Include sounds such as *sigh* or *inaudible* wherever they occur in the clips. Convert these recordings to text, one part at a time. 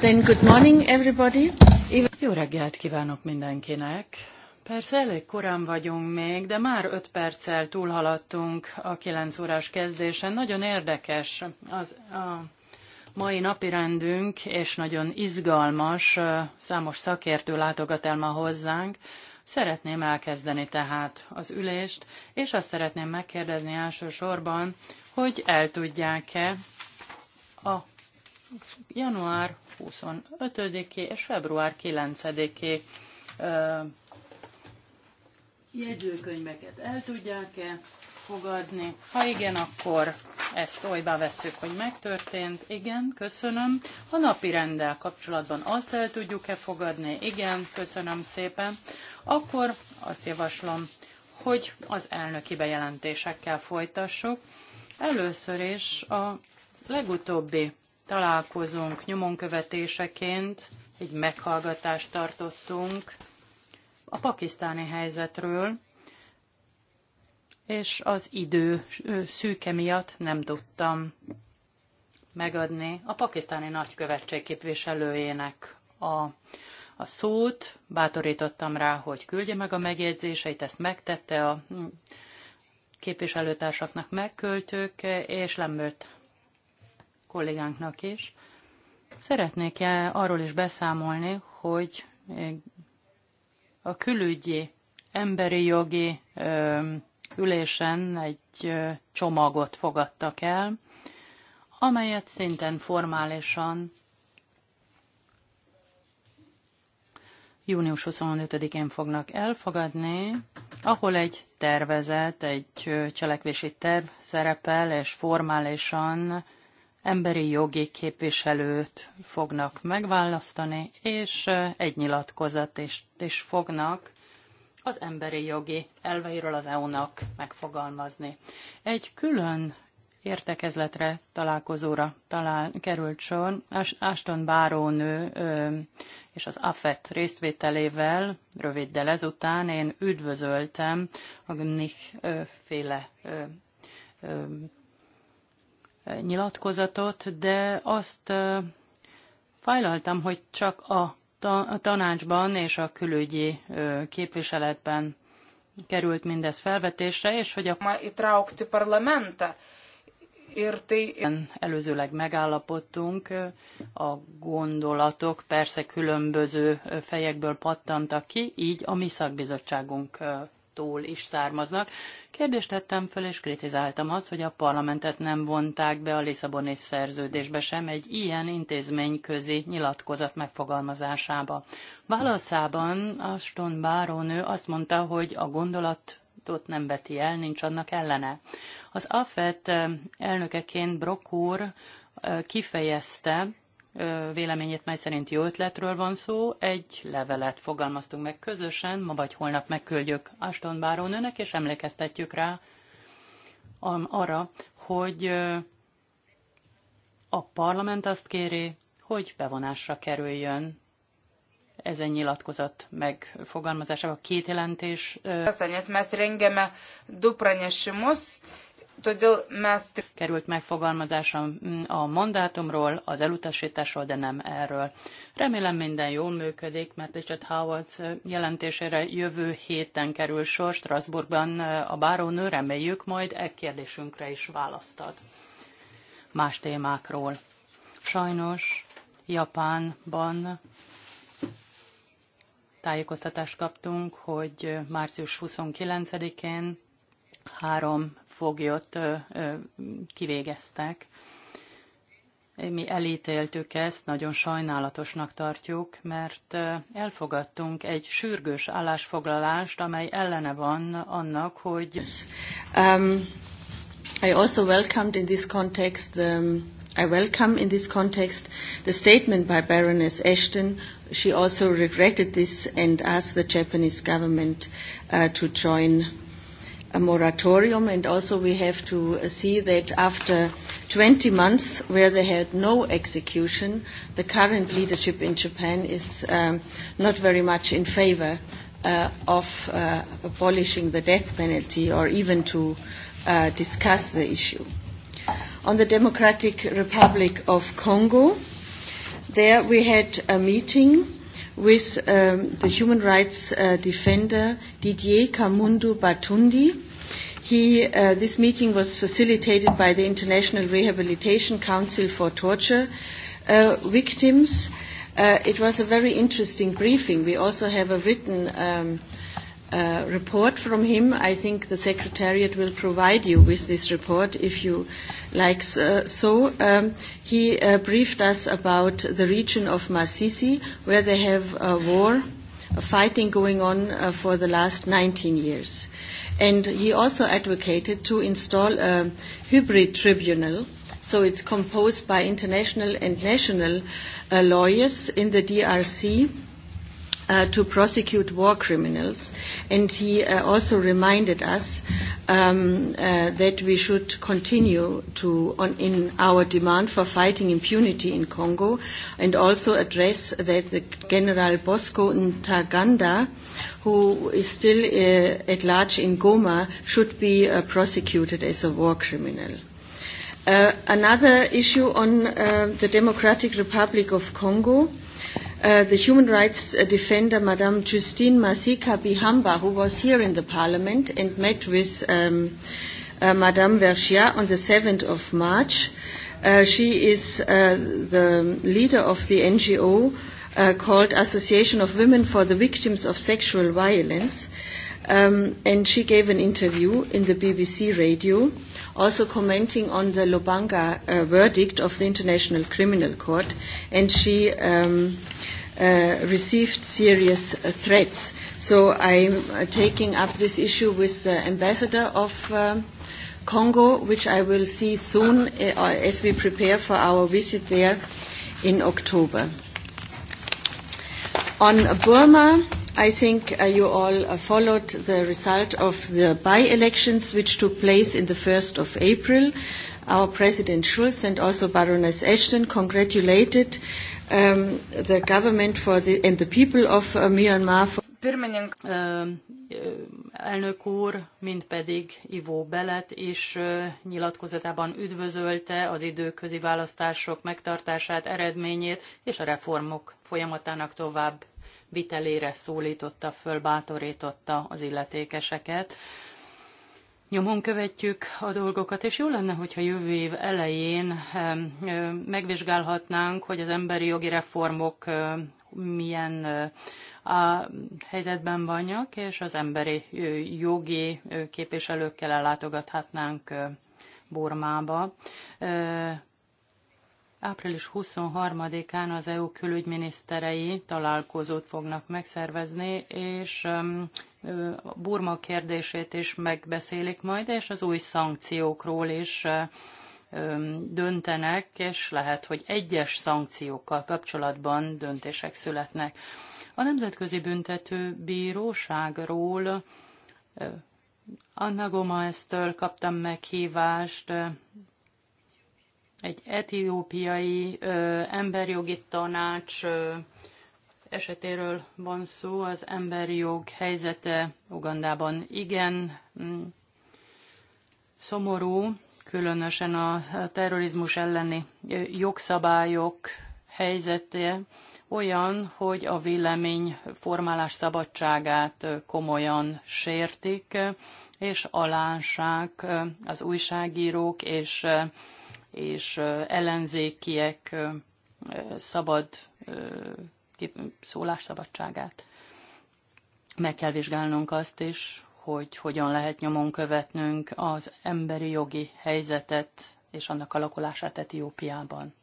Then good morning everybody. Even... Jó reggelt kívánok mindenkinek. Persze elég korán vagyunk még, de már öt perccel túlhaladtunk a kilenc órás kezdésen. Nagyon érdekes az a mai napi rendünk, és nagyon izgalmas, számos szakértő látogat el ma hozzánk. Szeretném elkezdeni tehát az ülést, és azt szeretném megkérdezni elsősorban, hogy el tudják-e a január 25-é és február 9-é jegyzőkönyveket el tudják-e fogadni? Ha igen, akkor ezt olybá veszük, hogy megtörtént. Igen, köszönöm. A napi rendel kapcsolatban azt el tudjuk-e fogadni? Igen, köszönöm szépen. Akkor azt javaslom, hogy az elnöki bejelentésekkel folytassuk. Először is a legutóbbi találkozunk nyomonkövetéseként, egy meghallgatást tartottunk a pakisztáni helyzetről, és az idő szűke miatt nem tudtam megadni a pakisztáni nagykövetség képviselőjének a, a szót. Bátorítottam rá, hogy küldje meg a megjegyzéseit, ezt megtette a mm, képviselőtársaknak megköltők, és Lambert kollégánknak is. Szeretnék -e arról is beszámolni, hogy a külügyi emberi jogi ülésen egy csomagot fogadtak el, amelyet szinten formálisan június 25-én fognak elfogadni, ahol egy tervezet, egy cselekvési terv szerepel, és formálisan emberi jogi képviselőt fognak megválasztani, és egy nyilatkozat is, is fognak az emberi jogi elveiről az EU-nak megfogalmazni. Egy külön értekezletre, találkozóra talál, került sor. Ashton Bárónő ö, és az AFET résztvételével röviddel ezután én üdvözöltem a Gümnich féle ö, ö, nyilatkozatot, de azt fájlaltam, hogy csak a tanácsban és a külügyi képviseletben került mindez felvetésre, és hogy a įtraukti Előzőleg megállapodtunk, a gondolatok persze különböző fejekből pattantak ki, így a mi szakbizottságunk tól is származnak. Kérdést tettem föl, és kritizáltam azt, hogy a parlamentet nem vonták be a Lisszaboni szerződésbe sem egy ilyen intézmény közi nyilatkozat megfogalmazásába. Válaszában Aston Bárónő azt mondta, hogy a gondolat ott nem veti el, nincs annak ellene. Az AFET eh, elnökeként Brokúr eh, kifejezte, véleményét, mely szerint jó ötletről van szó. Egy levelet fogalmaztunk meg közösen, ma vagy holnap megküldjük Aston bárónőnek és emlékeztetjük rá arra, hogy a parlament azt kéri, hogy bevonásra kerüljön ezen nyilatkozat a két jelentés. Asaņas mes rengiame du Került megfogalmazásra mm, a mandátumról, az elutasításról, de nem erről. Remélem minden jól működik, mert Richard Howard eh, jelentésére jövő héten kerül sor Strasbourgban eh, a bárónő, reméljük majd e kérdésünkre is választ ad. Más témákról. Sajnos Japánban tájékoztatást kaptunk, hogy március 29-én három foglyot kivégeztek. Mi elítéltük ezt, nagyon sajnálatosnak tartjuk, mert elfogadtunk egy sürgős állásfoglalást, amely ellene van annak, hogy... Um, I also welcomed in this context the um, I welcome in this context the statement by Baroness Ashton. She also regretted this and asked the Japanese government uh, to join a moratorium, and also we have to uh, see that after 20 months, where they had no execution, the current leadership in Japan is um, not very much in favor uh, of uh, abolishing the death penalty or even to uh, discuss the issue. On the Democratic Republic of Congo, there we had a meeting with um, the human rights uh, defender Didier Kamundu Batundi He, uh, this meeting was facilitated by the International Rehabilitation Council for Torture uh, Victims. Uh, it was a very interesting briefing. We also have a written um, uh, report from him. I think the Secretariat will provide you with this report if you like uh, so. Um, he uh, briefed us about the region of Masisi, where they have a war, a fighting going on uh, for the last 19 years. Uh, And he also advocated to install a hybrid tribunal. So it's composed by international and national uh, lawyers in the DRC. Uh, to prosecute war criminals. And he uh, also reminded us um, uh, that we should continue to, on, in our demand for fighting impunity in Congo and also address that the General Bosco Ntaganda, who is still uh, at large in Goma should be uh, prosecuted as a war criminal. Uh, another issue on uh, the Democratic Republic of Congo. Uh, the human rights uh, defender, Madame Justine Masika Bihamba, who was here in the parliament and met with um, uh, Madame Vergia on the 7th of March. Uh, she is uh, the leader of the NGO uh, called Association of Women for the Victims of Sexual Violence. Um, and she gave an interview in the BBC radio, also commenting on the Lubanga uh, verdict of the International Criminal Court. And she um, uh, received serious uh, threats. So I'm uh, taking up this issue with the ambassador of. Uh, Congo, which I will see soon uh, as we prepare for our visit there in October. On Burma, I think uh, you all uh, followed the result of the by-elections which took place in the 1st of April. Our President Schulz and also Baroness Ashton congratulated um, the government for the, and the people of uh, Myanmar for Pirmininkas um, elnök úr, mint pedig Ivó Belet is nyilatkozatában üdvözölte az időközi választások megtartását, eredményét és a reformok folyamatának tovább vitelére szólította fölbátorította az illetékeseket. Nyomon követjük a dolgokat, és jó lenne, hogyha jövő év elején megvizsgálhatnánk, hogy az emberi jogi reformok milyen a helyzetben vannak, és az emberi jogi képviselőkkel ellátogathatnánk Burmába. Április 23-án az EU külügyminiszterei találkozót fognak megszervezni, és Burma kérdését is megbeszélik majd, és az új szankciókról is döntenek, és lehet, hogy egyes szankciókkal kapcsolatban döntések születnek. A Nemzetközi Büntető Bíróságról Anna eztől kaptam meghívást egy etiópiai ö, emberjogi tanács ö, esetéről van szó, az emberi jog helyzete Ugandában igen mm, szomorú, különösen a terrorizmus elleni jogszabályok helyzete olyan, hogy a vélemény formálás szabadságát komolyan sértik, és alánsák az újságírók és és ellenzékiek szabad szólásszabadságát. Meg kell vizsgálnunk azt is, hogy hogyan lehet nyomon követnünk az emberi jogi helyzetet és annak alakulását Etiópiában.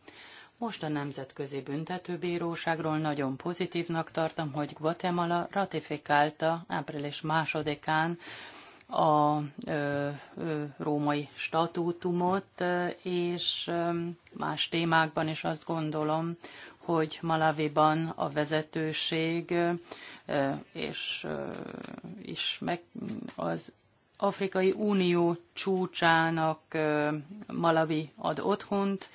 Most a Nemzetközi Büntetőbíróságról nagyon pozitívnak tartom, hogy Guatemala ratifikálta április másodikán a római statútumot, és más témákban is azt gondolom, hogy Malaviban a vezetőség és is meg az Afrikai Unió csúcsának Malavi ad otthont,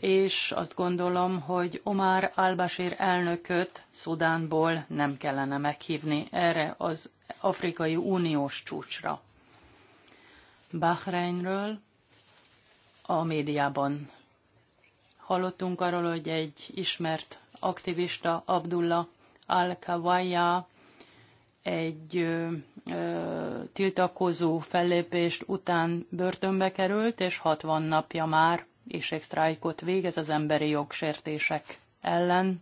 és azt gondolom, hogy Omar Albasir elnököt Szudánból nem kellene meghívni erre az Afrikai Uniós csúcsra. Bahreinről a médiában hallottunk arról, hogy egy ismert aktivista, Abdullah Al-Kawaya egy ö, ö, tiltakozó fellépést után börtönbe került, és 60 napja már és egy sztrájkot végez az emberi jogsértések ellen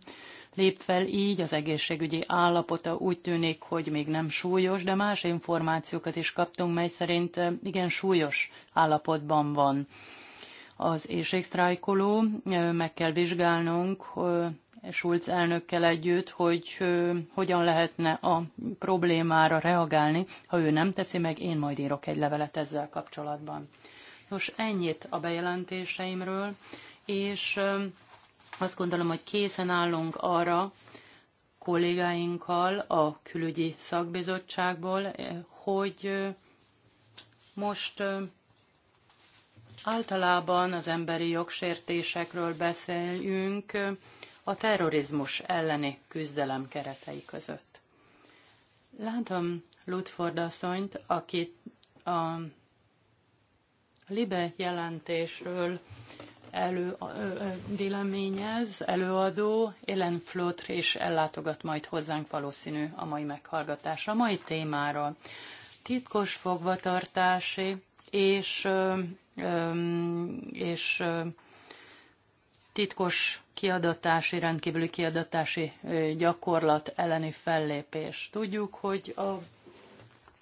lép fel így, az egészségügyi állapota úgy tűnik, hogy még nem súlyos, de más információkat is kaptunk, mely szerint eh, igen súlyos állapotban van. Az éjségsztrájkoló, eh, meg kell vizsgálnunk, eh, Schulz elnökkel együtt, hogy hogyan lehetne a problémára reagálni. Ha ő nem teszi meg, én majd írok egy levelet ezzel kapcsolatban. Nos, ennyit a bejelentéseimről, és azt gondolom, hogy készen állunk arra kollégáinkkal a külügyi szakbizottságból, eh, hogy eh, most eh, általában az emberi jogsértésekről beszélünk a terrorizmus elleni küzdelem keretei között. Látom Ludford asszonyt, akit a Libe jelentésről elő, véleményez, előadó, Ellen Flotr, és ellátogat majd hozzánk valószínű a mai meghallgatásra, a mai témáról. Titkos fogvatartási és, és titkos kiadatási, rendkívüli kiadatási gyakorlat elleni fellépés. Tudjuk, hogy a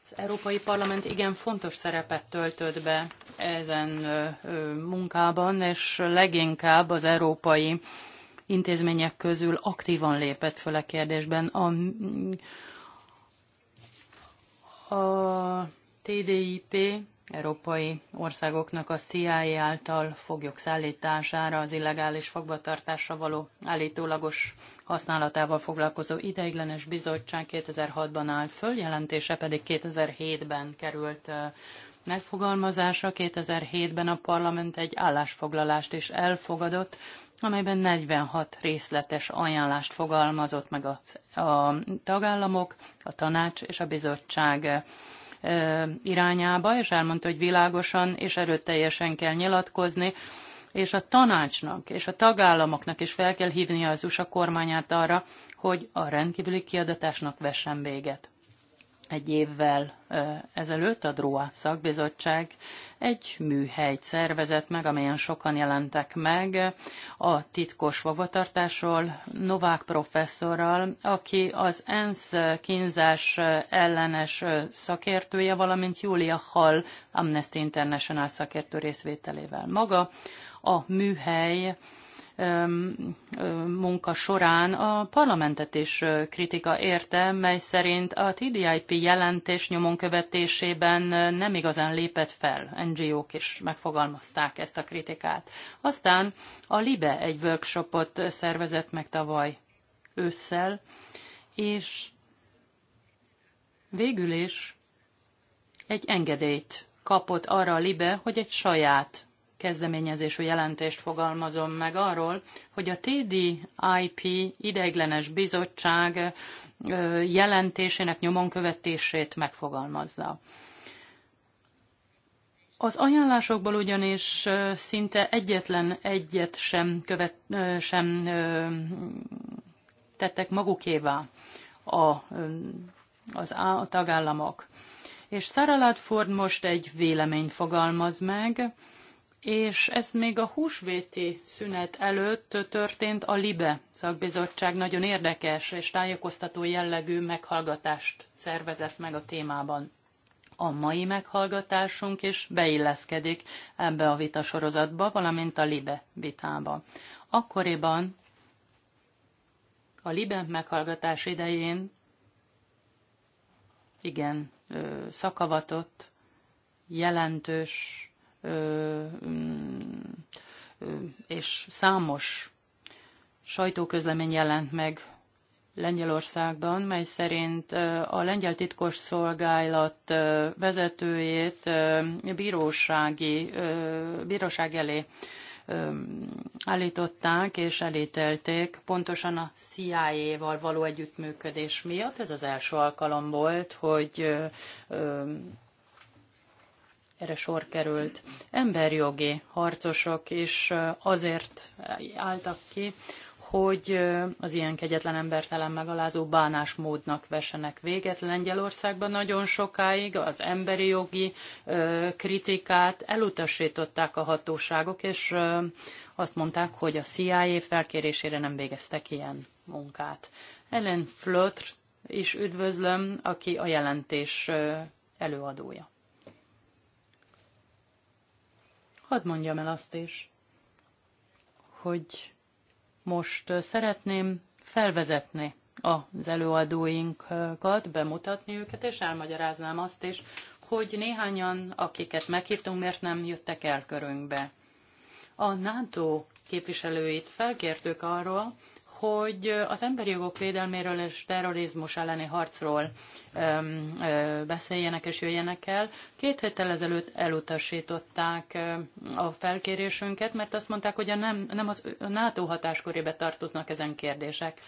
az Európai Parlament igen fontos szerepet töltött be ezen munkában, és leginkább az európai intézmények közül aktívan lépett föl a kérdésben. A, a TDIP európai országoknak a CIA által foglyok szállítására, az illegális fogvatartásra való állítólagos használatával foglalkozó ideiglenes bizottság 2006-ban áll föl, jelentése pedig 2007-ben került megfogalmazása. 2007-ben a parlament egy állásfoglalást is elfogadott, amelyben 46 részletes ajánlást fogalmazott meg a, a tagállamok, a tanács és a bizottság irányába, és elmondta, hogy világosan és erőteljesen kell nyilatkozni, és a tanácsnak és a tagállamoknak is fel kell hívni az USA kormányát arra, hogy a rendkívüli kiadatásnak vessen véget egy évvel ezelőtt a DROA szakbizottság egy műhelyt szervezett meg, amelyen sokan jelentek meg a titkos fogvatartásról, Novák professzorral, aki az ENSZ kínzás ellenes szakértője, valamint Julia Hall Amnesty International szakértő részvételével maga. A műhely munka során a parlamentet is kritika érte, mely szerint a TDIP jelentés nyomon követésében nem igazán lépett fel. NGO-k is megfogalmazták ezt a kritikát. Aztán a LIBE egy workshopot szervezett meg tavaly ősszel, és végül is egy engedélyt kapott arra a LIBE, hogy egy saját kezdeményezésű jelentést fogalmazom meg arról, hogy a TDIP ideiglenes bizottság jelentésének nyomon követését megfogalmazza. Az ajánlásokból ugyanis szinte egyetlen egyet sem, követ, sem tettek magukévá a, az a tagállamok. És Sarah Ladford most egy véleményt fogalmaz meg, és ez még a húsvéti szünet előtt történt a LIBE szakbizottság nagyon érdekes és tájékoztató jellegű meghallgatást szervezett meg a témában. A mai meghallgatásunk is beilleszkedik ebbe a vitasorozatba, valamint a LIBE vitába. Akkoriban a LIBE meghallgatás idején igen szakavatott, jelentős Mm, és számos sajtóközlemény jelent meg Lengyelországban, mely szerint a lengyel titkos szolgálat vezetőjét bírósági, bíróság elé állították és elítelték. pontosan a CIA-val való együttműködés miatt. Ez az első alkalom volt, hogy erre sor került. Emberjogi harcosok is azért álltak ki, hogy az ilyen kegyetlen embertelen megalázó bánásmódnak vessenek véget. Lengyelországban nagyon sokáig az emberi jogi kritikát elutasították a hatóságok, és azt mondták, hogy a CIA felkérésére nem végeztek ilyen munkát. Ellen Flötr is üdvözlöm, aki a jelentés előadója. Hadd mondjam el azt is, hogy most szeretném felvezetni az előadóinkat, bemutatni őket, és elmagyaráznám azt is, hogy néhányan, akiket meghívtunk, miért nem jöttek el körünkbe. A NATO képviselőit felkértük arról, hogy az emberi jogok védelméről és terrorizmus elleni harcról öm, ö, beszéljenek és jöjjenek el. Két héttel ezelőtt elutasították a felkérésünket, mert azt mondták, hogy a nem, nem az NATO hatáskörébe tartoznak ezen kérdések.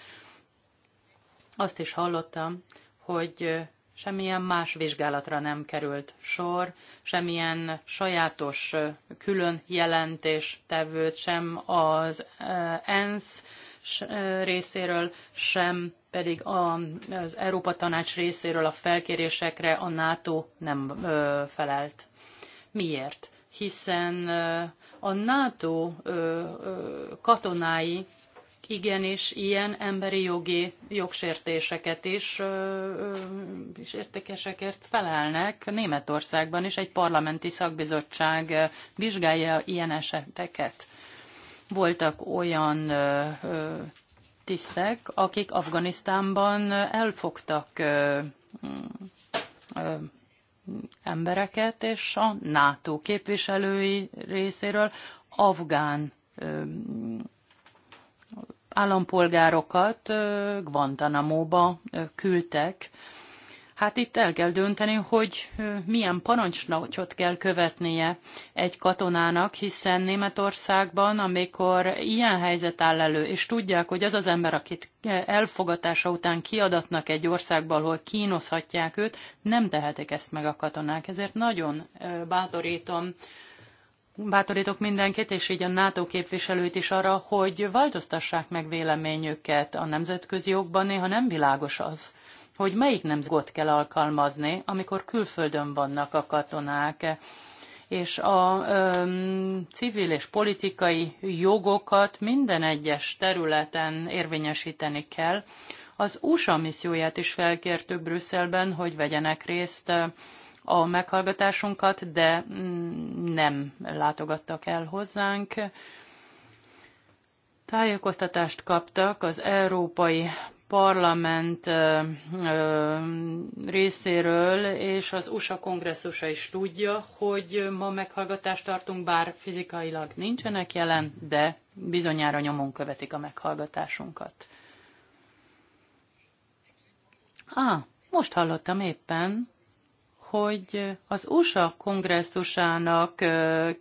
Azt is hallottam, hogy semmilyen más vizsgálatra nem került sor, semmilyen sajátos külön jelentés tevőt sem az ENSZ részéről, sem pedig az Európa Tanács részéről a felkérésekre a NATO nem felelt. Miért? Hiszen a NATO katonái igenis ilyen emberi jogi jogsértéseket is, is értékeseket felelnek. Németországban is egy parlamenti szakbizottság vizsgálja ilyen eseteket. Voltak olyan tisztek, akik Afganisztánban elfogtak embereket, és a NATO képviselői részéről afgán állampolgárokat Guantanamo-ba küldtek Hát itt el kell dönteni, hogy milyen parancsnagyot kell követnie egy katonának, hiszen Németországban, amikor ilyen helyzet áll elő, és tudják, hogy az az ember, akit elfogatása után kiadatnak egy országból, ahol kínoszhatják őt, nem tehetik ezt meg a katonák. Ezért nagyon bátorítom Bátorítok mindenkit, és így a NATO képviselőit is arra, hogy változtassák meg véleményüket a nemzetközi jogban, néha nem világos az, hogy melyik nemzetgot kell alkalmazni, amikor külföldön vannak a katonák, és a ö, civil és politikai jogokat minden egyes területen érvényesíteni kell. Az USA misszióját is felkértük Brüsszelben, hogy vegyenek részt a meghallgatásunkat, de mm, nem látogattak el hozzánk. Tájékoztatást kaptak az Európai Parlament részéről, és az USA kongresszusa is tudja, hogy ma meghallgatást tartunk, bár fizikailag nincsenek jelen, de bizonyára nyomon követik a meghallgatásunkat. Á, ah, most hallottam éppen, hogy az USA kongresszusának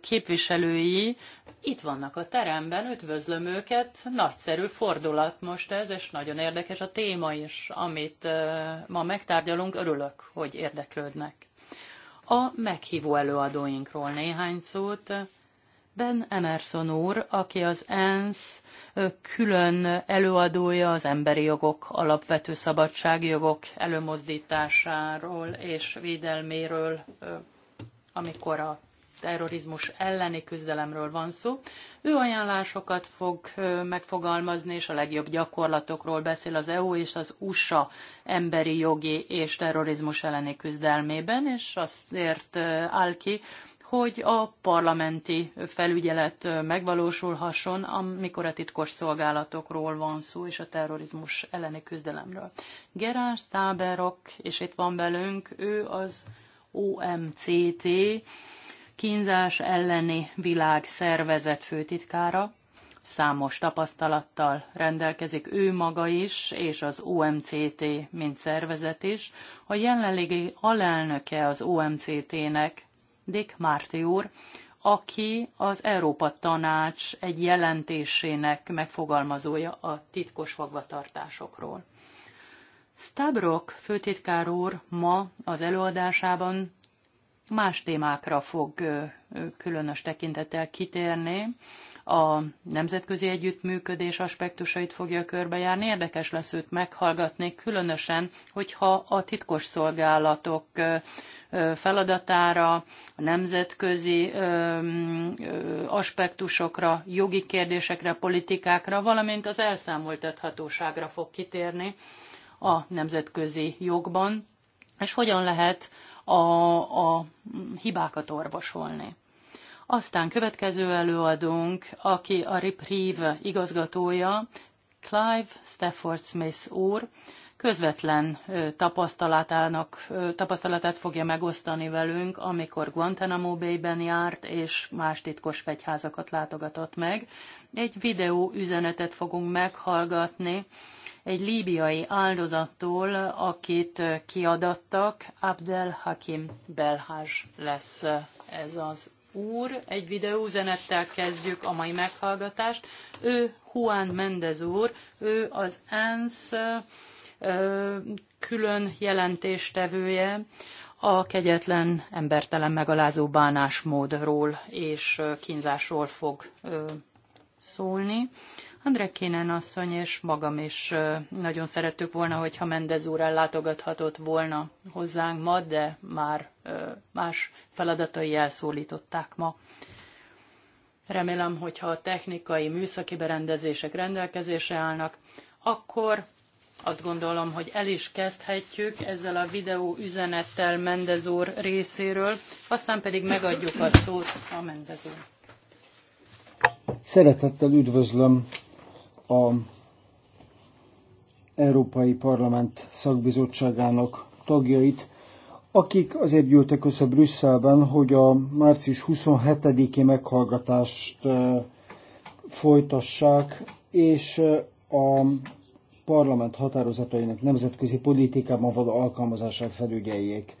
képviselői itt vannak a teremben, üdvözlöm őket, nagyszerű fordulat most ez, és nagyon érdekes a téma is, amit ma megtárgyalunk, örülök, hogy érdeklődnek. A meghívó előadóinkról néhány szót. Ben Emerson úr, aki az ENSZ külön előadója az emberi jogok, alapvető szabadságjogok előmozdításáról és védelméről, amikor a terrorizmus elleni küzdelemről van szó. Ő ajánlásokat fog megfogalmazni, és a legjobb gyakorlatokról beszél az EU és az USA emberi jogi és terrorizmus elleni küzdelmében, és azért áll ki, hogy a parlamenti felügyelet megvalósulhasson, amikor a titkos szolgálatokról van szó, és a terrorizmus elleni küzdelemről. Gerás Táberok, és itt van velünk, ő az OMCT, kínzás elleni világ szervezet főtitkára, számos tapasztalattal rendelkezik ő maga is, és az OMCT, mint szervezet is. A jelenlegi alelnöke az OMCT-nek, Dick Márti úr, aki az Európa Tanács egy jelentésének megfogalmazója a titkos fogvatartásokról. Stabrok főtitkár úr ma az előadásában más témákra fog különös tekintettel kitérni. A nemzetközi együttműködés aspektusait fogja körbejárni. Érdekes lesz őt meghallgatni, különösen, hogyha a titkos szolgálatok feladatára, a nemzetközi aspektusokra, jogi kérdésekre, politikákra, valamint az elszámoltathatóságra fog kitérni a nemzetközi jogban, és hogyan lehet a, a hibákat orvosolni. Aztán következő előadónk, aki a Reprieve igazgatója, Clive Stafford Smith úr, közvetlen tapasztalatának, tapasztalatát fogja megosztani velünk, amikor Guantanamo Bay-ben járt, és más titkos fegyházakat látogatott meg. Egy videó üzenetet fogunk meghallgatni, egy líbiai áldozattól, akit kiadattak, Abdel Hakim Belhaj lesz ez az úr. Egy videózenettel kezdjük a mai meghallgatást. Ő Juan Mendez úr, ő az ENSZ külön jelentéstevője a kegyetlen, embertelen, megalázó bánásmódról és kínzásról fog szólni. André Kénen asszony és magam is nagyon szerettük volna, hogyha Mendez úr ellátogathatott volna hozzánk ma, de már más feladatai elszólították ma. Remélem, hogyha a technikai, műszaki berendezések rendelkezésre állnak, akkor azt gondolom, hogy el is kezdhetjük ezzel a videó üzenettel Mendez úr részéről, aztán pedig megadjuk a szót a Mendez úr. Szeretettel üdvözlöm a Európai Parlament szakbizottságának tagjait, akik azért gyűltek össze Brüsszelben, hogy a március 27-i meghallgatást folytassák, és a parlament határozatainak nemzetközi politikában való alkalmazását felügyeljék.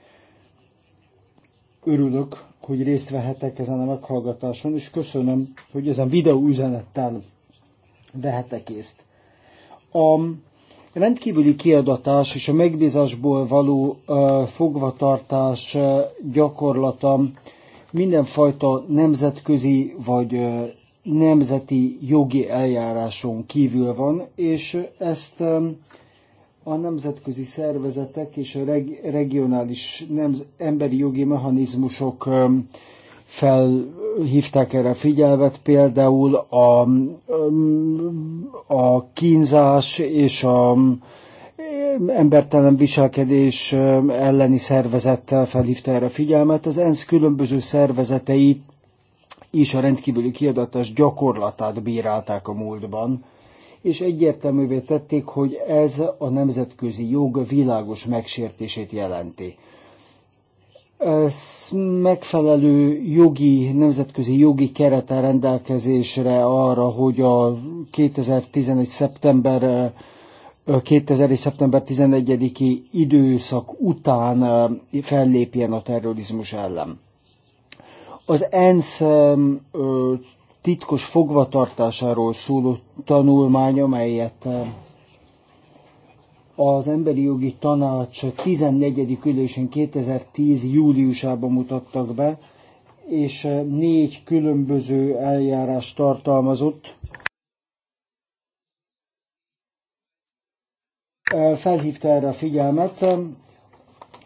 Örülök, hogy részt vehetek ezen a meghallgatáson, és köszönöm, hogy ezen videó üzenettel vehetek észt. A rendkívüli kiadatás és a megbízásból való fogvatartás gyakorlata mindenfajta nemzetközi vagy nemzeti jogi eljáráson kívül van, és ezt a nemzetközi szervezetek és a regionális emberi jogi mechanizmusok felhívták erre a figyelmet, például a, a kínzás és a embertelen viselkedés elleni szervezettel felhívta erre a figyelmet. Az ENSZ különböző szervezetei és a rendkívüli kiadatás gyakorlatát bírálták a múltban, és egyértelművé tették, hogy ez a nemzetközi jog világos megsértését jelenti megfelelő jogi, nemzetközi jogi kereten rendelkezésre arra, hogy a 2011. szeptember 2000. szeptember 11-i időszak után fellépjen a terrorizmus ellen. Az ENSZ titkos fogvatartásáról szóló tanulmány, amelyet az Emberi Jogi Tanács 14. ülésén 2010. júliusában mutattak be, és eh, négy különböző eljárás tartalmazott. Eh, felhívta erre a figyelmet, eh,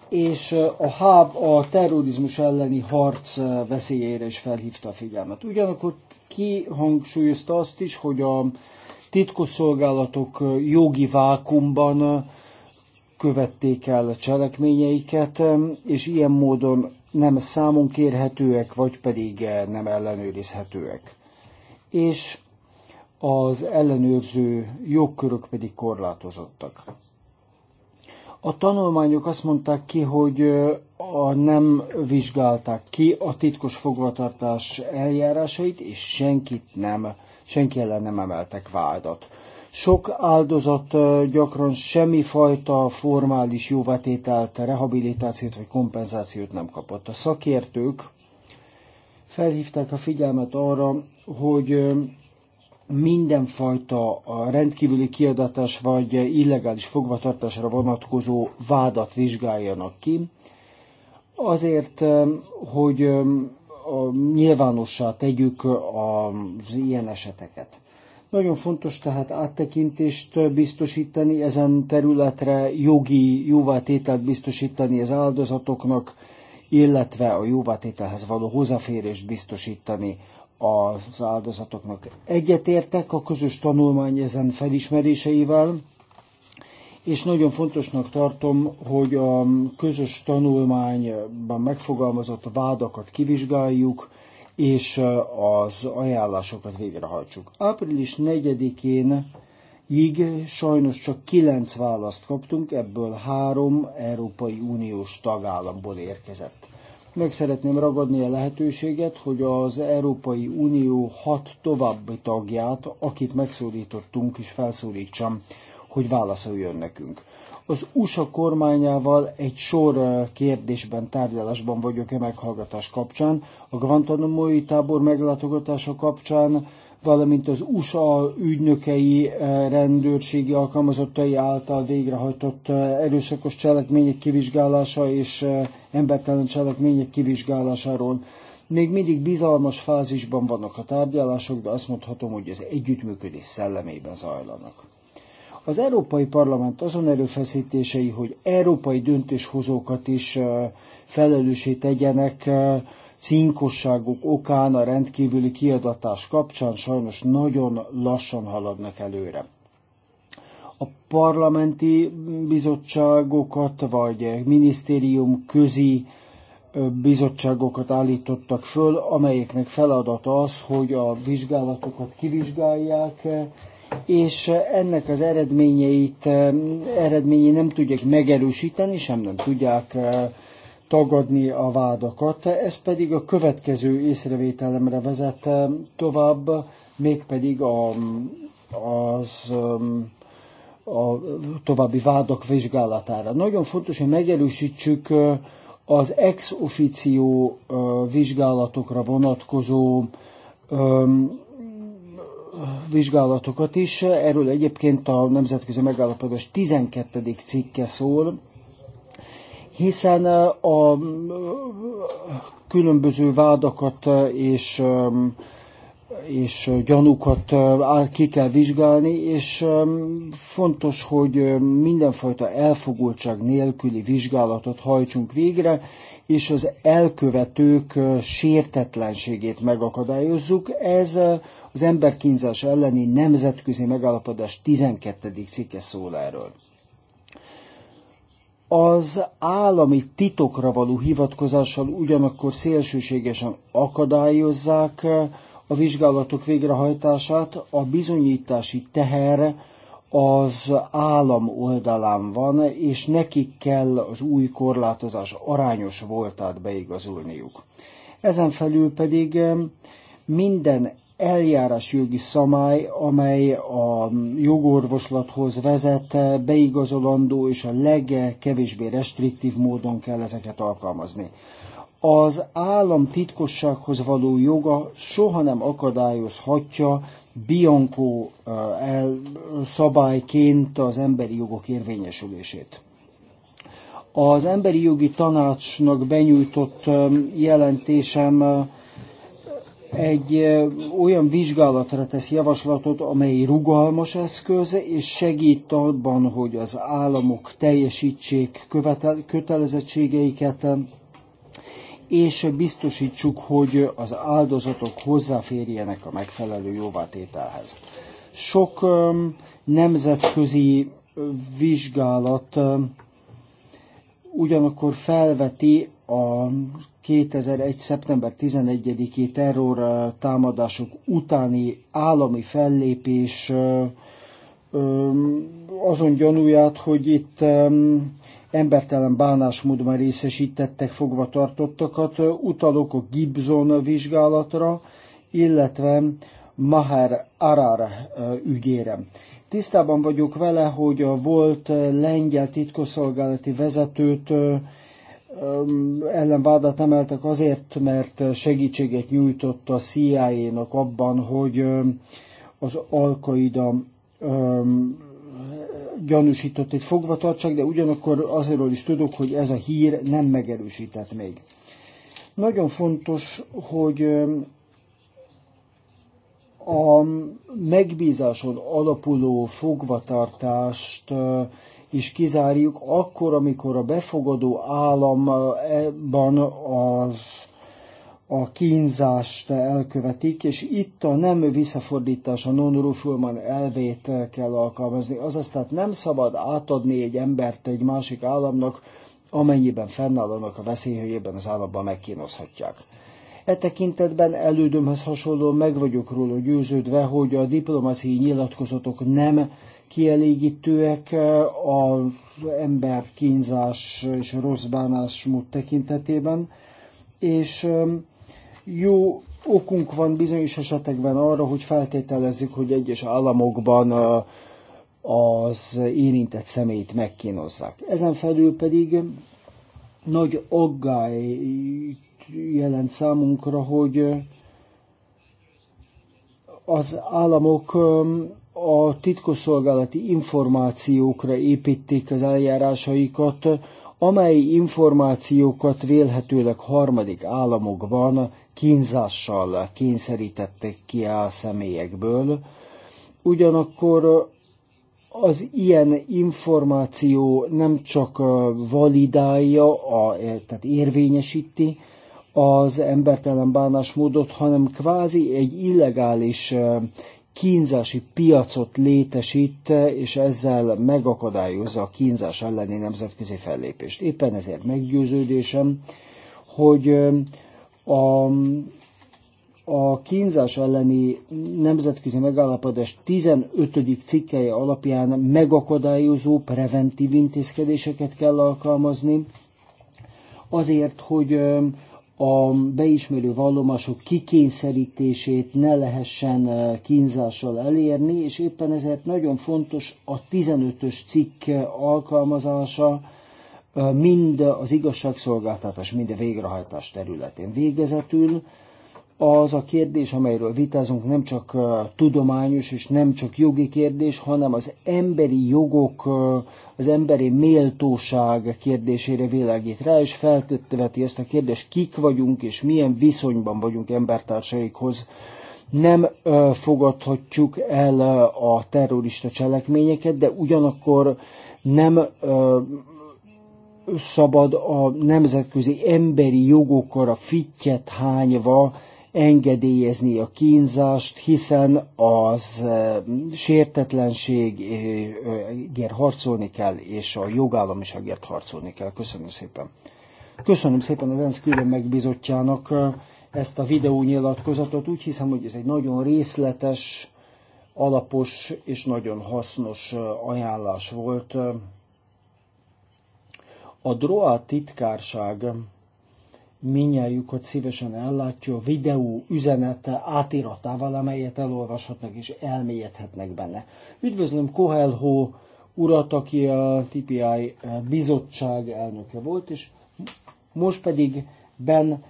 és a háb a terrorizmus elleni harc veszélyére is felhívta a figyelmet. Ugyanakkor kihangsúlyozta azt is, hogy a titkosszolgálatok jogi vákumban követték el a cselekményeiket, és ilyen módon nem számon kérhetőek, vagy pedig nem ellenőrizhetőek. És az ellenőrző jogkörök pedig korlátozottak. A tanulmányok azt mondták ki, hogy a nem vizsgálták ki a titkos fogvatartás eljárásait, és senkit nem senki ellen nem emeltek vádat. Sok áldozat gyakran semmifajta formális jóvetételt, rehabilitációt vagy kompenzációt nem kapott. A szakértők felhívták a figyelmet arra, hogy mindenfajta rendkívüli kiadatás vagy illegális fogvatartásra vonatkozó vádat vizsgáljanak ki, azért, hogy nyilvánossá tegyük az ilyen eseteket. Nagyon fontos tehát áttekintést biztosítani ezen területre, jogi jóvátételt biztosítani az áldozatoknak, illetve a jóvátételhez való hozzáférést biztosítani az áldozatoknak. Egyetértek a közös tanulmány ezen felismeréseivel, és nagyon fontosnak tartom, hogy a közös tanulmányban megfogalmazott vádakat kivizsgáljuk, és az ajánlásokat végrehajtsuk. Április 4-én Így sajnos csak kilenc választ kaptunk, ebből három Európai Uniós tagállamból érkezett. Meg szeretném ragadni a lehetőséget, hogy az Európai Unió hat további tagját, akit megszólítottunk is felszólítsam hogy válaszoljon nekünk. Az USA kormányával egy sor eh, kérdésben, tárgyalásban vagyok-e meghallgatás kapcsán, a Guantanamo-i tábor meglátogatása kapcsán, valamint az USA ügynökei eh, rendőrségi alkalmazottai által végrehajtott eh, erőszakos cselekmények kivizsgálása és embertelen cselekmények kivizsgálásáról. Még mindig bizalmas fázisban vannak a tárgyalások, de azt mondhatom, hogy az együttműködés szellemében zajlanak. Az Európai Parlament azon erőfeszítései, hogy európai döntéshozókat is felelősé tegyenek cinkosságok okán a rendkívüli kiadatás kapcsán sajnos nagyon lassan haladnak előre a parlamenti bizottságokat, vagy minisztérium közi bizottságokat állítottak föl, amelyeknek feladata az, hogy a vizsgálatokat kivizsgálják, és ennek az eredményeit, eredményei nem tudják megerősíteni, sem nem tudják tagadni a vádakat. Ez pedig a következő észrevételemre vezet tovább, mégpedig a, az a további vádak vizsgálatára. Nagyon fontos, hogy megerősítsük az ex officio vizsgálatokra vonatkozó vizsgálatokat is. Erről egyébként a nemzetközi megállapodás 12. cikke szól, hiszen a különböző vádakat és és gyanúkat ki kell vizsgálni, és fontos, hogy mindenfajta elfogultság nélküli vizsgálatot hajtsunk végre, és az elkövetők sértetlenségét megakadályozzuk. Ez az emberkínzás elleni nemzetközi megállapodás 12. cikke szól erről. Az állami titokra való hivatkozással ugyanakkor szélsőségesen akadályozzák a vizsgálatok végrehajtását, a bizonyítási teher az állam oldalán van, és nekik kell az új korlátozás arányos voltát beigazolniuk. Ezen felül pedig minden eljárás jogi szamály, amely a jogorvoslathoz vezet, beigazolandó és a legkevésbé restriktív módon kell ezeket alkalmazni az állam titkossághoz való joga soha nem akadályozhatja Bianco szabályként az emberi jogok érvényesülését. Az emberi jogi tanácsnak benyújtott jelentésem egy olyan vizsgálatra tesz javaslatot, amely rugalmas eszköz, és segít abban, hogy az államok teljesítsék követel- kötelezettségeiket, és biztosítsuk, hogy az áldozatok hozzáférjenek a megfelelő jóvátételhez. Sok nemzetközi vizsgálat ugyanakkor felveti a 2001. szeptember 11-i terror támadások utáni állami fellépés azon gyanúját, hogy itt embertelen bánásmódban részesítettek fogvatartottakat, utalok a Gibson vizsgálatra, illetve Maher Arar ügyére. Tisztában vagyok vele, hogy a volt lengyel titkosszolgálati vezetőt ellen vádat emeltek azért, mert segítséget nyújtott a CIA-nak abban, hogy az Alkaida gyanúsított egy fogvatartság, de ugyanakkor azért is tudok, hogy ez a hír nem megerősített még. Nagyon fontos, hogy a megbízáson alapuló fogvatartást is kizárjuk akkor, amikor a befogadó államban az a kínzást elkövetik, és itt a nem visszafordítás, a non rufulman elvét kell alkalmazni. Azaz, tehát nem szabad átadni egy embert egy másik államnak, amennyiben fennáll annak a veszély, hogy ebben az államban megkínozhatják. E tekintetben elődömhez hasonlóan meg vagyok róla győződve, hogy a diplomáciai nyilatkozatok nem kielégítőek e, az emberkínzás és rossz bánásmód tekintetében, és e, jó okunk van bizonyos esetekben arra, hogy feltételezzük, hogy egyes államokban az érintett személyt megkínozzák. Ezen felül pedig nagy aggály jelent számunkra, hogy az államok a titkosszolgálati információkra építik az eljárásaikat, amely információkat vélhetőleg harmadik államokban kínzással kényszerítettek ki a személyekből. Ugyanakkor az ilyen információ nem csak validálja, a, tehát érvényesíti az embertelen bánásmódot, hanem kvázi egy illegális kínzási piacot létesít, és ezzel megakadályozza a kínzás elleni nemzetközi fellépést. Éppen ezért meggyőződésem, hogy a, a kínzás elleni nemzetközi megállapodás 15. cikkeje alapján megakadályozó preventív intézkedéseket kell alkalmazni, azért, hogy a beismerő vallomások kikényszerítését ne lehessen kínzással elérni, és éppen ezért nagyon fontos a 15-ös cikk alkalmazása, mind az igazságszolgáltatás, mind a végrehajtás területén. Végezetül az a kérdés, amelyről vitázunk, nem csak uh, tudományos és nem csak jogi kérdés, hanem az emberi jogok, uh, az emberi méltóság kérdésére világít rá, és feltetteveti ezt a kérdést, kik vagyunk és milyen viszonyban vagyunk embertársaikhoz. Nem uh, fogadhatjuk el a terrorista cselekményeket, de ugyanakkor nem szabad a nemzetközi emberi jogokra fittyet hányva engedélyezni a kínzást, hiszen az eh, sértetlenségért harcolni kell, és a jogállamiságért harcolni kell. Köszönöm szépen. Köszönöm szépen az ENSZ külön megbizottjának eh, ezt a videónyilatkozatot. Úgy hiszem, hogy ez egy nagyon részletes, alapos és nagyon hasznos eh, ajánlás volt. A DROA titkárság hogy szívesen ellátja a videó üzenete átiratával, amelyet elolvashatnak és elmélyedhetnek benne. Üdvözlöm Kohelho urat, aki a TPI bizottság elnöke volt, és most pedig Ben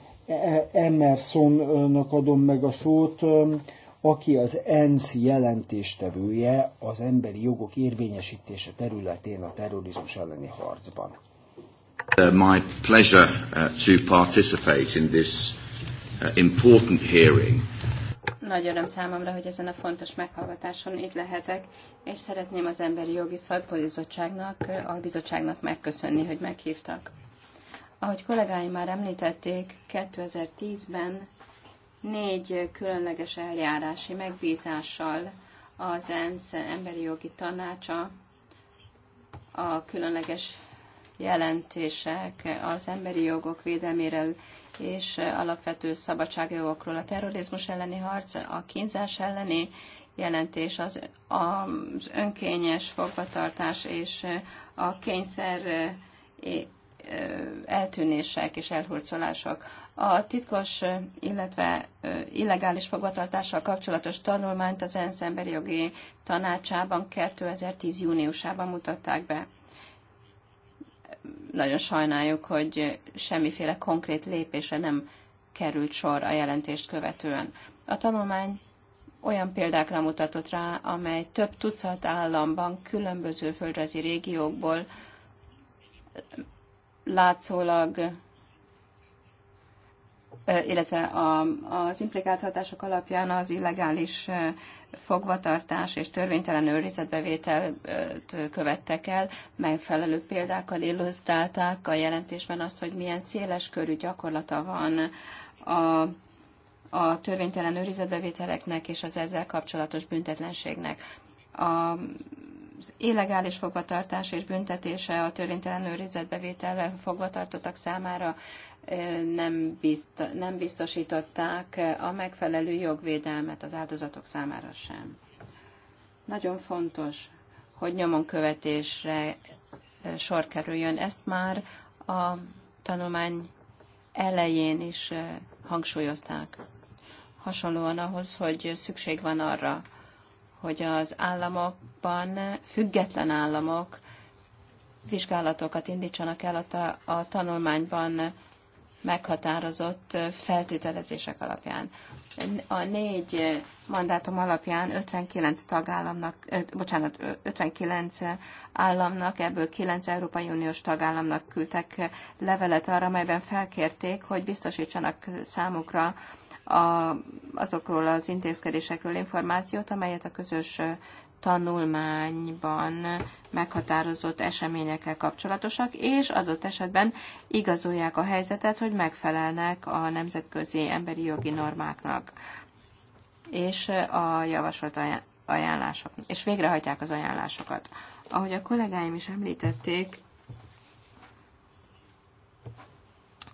Emersonnak adom meg a szót, aki az ENSZ jelentéstevője az emberi jogok érvényesítése területén a terrorizmus elleni harcban. Uh, my pleasure uh, to participate in this uh, important hearing. Nagy öröm számomra, hogy ezen a fontos meghallgatáson itt lehetek, és szeretném az Emberi Jogi Szakbizottságnak, a bizottságnak megköszönni, hogy meghívtak. Ahogy kollégáim már említették, 2010-ben négy különleges eljárási megbízással az ENSZ Emberi Jogi Tanácsa a különleges jelentések az emberi jogok védelmére és alapvető szabadságjogokról. A terrorizmus elleni harc, a kínzás elleni jelentés, az, az önkényes fogvatartás és a kényszer eltűnések és elhurcolások. A titkos, illetve illegális fogvatartással kapcsolatos tanulmányt az ENSZ emberi jogi tanácsában 2010. júniusában mutatták be nagyon sajnáljuk, hogy semmiféle konkrét lépése nem került sor a jelentést követően. A tanulmány olyan példákra mutatott rá, amely több tucat államban különböző földrajzi régiókból látszólag illetve a, az implikált hatások alapján az illegális fogvatartás és törvénytelen őrizetbevételt követtek el, megfelelő példákkal illusztrálták a jelentésben azt, hogy milyen széles körű gyakorlata van a a törvénytelen őrizetbevételeknek és az ezzel kapcsolatos büntetlenségnek. A az illegális fogvatartás és büntetése a törvénytelen őrizetbevétellel fogvatartottak számára nem, bizt, nem biztosították a megfelelő jogvédelmet az áldozatok számára sem. Nagyon fontos, hogy nyomon követésre sor kerüljön. Ezt már a tanulmány elején is hangsúlyozták. Hasonlóan ahhoz, hogy szükség van arra, hogy az államokban független államok vizsgálatokat indítsanak el a, a tanulmányban meghatározott feltételezések alapján. A négy mandátum alapján 59 tagállamnak, ö, bocsánat, 59 államnak, ebből 9 Európai Uniós tagállamnak küldtek levelet arra, melyben felkérték, hogy biztosítsanak számukra a, azokról az intézkedésekről információt, amelyet a közös tanulmányban meghatározott eseményekkel kapcsolatosak, és adott esetben igazolják a helyzetet, hogy megfelelnek a nemzetközi emberi jogi normáknak és a javasolt ajánlások, és végrehajtják az ajánlásokat. Ahogy a kollégáim is említették,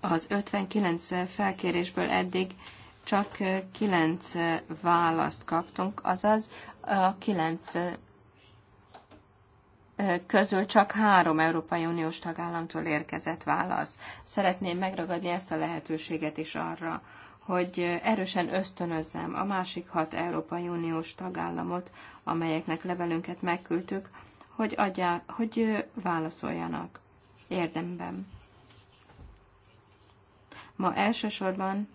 az 59 felkérésből eddig csak kilenc választ kaptunk, azaz a kilenc közül csak három Európai Uniós tagállamtól érkezett válasz. Szeretném megragadni ezt a lehetőséget is arra, hogy erősen ösztönözzem a másik hat Európai Uniós tagállamot, amelyeknek levelünket megküldtük, hogy, adják, hogy válaszoljanak érdemben. Ma elsősorban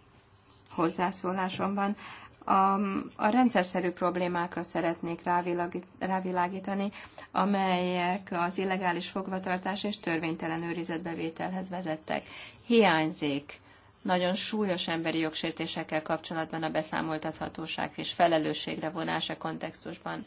hozzászólásomban a, a rendszerszerű problémákra szeretnék rávilágítani, amelyek az illegális fogvatartás és törvénytelen őrizetbevételhez vezettek. Hiányzik nagyon súlyos emberi jogsértésekkel kapcsolatban a beszámoltathatóság és felelősségre vonása kontextusban.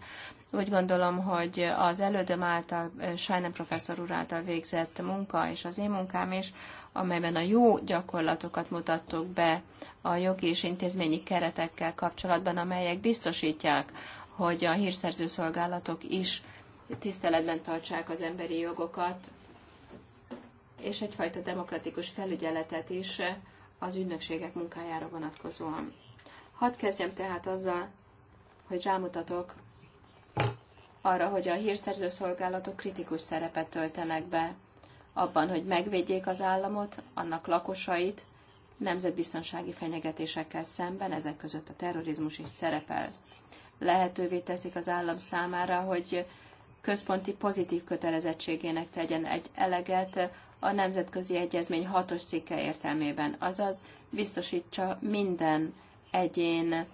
Úgy gondolom, hogy az elődöm által, Sajnem professzor úr által végzett munka, és az én munkám is, amelyben a jó gyakorlatokat mutattuk be a jogi és intézményi keretekkel kapcsolatban, amelyek biztosítják, hogy a hírszerző szolgálatok is tiszteletben tartsák az emberi jogokat, és egyfajta demokratikus felügyeletet is az ügynökségek munkájára vonatkozóan. Hadd kezdjem tehát azzal, hogy rámutatok arra, hogy a hírszerző szolgálatok kritikus szerepet töltenek be abban, hogy megvédjék az államot, annak lakosait, nemzetbiztonsági fenyegetésekkel szemben, ezek között a terrorizmus is szerepel. Lehetővé teszik az állam számára, hogy központi pozitív kötelezettségének tegyen egy eleget a Nemzetközi Egyezmény hatos cikke értelmében, azaz biztosítsa minden egyén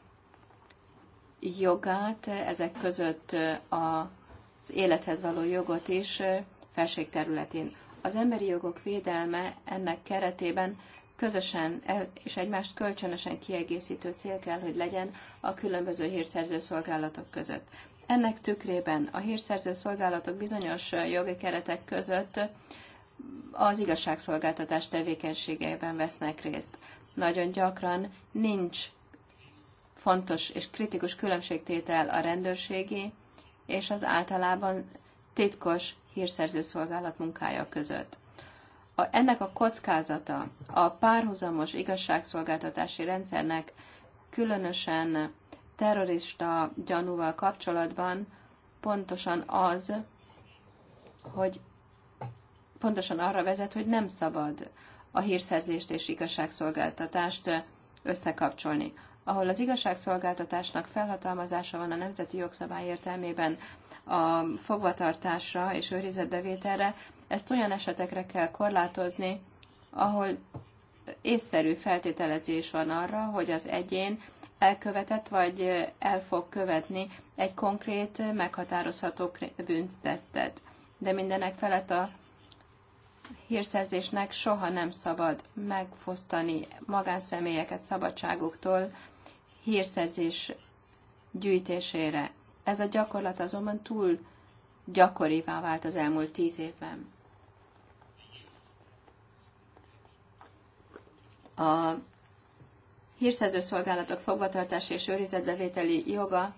jogát, ezek között az élethez való jogot is felség területén. Az emberi jogok védelme ennek keretében közösen és egymást kölcsönösen kiegészítő cél kell, hogy legyen a különböző hírszerző szolgálatok között. Ennek tükrében a hírszerző szolgálatok bizonyos jogi keretek között az igazságszolgáltatás tevékenységeiben vesznek részt. Nagyon gyakran nincs fontos és kritikus különbségtétel a rendőrségi és az általában titkos hírszerző szolgálat munkája között. A, ennek a kockázata a párhuzamos igazságszolgáltatási rendszernek különösen terrorista gyanúval kapcsolatban pontosan az, hogy pontosan arra vezet, hogy nem szabad a hírszerzést és igazságszolgáltatást összekapcsolni. Ahol az igazságszolgáltatásnak felhatalmazása van a nemzeti jogszabály értelmében a fogvatartásra és őrizetbevételre, ezt olyan esetekre kell korlátozni, ahol észszerű feltételezés van arra, hogy az egyén elkövetett vagy el fog követni egy konkrét, meghatározható büntettet. De mindenek felett a hírszerzésnek soha nem szabad megfosztani magánszemélyeket szabadságuktól hírszerzés gyűjtésére. Ez a gyakorlat azonban túl gyakorivá vált az elmúlt tíz évben. A hírszerző szolgálatok fogvatartási és őrizetbevételi joga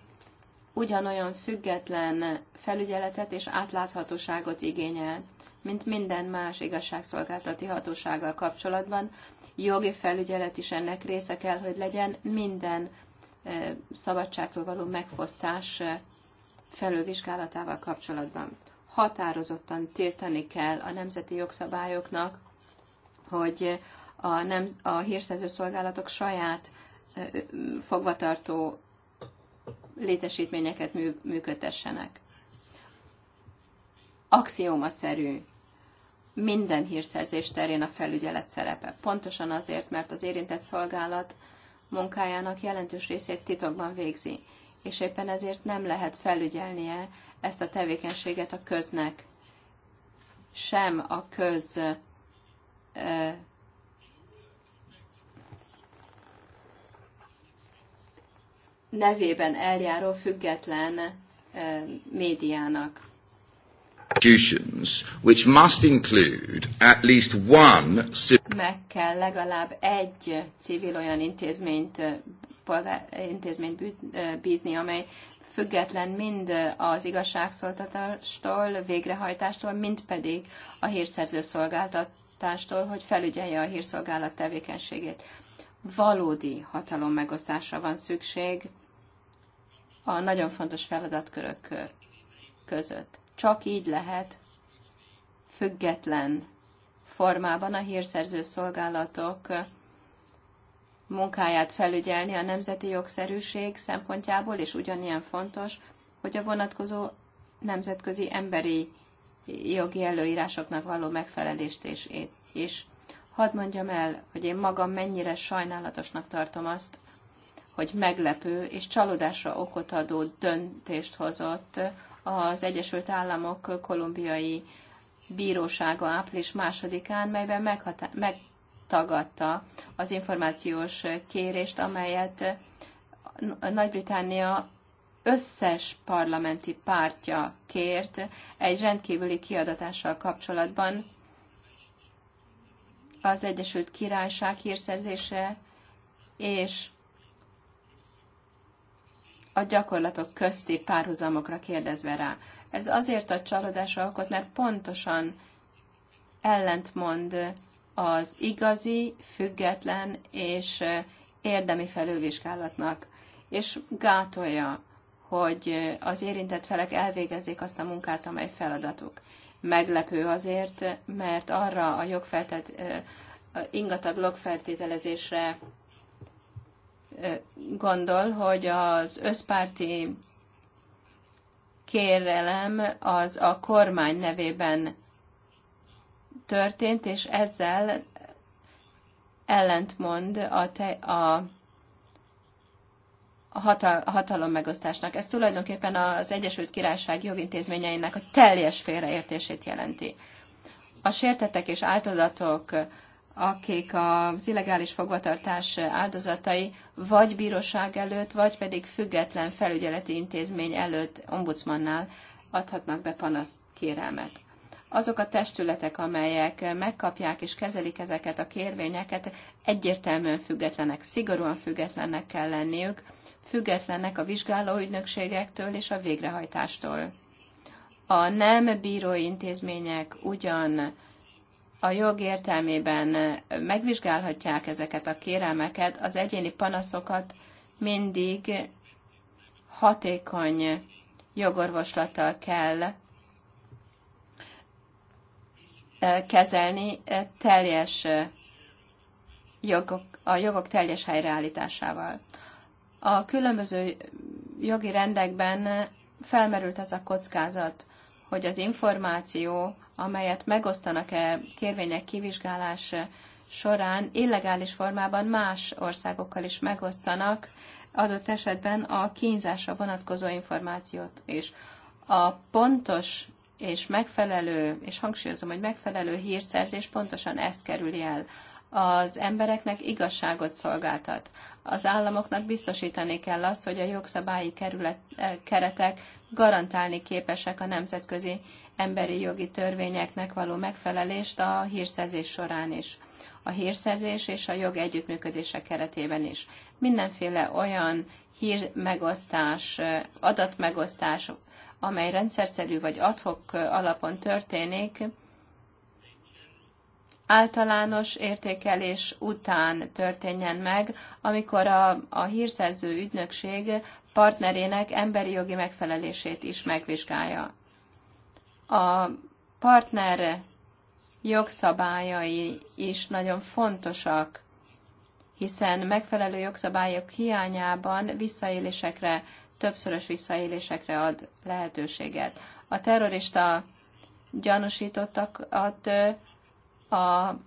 ugyanolyan független felügyeletet és átláthatóságot igényel, mint minden más igazságszolgáltati hatósággal kapcsolatban. Jogi felügyelet is ennek része kell, hogy legyen minden e, szabadságtól való megfosztás e, felülvizsgálatával kapcsolatban. Határozottan tiltani kell a nemzeti jogszabályoknak, hogy a, nem, a hírszerző szolgálatok saját e, fogvatartó létesítményeket mű, működtessenek. Axiómaszerű szerű minden hírszerzés terén a felügyelet szerepe. Pontosan azért, mert az érintett szolgálat munkájának jelentős részét titokban végzi, és éppen ezért nem lehet felügyelnie ezt a tevékenységet a köznek, sem a köz nevében eljáró független médiának institutions, which must include at least one Meg kell legalább egy civil olyan intézményt, polgár, intézményt bízni, amely független mind az igazságszolgáltatástól, végrehajtástól, mind pedig a hírszerző szolgáltatástól, hogy felügyelje a hírszolgálat tevékenységét. Valódi hatalom megosztásra van szükség a nagyon fontos feladatkörök között. Csak így lehet független formában a hírszerző szolgálatok munkáját felügyelni a nemzeti jogszerűség szempontjából, és ugyanilyen fontos, hogy a vonatkozó nemzetközi emberi jogi előírásoknak való megfelelést is. És Hadd mondjam el, hogy én magam mennyire sajnálatosnak tartom azt, hogy meglepő és csalódásra okot adó döntést hozott az Egyesült Államok kolumbiai bírósága április másodikán, melyben meghatá- megtagadta az információs kérést, amelyet Nagy-Britannia összes parlamenti pártja kért egy rendkívüli kiadatással kapcsolatban az Egyesült Királyság hírszerzése és a gyakorlatok közti párhuzamokra kérdezve rá. Ez azért a csalódásra okot, mert pontosan ellentmond az igazi, független és érdemi felülvizsgálatnak, és gátolja, hogy az érintett felek elvégezzék azt a munkát, amely feladatuk. Meglepő azért, mert arra a jogfeltet, ingatag logfeltételezésre gondol, hogy az összpárti kérelem az a kormány nevében történt, és ezzel ellentmond a, te, a a hatal- hatalommegosztásnak. Ez tulajdonképpen az Egyesült Királyság jogintézményeinek a teljes félreértését jelenti. A sértetek és áldozatok akik az illegális fogvatartás áldozatai vagy bíróság előtt, vagy pedig független felügyeleti intézmény előtt, ombudsmannál adhatnak be kérelmet. Azok a testületek, amelyek megkapják és kezelik ezeket a kérvényeket, egyértelműen függetlenek, szigorúan függetlennek kell lenniük, függetlenek a vizsgáló ügynökségektől és a végrehajtástól. A nem bírói intézmények ugyan a jog értelmében megvizsgálhatják ezeket a kérelmeket, az egyéni panaszokat mindig hatékony jogorvoslattal kell kezelni teljes jogok, a jogok teljes helyreállításával. A különböző jogi rendekben felmerült ez a kockázat, hogy az információ, amelyet megosztanak-e kérvények kivizsgálás során illegális formában más országokkal is megosztanak adott esetben a kínzásra vonatkozó információt is. A pontos és megfelelő, és hangsúlyozom, hogy megfelelő hírszerzés pontosan ezt kerüli el. Az embereknek igazságot szolgáltat. Az államoknak biztosítani kell azt, hogy a jogszabályi kerület, eh, keretek garantálni képesek a nemzetközi emberi jogi törvényeknek való megfelelést a hírszerzés során is. A hírszerzés és a jog együttműködése keretében is. Mindenféle olyan hírmegosztás, adatmegosztás, amely rendszerszerű vagy adhok alapon történik, általános értékelés után történjen meg, amikor a, a hírszerző ügynökség partnerének emberi jogi megfelelését is megvizsgálja. A partner jogszabályai is nagyon fontosak, hiszen megfelelő jogszabályok hiányában visszaélésekre, többszörös visszaélésekre ad lehetőséget. A terrorista gyanúsítottakat a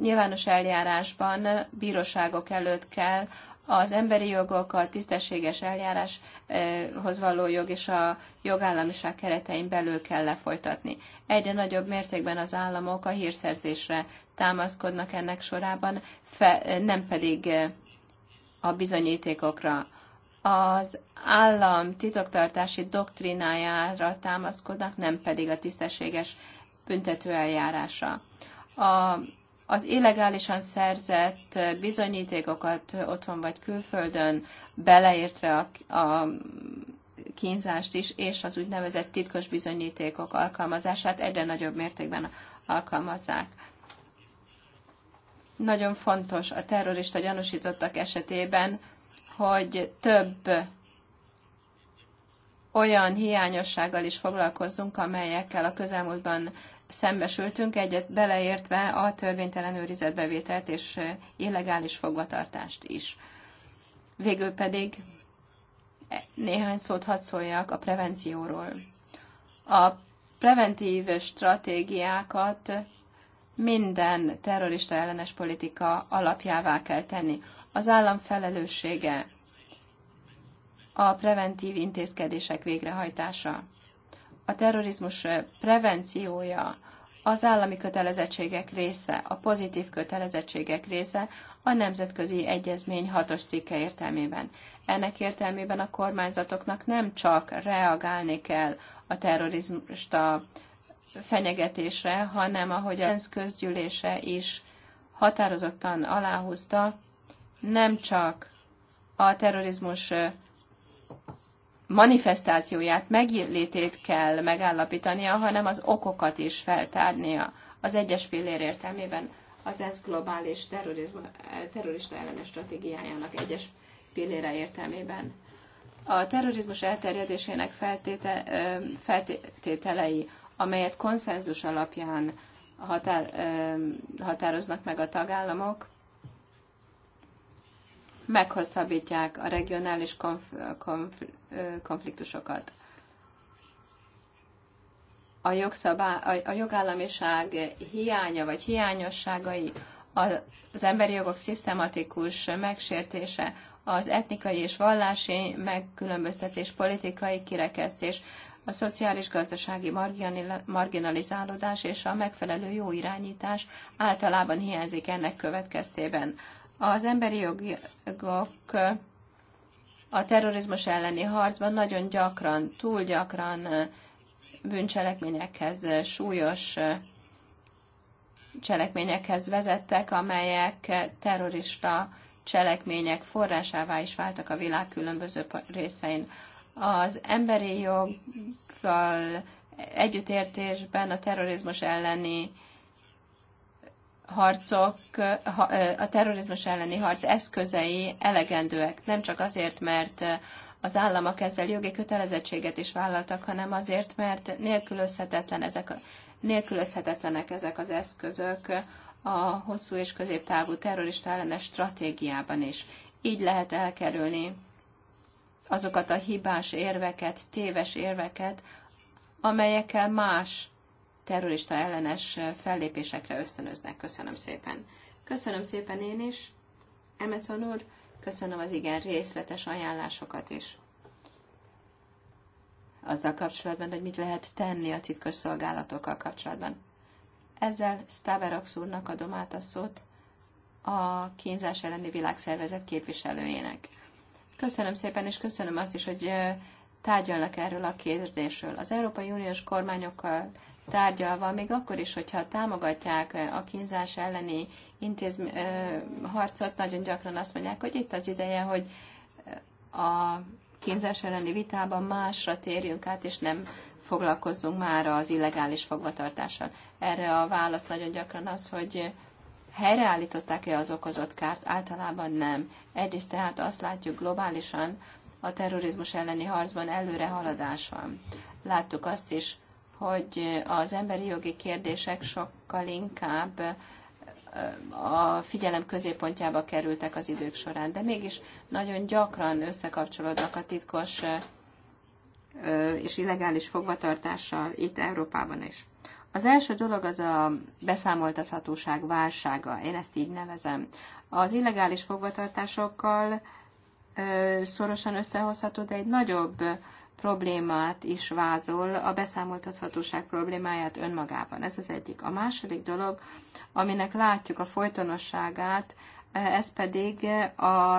nyilvános eljárásban bíróságok előtt kell az emberi jogok, a tisztességes eljáráshoz való jog és a jogállamiság keretein belül kell lefolytatni. Egyre nagyobb mértékben az államok a hírszerzésre támaszkodnak ennek sorában, fe, nem pedig a bizonyítékokra. Az állam titoktartási doktrinájára támaszkodnak, nem pedig a tisztességes büntetőeljárásra a, az illegálisan szerzett bizonyítékokat otthon vagy külföldön, beleértve a, a kínzást is, és az úgynevezett titkos bizonyítékok alkalmazását egyre nagyobb mértékben alkalmazzák. Nagyon fontos a terrorista gyanúsítottak esetében, hogy több olyan hiányossággal is foglalkozzunk, amelyekkel a közelmúltban szembesültünk, egyet beleértve a törvénytelen bevételt és eh, illegális fogvatartást is. Végül pedig eh, néhány szót hadd szóljak a prevencióról. A preventív stratégiákat minden terrorista ellenes politika alapjává kell tenni. Az állam felelőssége a preventív intézkedések végrehajtása a terrorizmus prevenciója az állami kötelezettségek része, a pozitív kötelezettségek része a nemzetközi egyezmény hatos cikke értelmében. Ennek értelmében a kormányzatoknak nem csak reagálni kell a terrorista fenyegetésre, hanem ahogy a ENSZ közgyűlése is határozottan aláhúzta, nem csak a terrorizmus manifestációját, meglétét kell megállapítania, hanem az okokat is feltárnia az egyes pillér értelmében az ENSZ globális terrorista ellenes stratégiájának egyes pillére értelmében. A terrorizmus elterjedésének feltéte, feltételei, amelyet konszenzus alapján határ, határoznak meg a tagállamok, meghosszabbítják a regionális konf- konf- konfliktusokat. A, jogszabá- a jogállamiság hiánya vagy hiányosságai, az emberi jogok szisztematikus megsértése, az etnikai és vallási megkülönböztetés, politikai kirekesztés, a szociális-gazdasági marginalizálódás és a megfelelő jó irányítás általában hiányzik ennek következtében. Az emberi jogok a terrorizmus elleni harcban nagyon gyakran, túl gyakran bűncselekményekhez, súlyos cselekményekhez vezettek, amelyek terrorista cselekmények forrásává is váltak a világ különböző részein. Az emberi joggal együttértésben a terrorizmus elleni harcok, a terrorizmus elleni harc eszközei elegendőek, nem csak azért, mert az államok ezzel jogi kötelezettséget is vállaltak, hanem azért, mert nélkülözhetetlen ezek, nélkülözhetetlenek ezek az eszközök a hosszú és középtávú terrorista ellenes stratégiában is. Így lehet elkerülni azokat a hibás érveket, téves érveket, amelyekkel más terrorista ellenes fellépésekre ösztönöznek. Köszönöm szépen. Köszönöm szépen én is, Emerson úr, köszönöm az igen részletes ajánlásokat is. Azzal kapcsolatban, hogy mit lehet tenni a titkos szolgálatokkal kapcsolatban. Ezzel Staverax úrnak adom át a szót a kínzás elleni világszervezet képviselőjének. Köszönöm szépen, és köszönöm azt is, hogy tárgyalnak erről a kérdésről. Az Európai Uniós kormányokkal tárgyalva, még akkor is, hogyha támogatják a kínzás elleni intézm- harcot, nagyon gyakran azt mondják, hogy itt az ideje, hogy a kínzás elleni vitában másra térjünk át, és nem foglalkozzunk már az illegális fogvatartással. Erre a válasz nagyon gyakran az, hogy helyreállították-e az okozott kárt? Általában nem. Egyrészt tehát azt látjuk globálisan, a terrorizmus elleni harcban előre haladás van. Láttuk azt is, hogy az emberi jogi kérdések sokkal inkább a figyelem középpontjába kerültek az idők során, de mégis nagyon gyakran összekapcsolódnak a titkos és illegális fogvatartással itt Európában is. Az első dolog az a beszámoltathatóság válsága, én ezt így nevezem. Az illegális fogvatartásokkal szorosan összehozható, de egy nagyobb problémát is vázol, a beszámoltathatóság problémáját önmagában. Ez az egyik. A második dolog, aminek látjuk a folytonosságát, ez pedig a,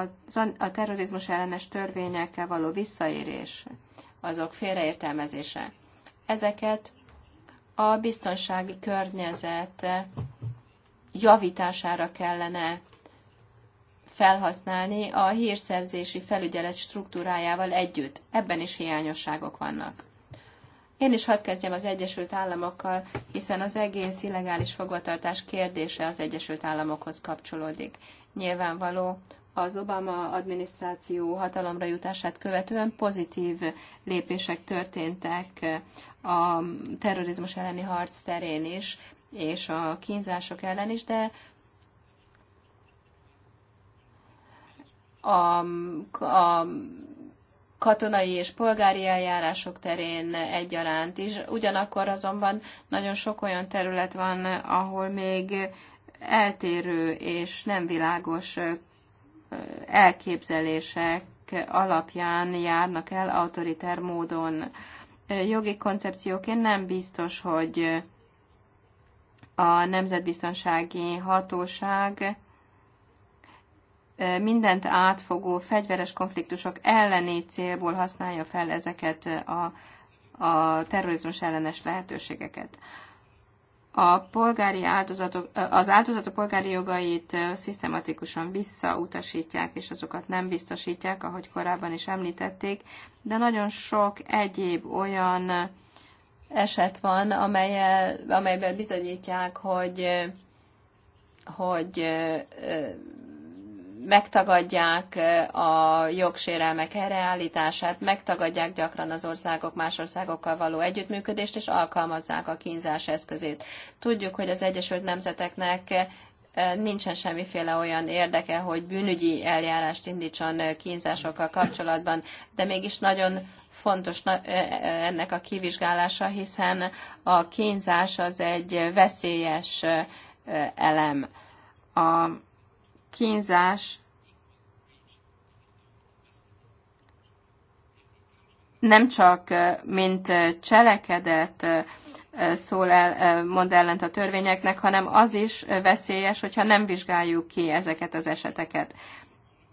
a terrorizmus ellenes törvényekkel való visszaérés, azok félreértelmezése. Ezeket a biztonsági környezet javítására kellene felhasználni a hírszerzési felügyelet struktúrájával együtt. Ebben is hiányosságok vannak. Én is hadd kezdjem az Egyesült Államokkal, hiszen az egész illegális fogvatartás kérdése az Egyesült Államokhoz kapcsolódik. Nyilvánvaló, az Obama adminisztráció hatalomra jutását követően pozitív lépések történtek a terrorizmus elleni harc terén is, és a kínzások ellen is, de a, a katonai és polgári eljárások terén egyaránt is. Ugyanakkor azonban nagyon sok olyan terület van, ahol még eltérő és nem világos elképzelések alapján járnak el autoriter módon. Jogi koncepcióként nem biztos, hogy a nemzetbiztonsági hatóság mindent átfogó fegyveres konfliktusok elleni célból használja fel ezeket a, a terrorizmus ellenes lehetőségeket. A polgári áldozatok, az áldozatok polgári jogait szisztematikusan visszautasítják, és azokat nem biztosítják, ahogy korábban is említették, de nagyon sok egyéb olyan eset van, amelyel, amelyben bizonyítják, hogy hogy megtagadják a jogsérelmek helyreállítását, megtagadják gyakran az országok más országokkal való együttműködést, és alkalmazzák a kínzás eszközét. Tudjuk, hogy az Egyesült Nemzeteknek nincsen semmiféle olyan érdeke, hogy bűnügyi eljárást indítson kínzásokkal kapcsolatban, de mégis nagyon fontos ennek a kivizsgálása, hiszen a kínzás az egy veszélyes elem. A kínzás nem csak mint cselekedet szól el, mond ellent a törvényeknek, hanem az is veszélyes, hogyha nem vizsgáljuk ki ezeket az eseteket.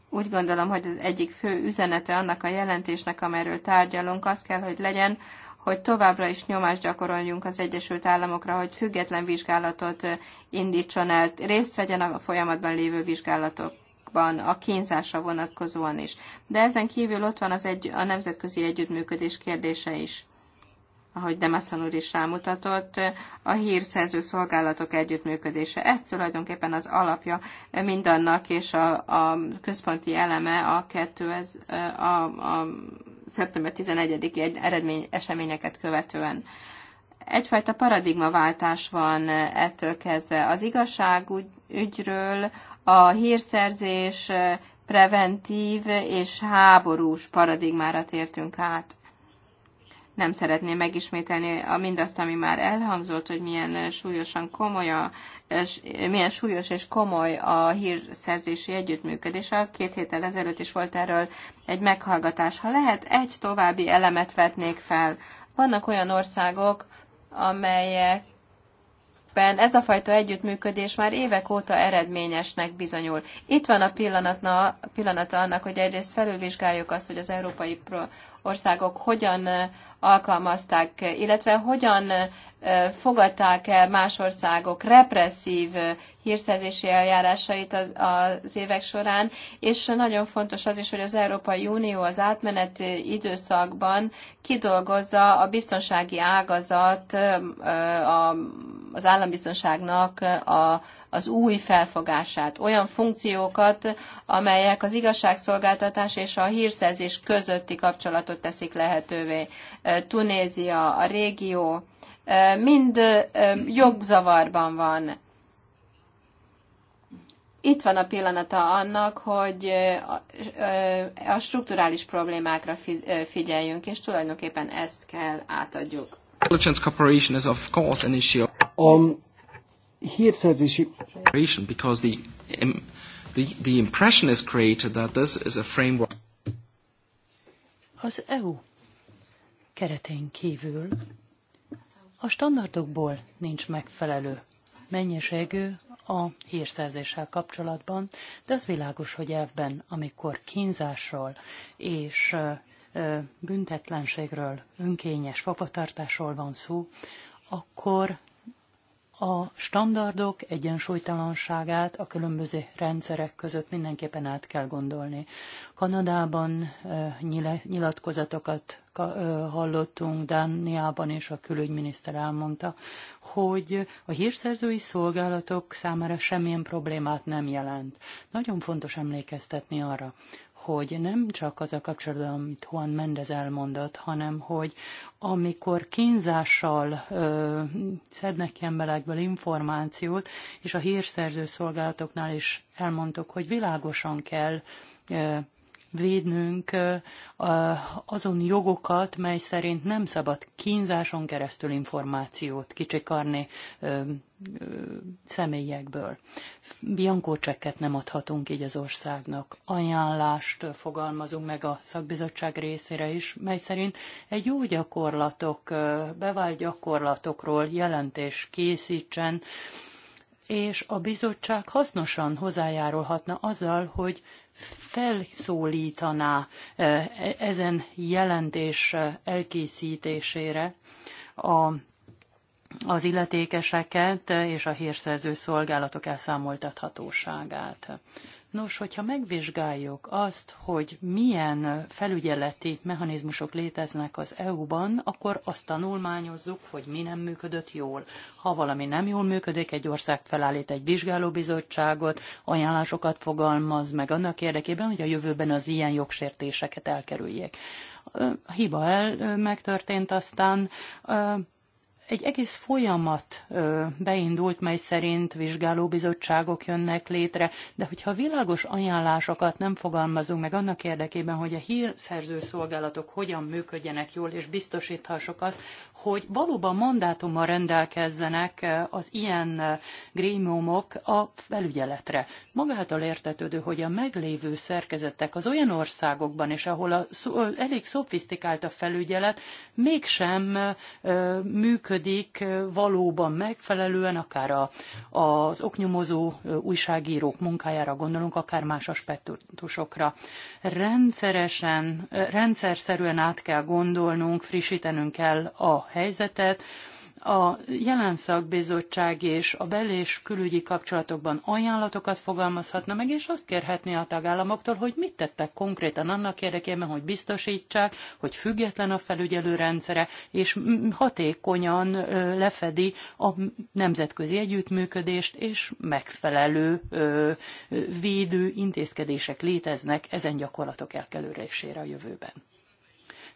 Úgy gondolom, hogy az egyik fő üzenete annak a jelentésnek, amelyről tárgyalunk, az kell, hogy legyen, hogy továbbra is nyomást gyakoroljunk az Egyesült Államokra, hogy független vizsgálatot indítson el, részt vegyen a folyamatban lévő vizsgálatokban, a kínzásra vonatkozóan is. De ezen kívül ott van az egy, a nemzetközi együttműködés kérdése is ahogy Demaszan úr is rámutatott, a hírszerző szolgálatok együttműködése. Ez tulajdonképpen az alapja mindannak, és a, a központi eleme a, kettő, ez, a, a szeptember 11-i eredmény eseményeket követően. Egyfajta paradigmaváltás van ettől kezdve. Az igazság ügyről a hírszerzés preventív és háborús paradigmára tértünk át nem szeretném megismételni mindazt, ami már elhangzott, hogy milyen súlyosan komoly a, milyen súlyos és komoly a hírszerzési együttműködés. A két héttel ezelőtt is volt erről egy meghallgatás. Ha lehet, egy további elemet vetnék fel. Vannak olyan országok, amelyek ez a fajta együttműködés már évek óta eredményesnek bizonyul. Itt van a pillanatna, pillanata annak, hogy egyrészt felülvizsgáljuk azt, hogy az európai országok hogyan alkalmazták, illetve hogyan fogadták el más országok represszív hírszerzési eljárásait az, az évek során, és nagyon fontos az is, hogy az Európai Unió az átmenet időszakban kidolgozza a biztonsági ágazat, a, az állambiztonságnak a, az új felfogását, olyan funkciókat, amelyek az igazságszolgáltatás és a hírszerzés közötti kapcsolatot teszik lehetővé. Tunézia, a régió, mind jogzavarban van. Itt van a pillanata annak, hogy a strukturális problémákra figyeljünk, és tulajdonképpen ezt kell átadjuk. Intelligence cooperation is of course an issue. Um, hírszerzési... Because the, the, the impression is created that this is a framework. Az EU keretén kívül a standardokból nincs megfelelő mennyiségű a hírszerzéssel kapcsolatban, de az világos, hogy elvben, amikor kínzásról és büntetlenségről, önkényes fogvatartásról van szó, akkor a standardok egyensúlytalanságát a különböző rendszerek között mindenképpen át kell gondolni. Kanadában nyilatkozatokat hallottunk, Dániában és a külügyminiszter elmondta, hogy a hírszerzői szolgálatok számára semmilyen problémát nem jelent. Nagyon fontos emlékeztetni arra, hogy nem csak az a kapcsolatban, amit Juan Mendez elmondott, hanem hogy amikor kínzással ö, szednek ki emberekből információt, és a hírszerző szolgálatoknál is elmondtuk, hogy világosan kell ö, védnünk azon jogokat, mely szerint nem szabad kínzáson keresztül információt kicsikarni személyekből. Biankó csekket nem adhatunk így az országnak. Ajánlást fogalmazunk meg a szakbizottság részére is, mely szerint egy jó gyakorlatok, bevált gyakorlatokról jelentés készítsen, és a bizottság hasznosan hozzájárulhatna azzal, hogy felszólítaná eh, e-, ezen jelentés eh, elkészítésére a az illetékeseket és a hírszerző szolgálatok elszámoltathatóságát. Nos, hogyha megvizsgáljuk azt, hogy milyen felügyeleti mechanizmusok léteznek az EU-ban, akkor azt tanulmányozzuk, hogy mi nem működött jól. Ha valami nem jól működik, egy ország felállít egy vizsgálóbizottságot, ajánlásokat fogalmaz meg annak érdekében, hogy a jövőben az ilyen jogsértéseket elkerüljék hiba el megtörtént, aztán egy egész folyamat ö, beindult, mely szerint vizsgálóbizottságok jönnek létre, de hogyha világos ajánlásokat nem fogalmazunk meg annak érdekében, hogy a hírszerző szolgálatok hogyan működjenek jól, és biztosíthassuk azt, hogy valóban mandátummal rendelkezzenek az ilyen grémiumok a felügyeletre. Magától értetődő, hogy a meglévő szerkezetek az olyan országokban és ahol a, elég szofisztikált a felügyelet, mégsem működik valóban megfelelően, akár a, az oknyomozó újságírók munkájára gondolunk, akár más aspektusokra. Rendszeresen, rendszerszerűen át kell gondolnunk, frissítenünk kell a helyzetet. A jelen szakbizottság és a bel- és külügyi kapcsolatokban ajánlatokat fogalmazhatna meg, és azt kérhetné a tagállamoktól, hogy mit tettek konkrétan annak érdekében, hogy biztosítsák, hogy független a felügyelő rendszere, és hatékonyan lefedi a nemzetközi együttműködést, és megfelelő védő intézkedések léteznek ezen gyakorlatok elkerülésére a jövőben.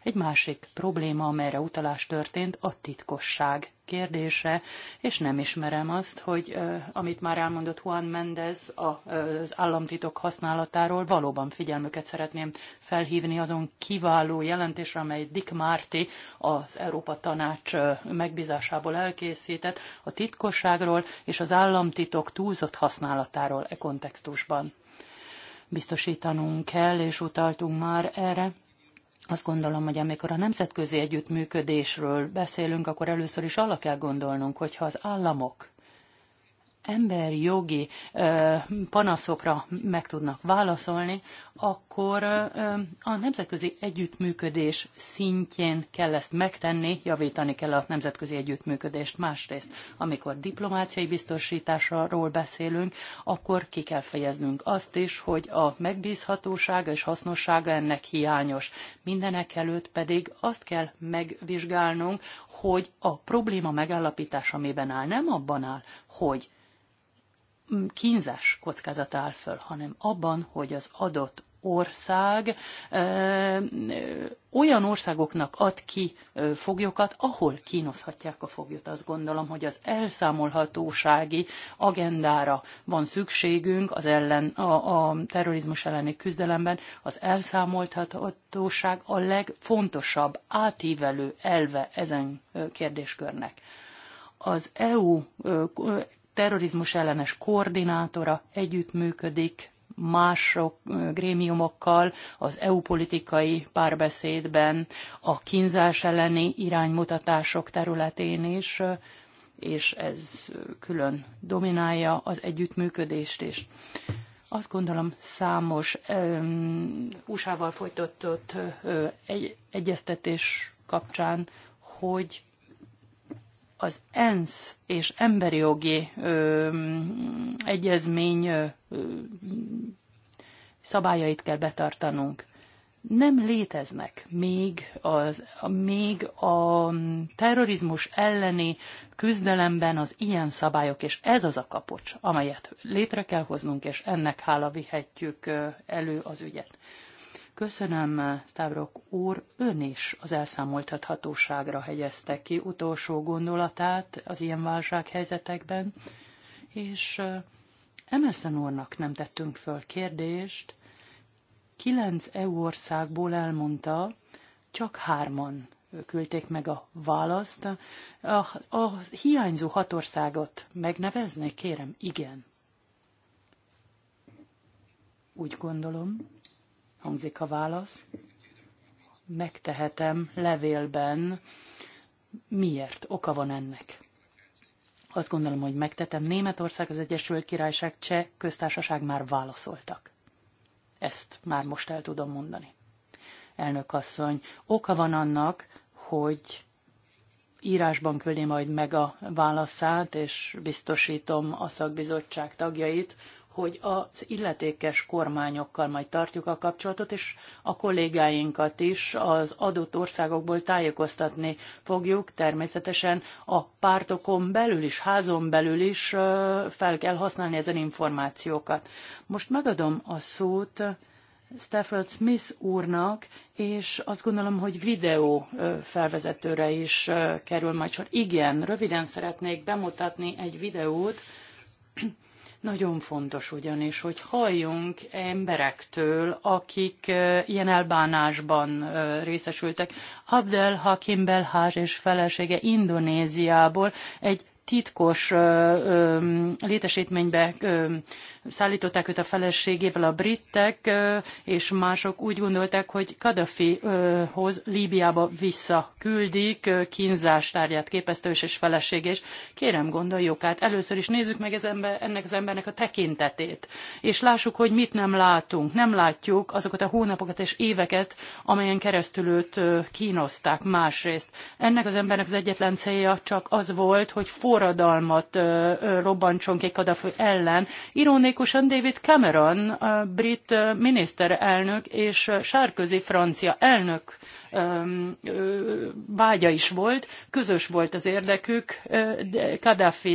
Egy másik probléma, amelyre utalás történt, a titkosság kérdése, és nem ismerem azt, hogy amit már elmondott Juan Mendez az államtitok használatáról, valóban figyelmüket szeretném felhívni azon kiváló jelentésre, amely Dick Márti az Európa Tanács megbízásából elkészített a titkosságról és az államtitok túlzott használatáról e kontextusban biztosítanunk kell, és utaltunk már erre, azt gondolom, hogy amikor a nemzetközi együttműködésről beszélünk, akkor először is arra kell gondolnunk, hogyha az államok emberjogi panaszokra meg tudnak válaszolni, akkor a nemzetközi együttműködés szintjén kell ezt megtenni, javítani kell a nemzetközi együttműködést. Másrészt, amikor diplomáciai biztosításról beszélünk, akkor ki kell fejeznünk azt is, hogy a megbízhatósága és hasznossága ennek hiányos. Mindenek előtt pedig azt kell megvizsgálnunk, hogy a probléma megállapítása miben áll, nem abban áll, hogy Mm, kínzás kockázata áll föl, hanem abban, hogy az adott ország ö, olyan országoknak ad ki ö, foglyokat, ahol kínoszhatják a foglyot. Azt gondolom, hogy az elszámolhatósági agendára van szükségünk az ellen, a, a terrorizmus elleni küzdelemben. Az elszámolhatóság a legfontosabb átívelő elve ezen kérdéskörnek. Az EU terrorizmus ellenes koordinátora együttműködik mások grémiumokkal az EU politikai párbeszédben, a kínzás elleni iránymutatások területén is, és ez külön dominálja az együttműködést is. Azt gondolom számos USA-val folytatott egy, egyeztetés kapcsán, hogy az ENSZ és emberi jogi ö, egyezmény ö, szabályait kell betartanunk. Nem léteznek még, az, még a terrorizmus elleni küzdelemben az ilyen szabályok, és ez az a kapocs, amelyet létre kell hoznunk, és ennek hála vihetjük elő az ügyet. Köszönöm, Stavrok úr, ön is az elszámoltathatóságra hegyezte ki utolsó gondolatát az ilyen válsághelyzetekben, és eh, Emerson úrnak nem tettünk föl kérdést. Kilenc EU országból elmondta, csak hárman küldték meg a választ. A, a hiányzó hat országot megnevezni, kérem? Igen. Úgy gondolom hangzik a válasz. Megtehetem levélben, miért, oka van ennek. Azt gondolom, hogy megtetem. Németország, az Egyesült Királyság, Cseh köztársaság már válaszoltak. Ezt már most el tudom mondani. Elnök asszony, oka van annak, hogy írásban küldi majd meg a válaszát, és biztosítom a szakbizottság tagjait hogy az illetékes kormányokkal majd tartjuk a kapcsolatot, és a kollégáinkat is az adott országokból tájékoztatni fogjuk. Természetesen a pártokon belül is, házon belül is fel kell használni ezen információkat. Most megadom a szót Stafford Smith úrnak, és azt gondolom, hogy videó felvezetőre is kerül majd sor. Igen, röviden szeretnék bemutatni egy videót, nagyon fontos ugyanis, hogy halljunk emberektől, akik ilyen elbánásban részesültek. Abdel Hakim Belhás és felesége Indonéziából egy titkos létesítménybe szállították őt a feleségével a britek, és mások úgy gondolták, hogy Kadhafihoz Líbiába visszaküldik, kínzás tárgyát képezte és, és feleség, és kérem gondoljuk át, először is nézzük meg ez ember, ennek az embernek a tekintetét, és lássuk, hogy mit nem látunk, nem látjuk azokat a hónapokat és éveket, amelyen keresztül őt kínozták másrészt. Ennek az embernek az egyetlen célja csak az volt, hogy forradalmat robbantson ki Kadafi ellen. Ironikusan David Cameron, a brit miniszterelnök és Sárközi francia elnök vágya is volt, közös volt az érdekük,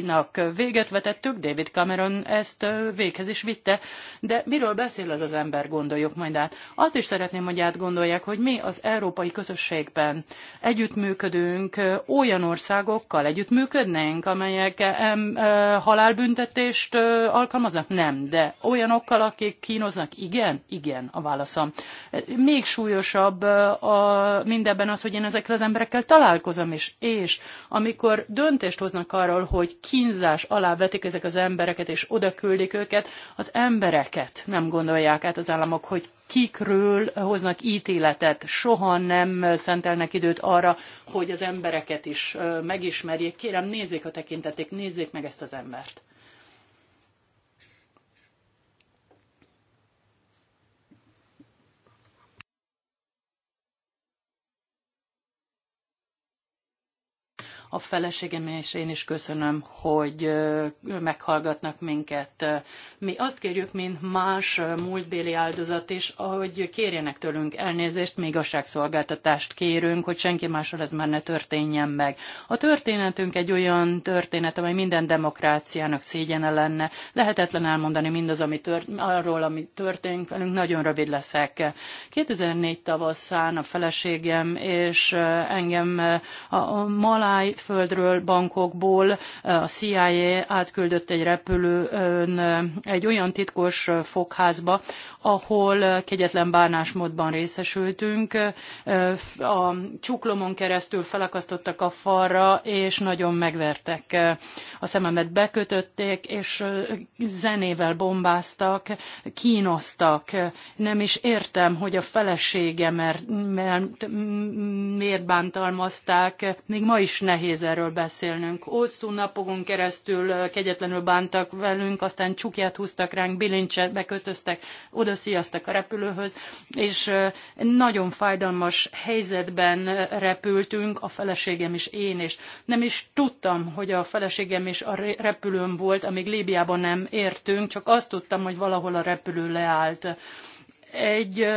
nak véget vetettük, David Cameron ezt véghez is vitte, de miről beszél ez az ember, gondoljuk majd át. Azt is szeretném, hogy átgondolják, hogy mi az európai közösségben együttműködünk, olyan országokkal együttműködnénk, amelyek halálbüntetést alkalmaznak? Nem, de olyanokkal, akik kínoznak? Igen, igen a válaszom. Még súlyosabb a mindebben az, hogy én ezekkel az emberekkel találkozom is. És amikor döntést hoznak arról, hogy kínzás alá vetik ezek az embereket, és oda küldik őket, az embereket nem gondolják át az államok, hogy kikről hoznak ítéletet, soha nem szentelnek időt arra, hogy az embereket is megismerjék. Kérem, nézzék a tekintetét, nézzék meg ezt az embert. A feleségem és én is köszönöm, hogy meghallgatnak minket. Mi azt kérjük, mint más múltbéli áldozat is, hogy kérjenek tőlünk elnézést, még igazságszolgáltatást kérünk, hogy senki másról ez már ne történjen meg. A történetünk egy olyan történet, amely minden demokráciának szégyene lenne. Lehetetlen elmondani mindaz, ami tört, arról, ami történik velünk, nagyon rövid leszek. 2004 tavaszán a feleségem és engem a, a maláj Földről, bankokból a CIA átküldött egy repülőn egy olyan titkos fogházba, ahol kegyetlen bánásmódban részesültünk. A csuklomon keresztül felakasztottak a falra, és nagyon megvertek. A szememet bekötötték, és zenével bombáztak, kínoztak. Nem is értem, hogy a mert miért bántalmazták. Még ma is nehéz nehéz erről beszélnünk. Hosszú napokon keresztül kegyetlenül bántak velünk, aztán csukját húztak ránk, bilincset bekötöztek, oda a repülőhöz, és nagyon fájdalmas helyzetben repültünk, a feleségem is, én is. Nem is tudtam, hogy a feleségem is a repülőn volt, amíg Líbiában nem értünk, csak azt tudtam, hogy valahol a repülő leállt egy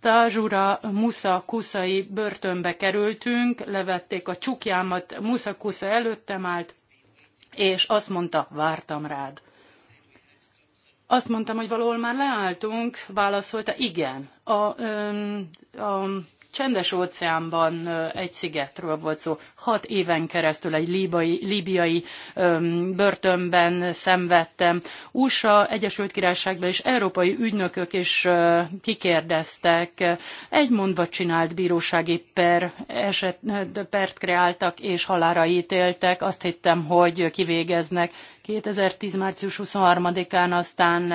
Tazsura Musa Kuszai börtönbe kerültünk, levették a csukjámat, Musa Kusza előttem állt, és azt mondta, vártam rád. Azt mondtam, hogy valahol már leálltunk, válaszolta, igen. A, a, a csendes óceánban egy szigetről volt szó. Hat éven keresztül egy líbai, líbiai öm, börtönben szenvedtem. USA, Egyesült Királyságban és európai ügynökök is ö, kikérdeztek. Egy mondva csinált bírósági per, eset, pert kreáltak és halára ítéltek. Azt hittem, hogy kivégeznek. 2010. március 23-án aztán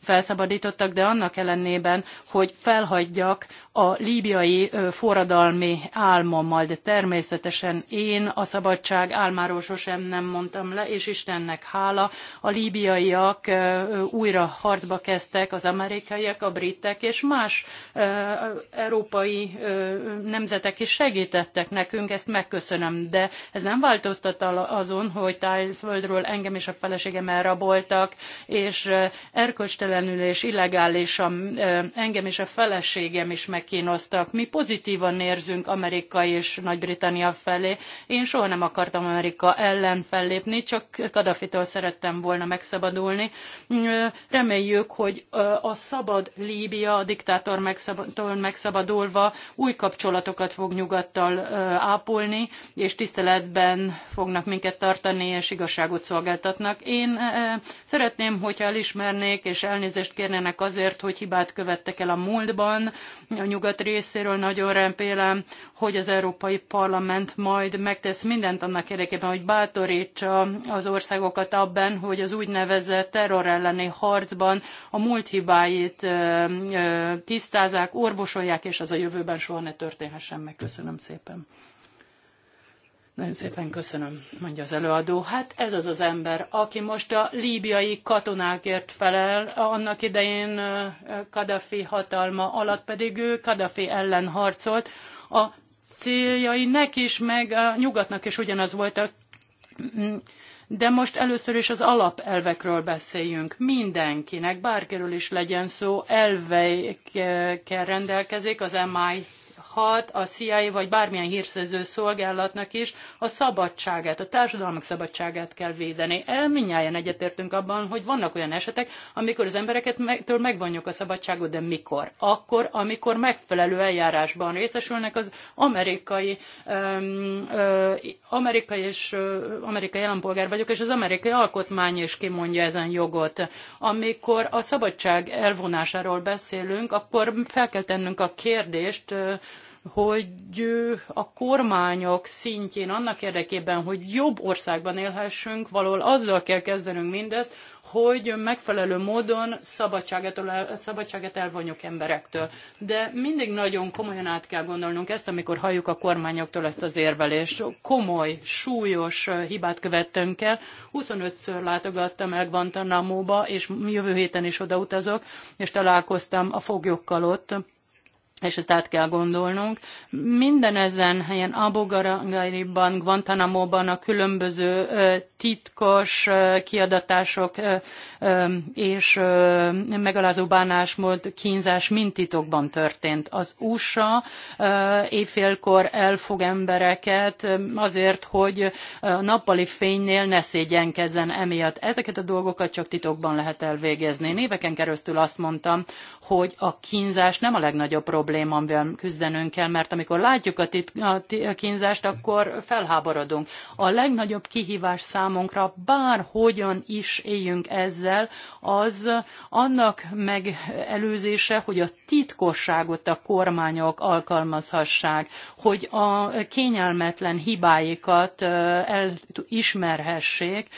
felszabadítottak, de annak ellenében, hogy felhagyjak a líbiai forradalmi álmommal, de természetesen én a szabadság álmáról sosem nem mondtam le, és Istennek hála, a líbiaiak újra harcba kezdtek, az amerikaiak, a britek és más európai nemzetek is segítettek nekünk, ezt megköszönöm, de ez nem változtat azon, hogy tájföldről engem és a feleségem elraboltak, és erkölcstelenül és illegálisan engem és a feleségem is megkínoztak. Mi pozitívan érzünk Amerika és Nagy-Britannia felé. Én soha nem akartam Amerika ellen fellépni, csak Kadafitól szerettem volna megszabadulni. Reméljük, hogy a szabad Líbia, a diktátor megszabadulva új kapcsolatokat fog nyugattal ápolni, és tiszteletben fognak minket tartani, és igazságot szolgáltatni mutatnak. Én e, e, szeretném, hogyha elismernék és elnézést kérnének azért, hogy hibát követtek el a múltban. A nyugat részéről nagyon remélem, hogy az Európai Parlament majd megtesz mindent annak érdekében, hogy bátorítsa az országokat abban, hogy az úgynevezett terror elleni harcban a múlt hibáit e, tisztázzák, orvosolják, és az a jövőben soha ne történhessen meg. Köszönöm szépen. Nagyon szépen köszönöm, mondja az előadó. Hát ez az az ember, aki most a líbiai katonákért felel, annak idején Kadhafi hatalma alatt pedig ő Kadhafi ellen harcolt. A céljai neki is, meg a nyugatnak is ugyanaz volt a mm. de most először is az alapelvekről beszéljünk. Mindenkinek, bárkiről is legyen szó, elveikkel rendelkezik az MI hat a CIA vagy bármilyen hírszerző szolgálatnak is a szabadságát, a társadalmak szabadságát kell védeni. Elminnyáján egyetértünk abban, hogy vannak olyan esetek, amikor az embereket megvonjuk a szabadságot, de mikor? Akkor, amikor megfelelő eljárásban részesülnek az amerikai, um, uh, amerikai és uh, amerikai állampolgár vagyok, és az amerikai alkotmány is kimondja ezen jogot. Amikor a szabadság elvonásáról beszélünk, akkor fel kell tennünk a kérdést, hogy a kormányok szintjén annak érdekében, hogy jobb országban élhessünk, valahol azzal kell kezdenünk mindezt, hogy megfelelő módon szabadságot elvonjuk emberektől. De mindig nagyon komolyan át kell gondolnunk ezt, amikor halljuk a kormányoktól ezt az érvelést. Komoly, súlyos hibát követtünk el. 25-ször látogattam el Guantanamo-ba, és jövő héten is odautazok, és találkoztam a foglyokkal ott és ezt át kell gondolnunk. Minden ezen helyen Abogarangariban, Guantanamo-ban a különböző titkos kiadatások és megalázó bánásmód, kínzás mind titokban történt. Az USA éjfélkor elfog embereket azért, hogy a nappali fénynél ne szégyenkezzen emiatt. Ezeket a dolgokat csak titokban lehet elvégezni. Én éveken keresztül azt mondtam, hogy a kínzás nem a legnagyobb probléma, probléma, amivel küzdenünk kell, mert amikor látjuk a, tit- a kínzást, akkor felháborodunk. A legnagyobb kihívás számunkra, bárhogyan is éljünk ezzel, az annak megelőzése, hogy a titkosságot a kormányok alkalmazhassák, hogy a kényelmetlen hibáikat elismerhessék,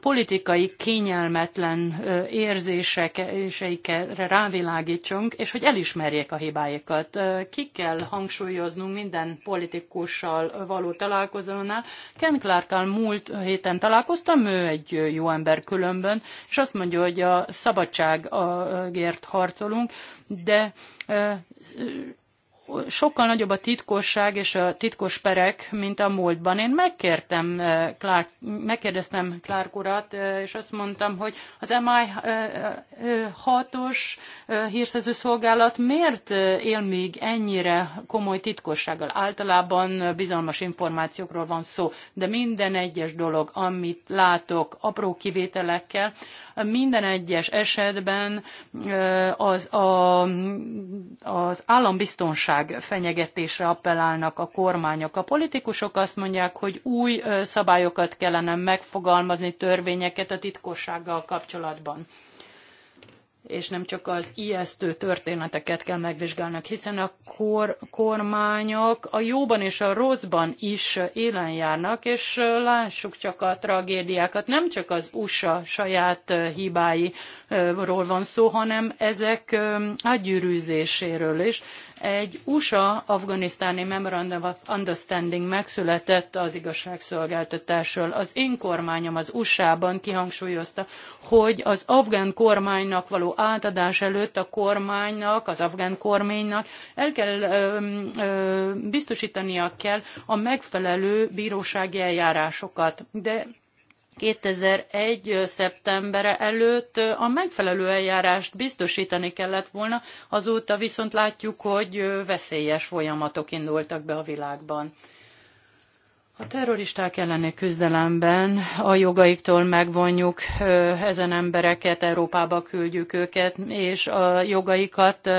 politikai kényelmetlen érzéseikre rávilágítsunk, és hogy elismerjék a hibáikat. Ki kell hangsúlyoznunk minden politikussal való találkozónál. Ken Clarkkal múlt héten találkoztam, ő egy jó ember különben, és azt mondja, hogy a szabadságért harcolunk, de sokkal nagyobb a titkosság és a titkos perek, mint a múltban. Én megkértem eh, Clark, megkérdeztem Clark urat, eh, és azt mondtam, hogy az MI6-os eh, hírszerző szolgálat miért él még ennyire komoly titkossággal? Általában bizalmas információkról van szó, de minden egyes dolog, amit látok apró kivételekkel, minden egyes esetben az, a, az állambiztonság fenyegetésre appellálnak a kormányok. A politikusok azt mondják, hogy új szabályokat kellene megfogalmazni, törvényeket a titkossággal kapcsolatban és nem csak az ijesztő történeteket kell megvizsgálnunk, hiszen a kor, kormányok a jóban és a rosszban is élen járnak, és lássuk csak a tragédiákat. Nem csak az USA saját hibáiról van szó, hanem ezek átgyűrűzéséről is egy USA-afganisztáni Memorandum of Understanding megszületett az igazságszolgáltatásról. Az én kormányom az USA-ban kihangsúlyozta, hogy az afgán kormánynak való átadás előtt a kormánynak, az afgán kormánynak el kell ö, ö, biztosítania kell a megfelelő bírósági eljárásokat. De 2001. szeptembere előtt a megfelelő eljárást biztosítani kellett volna, azóta viszont látjuk, hogy veszélyes folyamatok indultak be a világban. A terroristák elleni küzdelemben a jogaiktól megvonjuk ezen embereket, Európába küldjük őket, és a jogaikat,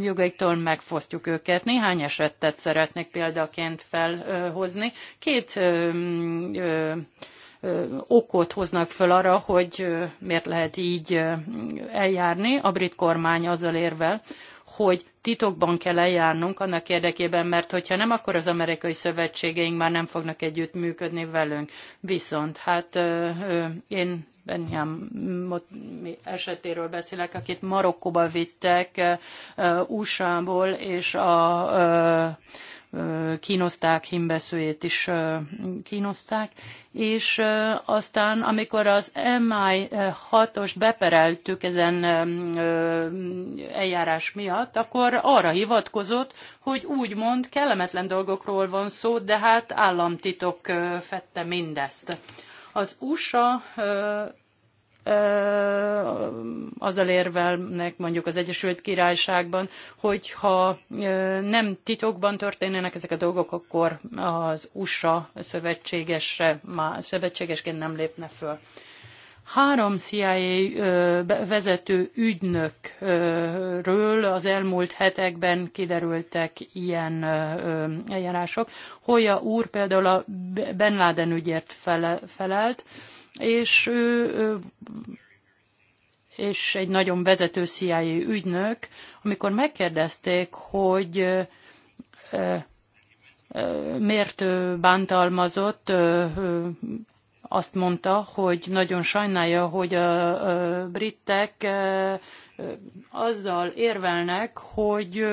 jogaiktól megfosztjuk őket. Néhány esetet szeretnék példaként felhozni. Két ö, ö, okot hoznak föl arra, hogy miért lehet így eljárni. A brit kormány azzal érvel, hogy titokban kell eljárnunk annak érdekében, mert hogyha nem, akkor az amerikai szövetségeink már nem fognak együtt működni velünk. Viszont hát én Benjám esetéről beszélek, akit Marokkóba vittek USA-ból, és a kínozták, Himbeszőjét is kínozták, és aztán, amikor az mi 6 os bepereltük ezen eljárás miatt, akkor arra hivatkozott, hogy úgymond kellemetlen dolgokról van szó, de hát államtitok fette mindezt. Az USA azzal érvelnek mondjuk az Egyesült Királyságban, hogy ha nem titokban történnek ezek a dolgok, akkor az USA szövetségesre, szövetségesként nem lépne föl három CIA vezető ügynökről az elmúlt hetekben kiderültek ilyen eljárások. Hoya úr például a Ben Laden ügyért felelt, és ő és egy nagyon vezető CIA ügynök, amikor megkérdezték, hogy miért bántalmazott, azt mondta, hogy nagyon sajnálja, hogy a britek azzal érvelnek, hogy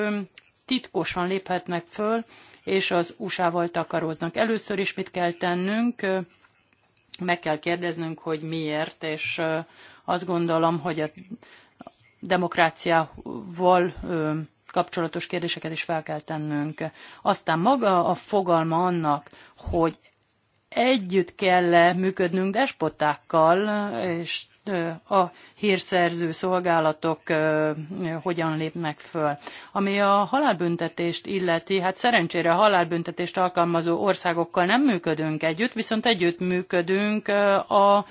titkosan léphetnek föl, és az USA-val takaroznak. Először is mit kell tennünk? meg kell kérdeznünk, hogy miért, és azt gondolom, hogy a demokráciával kapcsolatos kérdéseket is fel kell tennünk. Aztán maga a fogalma annak, hogy együtt kell -e működnünk despotákkal, és a hírszerző szolgálatok hogyan lépnek föl. Ami a halálbüntetést illeti, hát szerencsére halálbüntetést alkalmazó országokkal nem működünk együtt, viszont együtt működünk a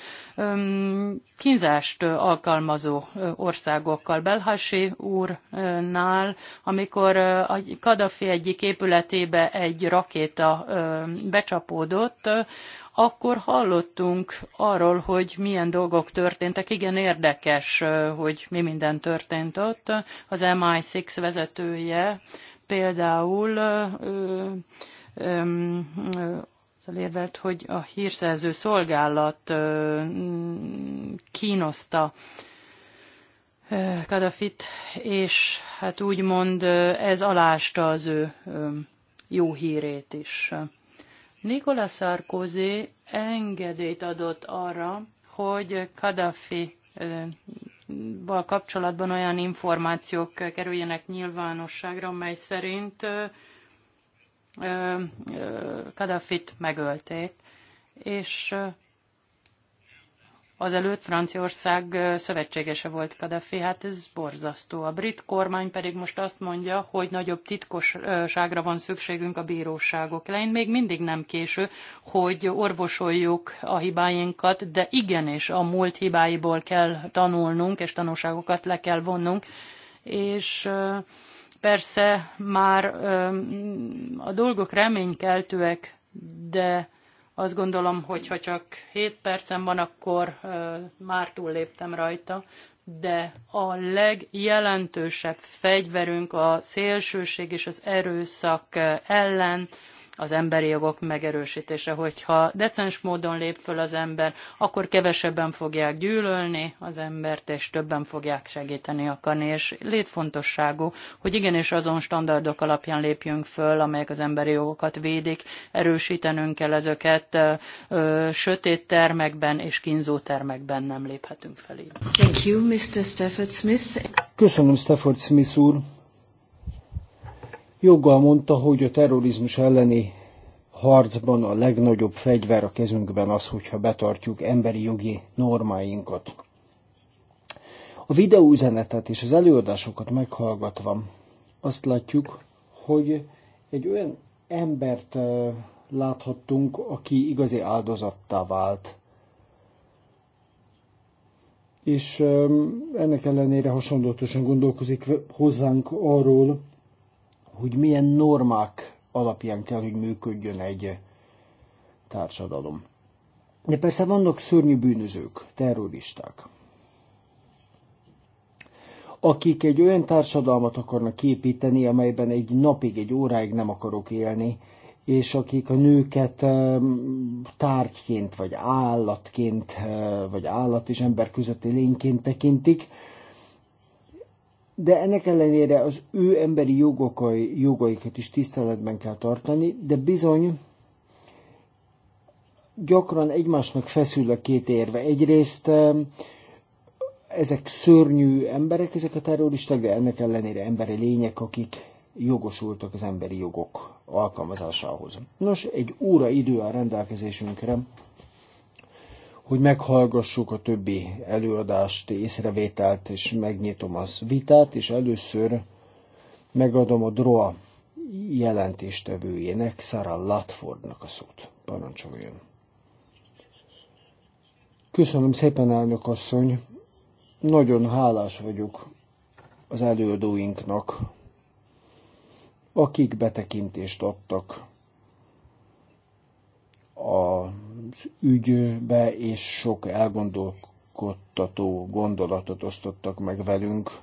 kínzást alkalmazó országokkal. Belhasi úrnál, amikor a Kadafi egyik épületébe egy rakéta becsapódott, akkor hallottunk arról, hogy milyen dolgok történtek. Igen, érdekes, hogy mi minden történt ott. Az MI6 vezetője például azzal érvelt, hogy a hírszerző szolgálat kínoszta Kadafit, és hát úgymond ez alásta az ő jó hírét is. Nicolas Sarkozy engedélyt adott arra, hogy Kadhafi val kapcsolatban olyan információk kerüljenek nyilvánosságra, mely szerint Kadafit megölték, és azelőtt Franciaország szövetségese volt Kadhafi, hát ez borzasztó. A brit kormány pedig most azt mondja, hogy nagyobb titkosságra van szükségünk a bíróságok elején. Még mindig nem késő, hogy orvosoljuk a hibáinkat, de igenis a múlt hibáiból kell tanulnunk, és tanulságokat le kell vonnunk, és persze már a dolgok reménykeltőek, de azt gondolom, hogy ha csak 7 percem van, akkor már túlléptem rajta, de a legjelentősebb fegyverünk a szélsőség és az erőszak ellen az emberi jogok megerősítése. Hogyha decens módon lép föl az ember, akkor kevesebben fogják gyűlölni az embert, és többen fogják segíteni akarni. És létfontosságú, hogy igenis azon standardok alapján lépjünk föl, amelyek az emberi jogokat védik, erősítenünk kell ezeket, ö, sötét termekben és kínzó termekben nem léphetünk fel. Thank you, Mr. Stafford Smith. Köszönöm, Stafford Smith úr. Joggal mondta, hogy a terrorizmus elleni harcban a legnagyobb fegyver a kezünkben az, hogyha betartjuk emberi jogi normáinkat. A videóüzenetet és az előadásokat meghallgatva azt látjuk, hogy egy olyan embert láthattunk, aki igazi áldozattá vált. És ennek ellenére hasonlatosan gondolkozik hozzánk arról, hogy milyen normák alapján kell, hogy működjön egy eh, társadalom. De persze vannak szörnyű bűnözők, terroristák, akik egy olyan társadalmat akarnak építeni, amelyben egy napig, egy óráig nem akarok élni, és akik a nőket eh, tárgyként, vagy állatként, eh, vagy állat és ember közötti lényként tekintik, de ennek ellenére az ő emberi jogokai, jogaikat is tiszteletben kell tartani, de bizony gyakran egymásnak feszül a két érve. Egyrészt ezek szörnyű emberek, ezek a terroristák, de ennek ellenére emberi lények, akik jogosultak az emberi jogok alkalmazásához. Nos, egy óra idő a rendelkezésünkre, hogy meghallgassuk a többi előadást, észrevételt, és megnyitom az vitát, és először megadom a DROA jelentéstevőjének, Szára Latfordnak a szót. Parancsoljon! Köszönöm szépen, elnök asszony! Nagyon hálás vagyok az előadóinknak, akik betekintést adtak a ügybe, és sok elgondolkodtató gondolatot osztottak meg velünk,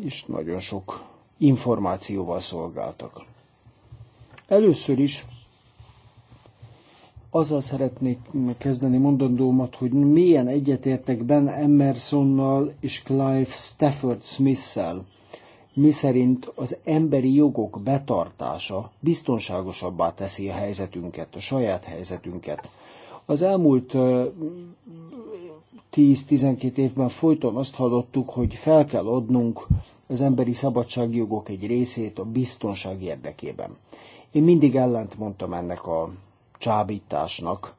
és nagyon sok információval szolgáltak. Először is azzal szeretnék kezdeni mondandómat, hogy milyen egyetértek Ben Emersonnal és Clive Stafford Smith-szel, miszerint az emberi jogok betartása biztonságosabbá teszi a helyzetünket, a saját helyzetünket. Az elmúlt 10-12 évben folyton azt hallottuk, hogy fel kell adnunk az emberi szabadságjogok egy részét a biztonság érdekében. Én mindig ellent mondtam ennek a csábításnak,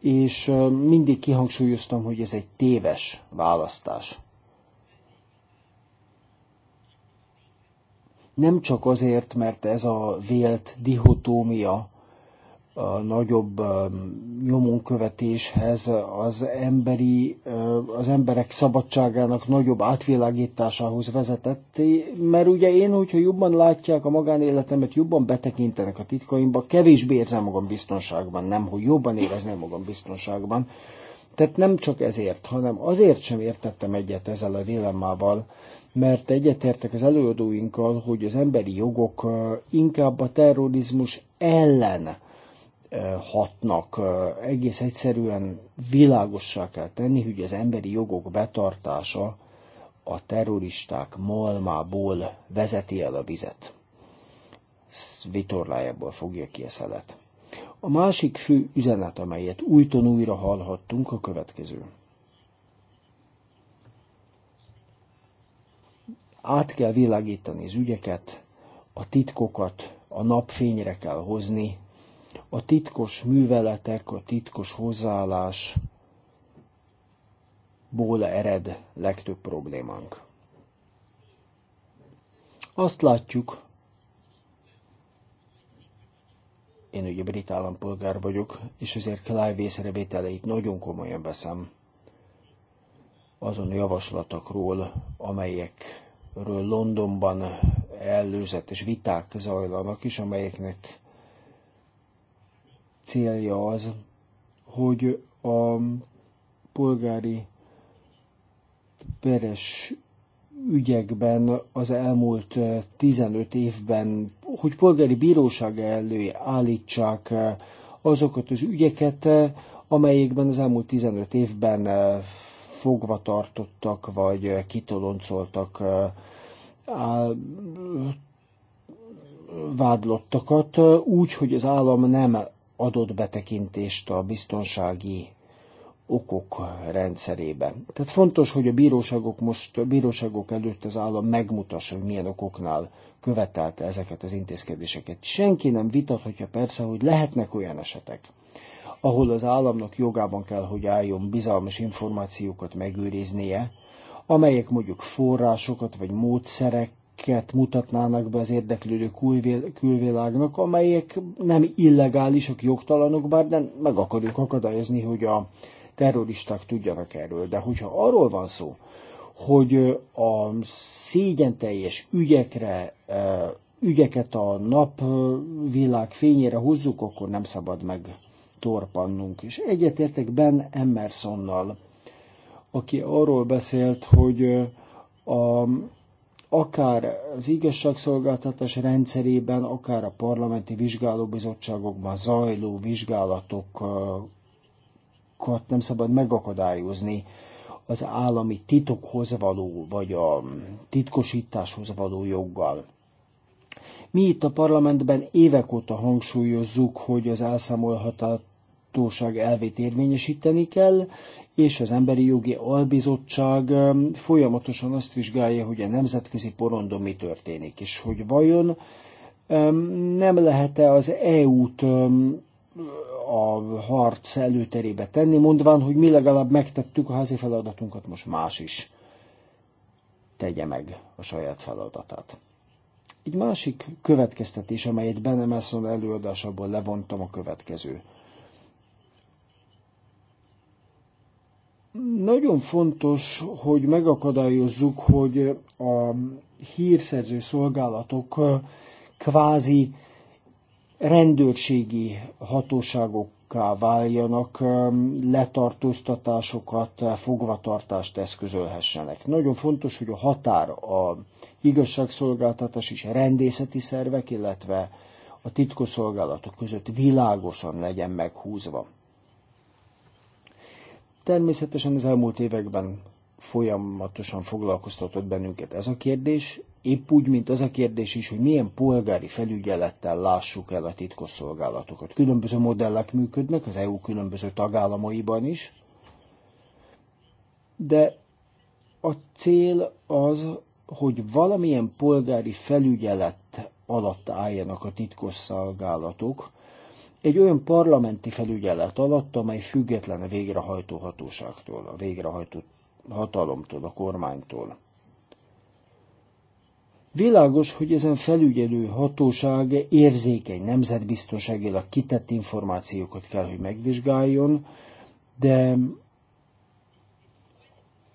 és mindig kihangsúlyoztam, hogy ez egy téves választás. nem csak azért, mert ez a vélt dihotómia a nagyobb um, nyomonkövetéshez, az, emberi, uh, az emberek szabadságának nagyobb átvilágításához vezetett, mert ugye én, hogyha jobban látják a magánéletemet, jobban betekintenek a titkaimba, kevésbé érzem magam biztonságban, nem, hogy jobban érezném magam biztonságban. Tehát nem csak ezért, hanem azért sem értettem egyet ezzel a dilemmával, mert egyetértek az előadóinkkal, hogy az emberi jogok inkább a terrorizmus ellen hatnak. Egész egyszerűen világossá kell tenni, hogy az emberi jogok betartása a terroristák malmából vezeti el a vizet. Vitorlájából fogja ki a szelet. A másik fő üzenet, amelyet újton újra hallhattunk, a következő. Át kell világítani az ügyeket, a titkokat a napfényre kell hozni, a titkos műveletek, a titkos hozzáállás ból ered legtöbb problémánk. Azt látjuk, én ugye brit állampolgár vagyok, és azért Clive észrevételeit nagyon komolyan veszem azon javaslatokról, amelyek Londonban előzetes viták zajlanak is, amelyeknek célja az, hogy a polgári peres ügyekben az elmúlt 15 évben, hogy polgári bíróság elő állítsák azokat az ügyeket, amelyekben az elmúlt 15 évben fogva tartottak, vagy kitoloncoltak vádlottakat, úgy, hogy az állam nem adott betekintést a biztonsági okok rendszerébe. Tehát fontos, hogy a bíróságok most, a bíróságok előtt az állam megmutassa, hogy milyen okoknál követelte ezeket az intézkedéseket. Senki nem vitathatja persze, hogy lehetnek olyan esetek, ahol az államnak jogában kell, hogy álljon bizalmas információkat megőriznie, amelyek mondjuk forrásokat vagy módszereket mutatnának be az érdeklődő külvilágnak, amelyek nem illegálisak, jogtalanok, bár nem meg akarjuk akadályozni, hogy a terroristák tudjanak erről. De hogyha arról van szó, hogy a szégyenteljes ügyekre, ügyeket a napvilág fényére hozzuk, akkor nem szabad meg torpannunk. És egyetértek Ben Emersonnal, aki arról beszélt, hogy a, akár az igazságszolgáltatás rendszerében, akár a parlamenti vizsgálóbizottságokban zajló vizsgálatokat nem szabad megakadályozni az állami titokhoz való, vagy a titkosításhoz való joggal. Mi itt a parlamentben évek óta hangsúlyozzuk, hogy az elszámolhatat, méltóság elvét érvényesíteni kell, és az Emberi Jogi Albizottság um, folyamatosan azt vizsgálja, hogy a nemzetközi porondon mi történik, és hogy vajon um, nem lehet-e az EU-t um, a harc előterébe tenni, mondván, hogy mi legalább megtettük a házi feladatunkat, most más is tegye meg a saját feladatát. Egy másik következtetés, amelyet Ben Emerson előadásából levontam a következő. Nagyon fontos, hogy megakadályozzuk, hogy a hírszerző szolgálatok kvázi rendőrségi hatóságokká váljanak, letartóztatásokat, fogvatartást eszközölhessenek. Nagyon fontos, hogy a határ a igazságszolgáltatás és a rendészeti szervek, illetve a titkosszolgálatok között világosan legyen meghúzva. Természetesen az elmúlt években folyamatosan foglalkoztatott bennünket ez a kérdés, épp úgy, mint az a kérdés is, hogy milyen polgári felügyelettel lássuk el a titkosszolgálatokat. Különböző modellek működnek az EU különböző tagállamaiban is, de a cél az, hogy valamilyen polgári felügyelet alatt álljanak a titkosszolgálatok, egy olyan parlamenti felügyelet alatt, amely független a végrehajtó hatóságtól, a végrehajtó hatalomtól, a kormánytól. Világos, hogy ezen felügyelő hatóság érzékeny, nemzetbiztonságilag kitett információkat kell, hogy megvizsgáljon, de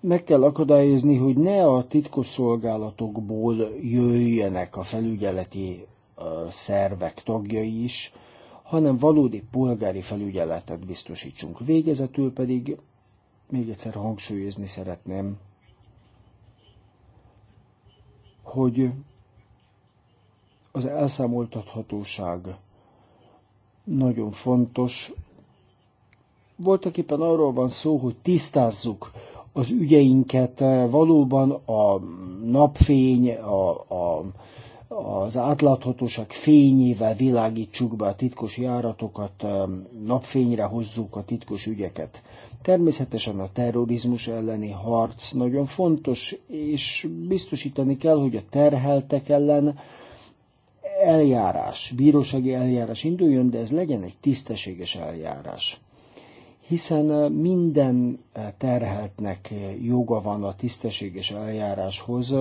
meg kell akadályozni, hogy ne a titkosszolgálatokból jöjjenek a felügyeleti szervek tagjai is, hanem valódi polgári felügyeletet biztosítsunk. Végezetül pedig még egyszer hangsúlyozni szeretném, hogy az elszámoltathatóság nagyon fontos. Voltak éppen arról van szó, hogy tisztázzuk az ügyeinket, valóban a napfény, a, a az átláthatóság fényével világítsuk be a titkos járatokat, napfényre hozzuk a titkos ügyeket. Természetesen a terrorizmus elleni harc nagyon fontos, és biztosítani kell, hogy a terheltek ellen eljárás, bírósági eljárás induljon, de ez legyen egy tisztességes eljárás. Hiszen minden terheltnek joga van a tisztességes eljáráshoz,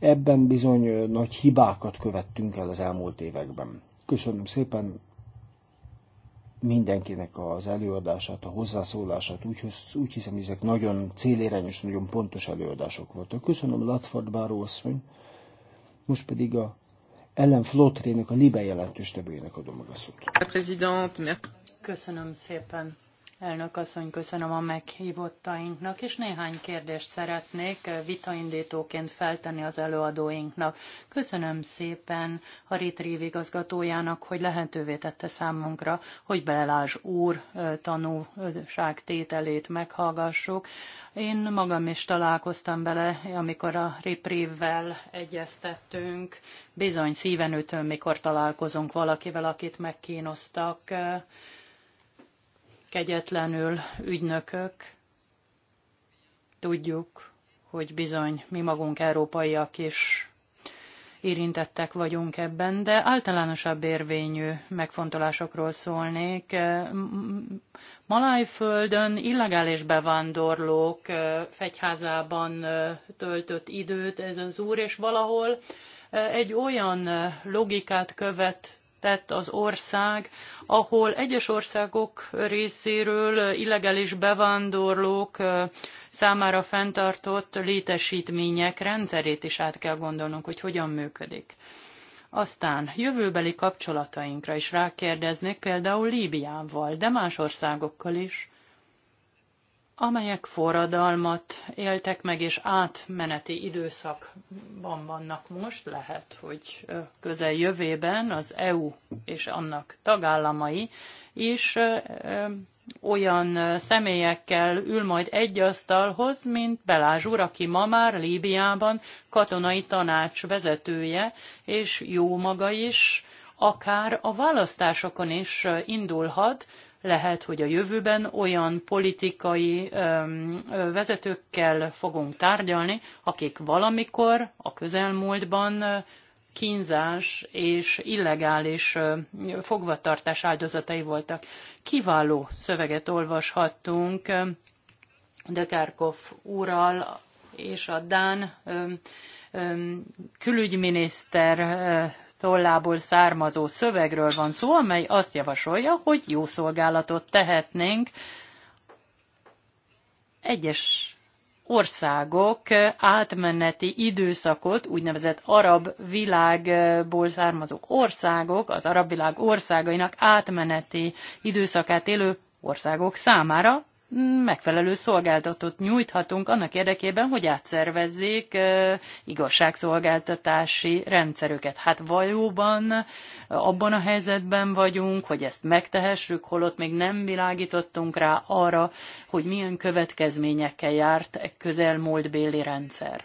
Ebben bizony nagy hibákat követtünk el az elmúlt években. Köszönöm szépen mindenkinek az előadását, a hozzászólását. Úgy, úgy hiszem, hogy ezek nagyon célirányos, nagyon pontos előadások voltak. Köszönöm Latford Báró asszony. Most pedig a Ellen Flotrének, a Libe jelentős tevőjének adom a szót. Köszönöm szépen. Elnök asszony, köszönöm a meghívottainknak, és néhány kérdést szeretnék vitaindítóként feltenni az előadóinknak. Köszönöm szépen a Retrieve igazgatójának, hogy lehetővé tette számunkra, hogy Belelás úr tételét meghallgassuk. Én magam is találkoztam bele, amikor a Retrieve-vel egyeztettünk. Bizony szíven mikor találkozunk valakivel, akit megkínoztak kegyetlenül ügynökök. Tudjuk, hogy bizony mi magunk európaiak is érintettek vagyunk ebben, de általánosabb érvényű megfontolásokról szólnék. Malajföldön illegális bevándorlók fegyházában töltött időt ez az úr, és valahol egy olyan logikát követ tett az ország, ahol egyes országok részéről illegális bevándorlók számára fenntartott létesítmények rendszerét is át kell gondolnunk, hogy hogyan működik. Aztán jövőbeli kapcsolatainkra is rákérdeznék például Líbiával, de más országokkal is amelyek forradalmat éltek meg, és átmeneti időszakban vannak most, lehet, hogy jövőben az EU és annak tagállamai is olyan személyekkel ül majd egy asztalhoz, mint Belázs úr, aki ma már Líbiában katonai tanács vezetője, és jó maga is, akár a választásokon is indulhat, lehet, hogy a jövőben olyan politikai vezetőkkel fogunk tárgyalni, akik valamikor a közelmúltban kínzás és illegális fogvatartás áldozatai voltak. Kiváló szöveget olvashattunk Dekárkov úrral és a Dán külügyminiszter tollából származó szövegről van szó, amely azt javasolja, hogy jó szolgálatot tehetnénk egyes országok átmeneti időszakot, úgynevezett arab világból származó országok, az arab világ országainak átmeneti időszakát élő országok számára megfelelő szolgáltatót nyújthatunk annak érdekében, hogy átszervezzék e, igazságszolgáltatási rendszerüket. Hát valóban abban a helyzetben vagyunk, hogy ezt megtehessük, holott még nem világítottunk rá arra, hogy milyen következményekkel járt egy közelmúlt béli rendszer.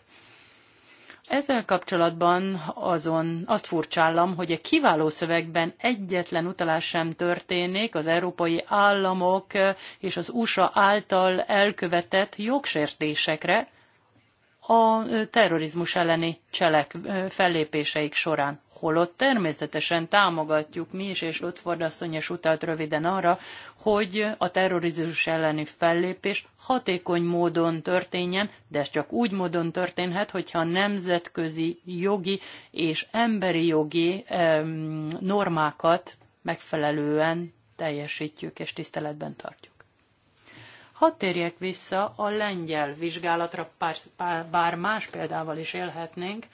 Ezzel kapcsolatban azon azt furcsállom, hogy a kiváló szövegben egyetlen utalás sem történik az európai államok és az USA által elkövetett jogsértésekre, a terrorizmus elleni cselek fellépéseik során. Holott természetesen támogatjuk mi is, és Lutford asszony is utalt röviden arra, hogy a terrorizmus elleni fellépés hatékony módon történjen, de ez csak úgy módon történhet, hogyha nemzetközi jogi és emberi jogi normákat megfelelően teljesítjük és tiszteletben tartjuk. Hadd térjek vissza a lengyel vizsgálatra, bár más példával is élhetnénk.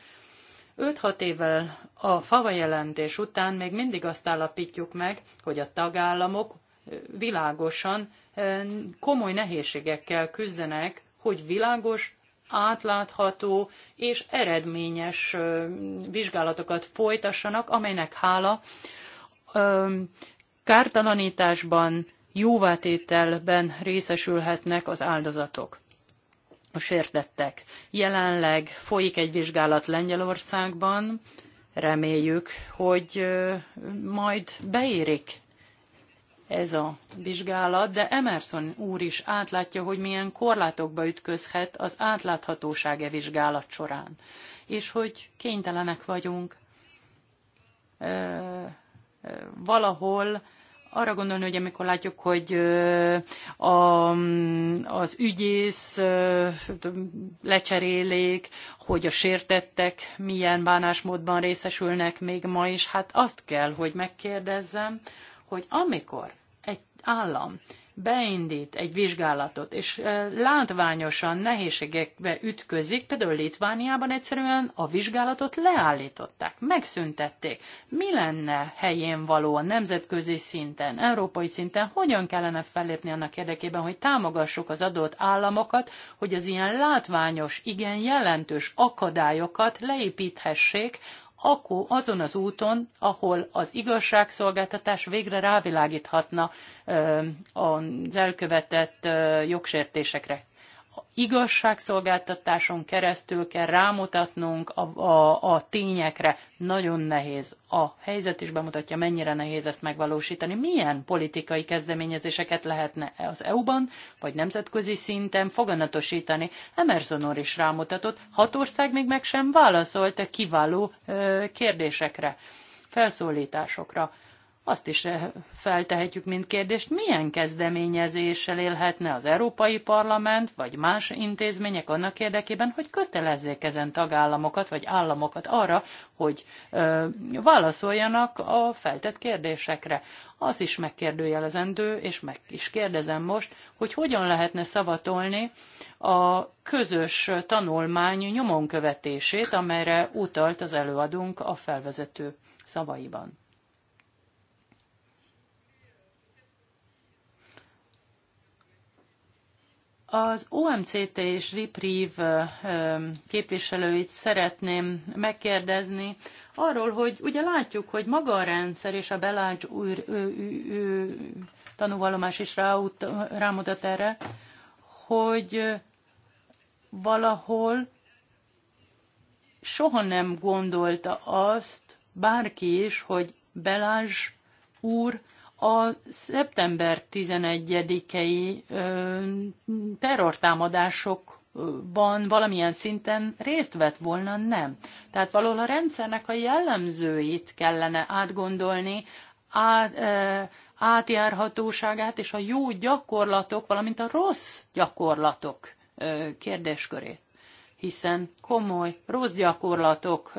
5-6 évvel a FAVA jelentés után még mindig azt állapítjuk meg, hogy a tagállamok világosan komoly nehézségekkel küzdenek, hogy világos, átlátható és eredményes vizsgálatokat folytassanak, amelynek hála kártalanításban jóvátételben részesülhetnek az áldozatok a sértettek. Jelenleg folyik egy vizsgálat Lengyelországban, reméljük, hogy majd beérik ez a vizsgálat, de Emerson úr is átlátja, hogy milyen korlátokba ütközhet az átláthatóságe vizsgálat során, és hogy kénytelenek vagyunk valahol arra gondolni, hogy amikor látjuk, hogy a, az ügyész lecserélik, hogy a sértettek milyen bánásmódban részesülnek még ma is, hát azt kell, hogy megkérdezzem, hogy amikor egy állam beindít egy vizsgálatot, és látványosan nehézségekbe ütközik, például Litvániában egyszerűen a vizsgálatot leállították, megszüntették. Mi lenne helyén való a nemzetközi szinten, európai szinten, hogyan kellene fellépni annak érdekében, hogy támogassuk az adott államokat, hogy az ilyen látványos, igen jelentős akadályokat leépíthessék akkor azon az úton, ahol az igazságszolgáltatás végre rávilágíthatna az elkövetett jogsértésekre igazságszolgáltatáson keresztül kell rámutatnunk a, a, a tényekre. Nagyon nehéz. A helyzet is bemutatja, mennyire nehéz ezt megvalósítani. Milyen politikai kezdeményezéseket lehetne az EU-ban, vagy nemzetközi szinten foganatosítani? Emerson úr is rámutatott, hat ország még meg sem válaszolt a kiváló ö, kérdésekre, felszólításokra azt is eh, feltehetjük, mint kérdést, milyen kezdeményezéssel élhetne az Európai Parlament vagy más intézmények annak érdekében, hogy kötelezzék ezen tagállamokat vagy államokat arra, hogy ö, eh, válaszoljanak a feltett kérdésekre. Az is megkérdőjelezendő, és meg is kérdezem most, hogy hogyan lehetne szavatolni a közös tanulmány nyomon követését, amelyre utalt az előadunk a felvezető szavaiban. Az OMCT és Reprieve képviselőit szeretném megkérdezni arról, hogy ugye látjuk, hogy maga a rendszer és a Belács úr tanúvallomás is rámutat erre, hogy valahol soha nem gondolta azt bárki is, hogy Belázs úr a szeptember 11-i terrortámadásokban valamilyen szinten részt vett volna, nem. Tehát valahol a rendszernek a jellemzőit kellene átgondolni, át, ö, átjárhatóságát és a jó gyakorlatok, valamint a rossz gyakorlatok kérdéskörét hiszen komoly rossz gyakorlatok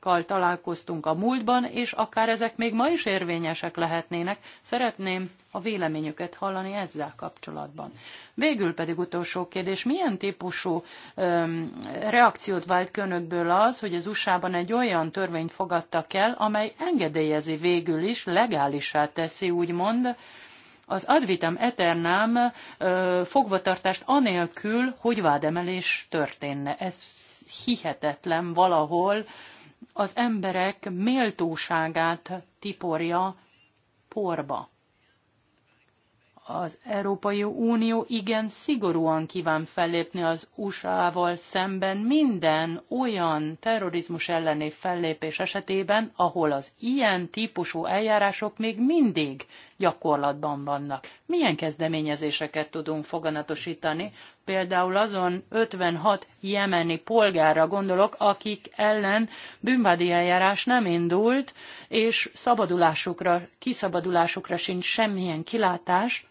kal találkoztunk a múltban, és akár ezek még ma is érvényesek lehetnének. Szeretném a véleményüket hallani ezzel kapcsolatban. Végül pedig utolsó kérdés, milyen típusú öm, reakciót vált könökből az, hogy az USA-ban egy olyan törvényt fogadtak el, amely engedélyezi végül is, legálisá teszi, úgymond, az advitam eternám ö, fogvatartást anélkül, hogy vádemelés történne. Ez hihetetlen valahol, az emberek méltóságát tiporja porba. Az Európai Unió igen szigorúan kíván fellépni az USA-val szemben minden olyan terrorizmus elleni fellépés esetében, ahol az ilyen típusú eljárások még mindig gyakorlatban vannak. Milyen kezdeményezéseket tudunk foganatosítani? Például azon 56 jemeni polgárra gondolok, akik ellen bűnvádi eljárás nem indult, és szabadulásukra, kiszabadulásukra sincs semmilyen kilátás,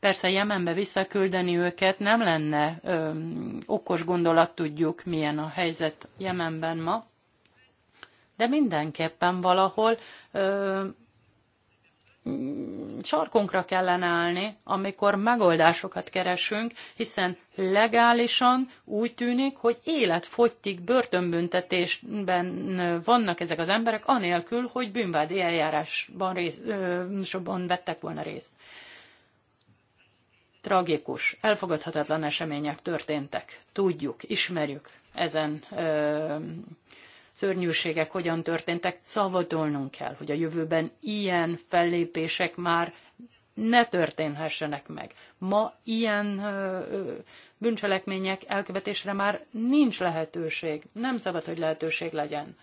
Persze Jemenbe visszaküldeni őket nem lenne ö, okos gondolat, tudjuk, milyen a helyzet Jemenben ma, de mindenképpen valahol ö, sarkunkra kellene állni, amikor megoldásokat keresünk, hiszen legálisan úgy tűnik, hogy életfogytig börtönbüntetésben vannak ezek az emberek, anélkül, hogy bűnvádi eljárásban rész, ö, vettek volna részt. Tragikus, elfogadhatatlan események történtek. Tudjuk, ismerjük ezen ö, szörnyűségek hogyan történtek, szavatolnunk kell, hogy a jövőben ilyen fellépések már ne történhessenek meg. Ma ilyen ö, ö, bűncselekmények elkövetésre már nincs lehetőség. Nem szabad, hogy lehetőség legyen.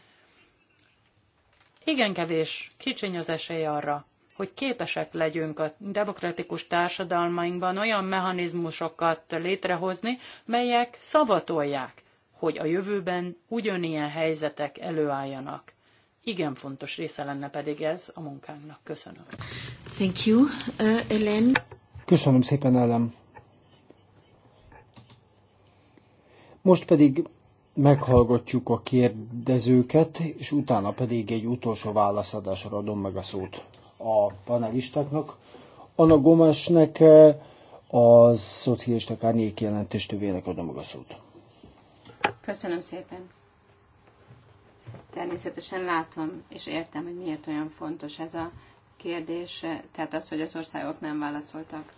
Igen kevés, kicsiny az esély arra, hogy képesek legyünk a demokratikus társadalmainkban olyan mechanizmusokat létrehozni, melyek szavatolják hogy a jövőben ugyanilyen helyzetek előálljanak. Igen fontos része lenne pedig ez a munkánknak. Köszönöm. Thank you, uh, Ellen. Köszönöm szépen, Ellen. Most pedig meghallgatjuk a kérdezőket, és utána pedig egy utolsó válaszadásra adom meg a szót a panelistáknak. Anna Gomesnek, eh, a Szocialista Kárnyék jelentéstővének adom meg a szót. Köszönöm szépen. Természetesen látom és értem, hogy miért olyan fontos ez a kérdés, tehát az, hogy az országok nem válaszoltak.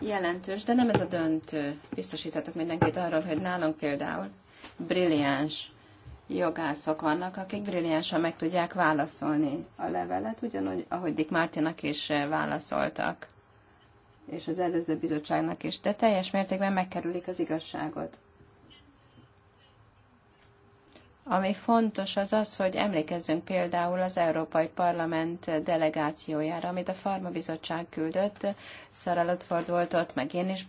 Jelentős, de nem ez a döntő. Biztosíthatok mindenkit arról, hogy nálunk például brilliáns jogászok vannak, akik brilliánsan meg tudják válaszolni a levelet, ugyanúgy, ahogy Dick Martinak is válaszoltak, és az előző bizottságnak is, de teljes mértékben megkerülik az igazságot. Ami fontos az az, hogy emlékezzünk például az Európai Parlament delegációjára, amit a Farma Bizottság küldött, Szara Lutford volt ott, meg én is,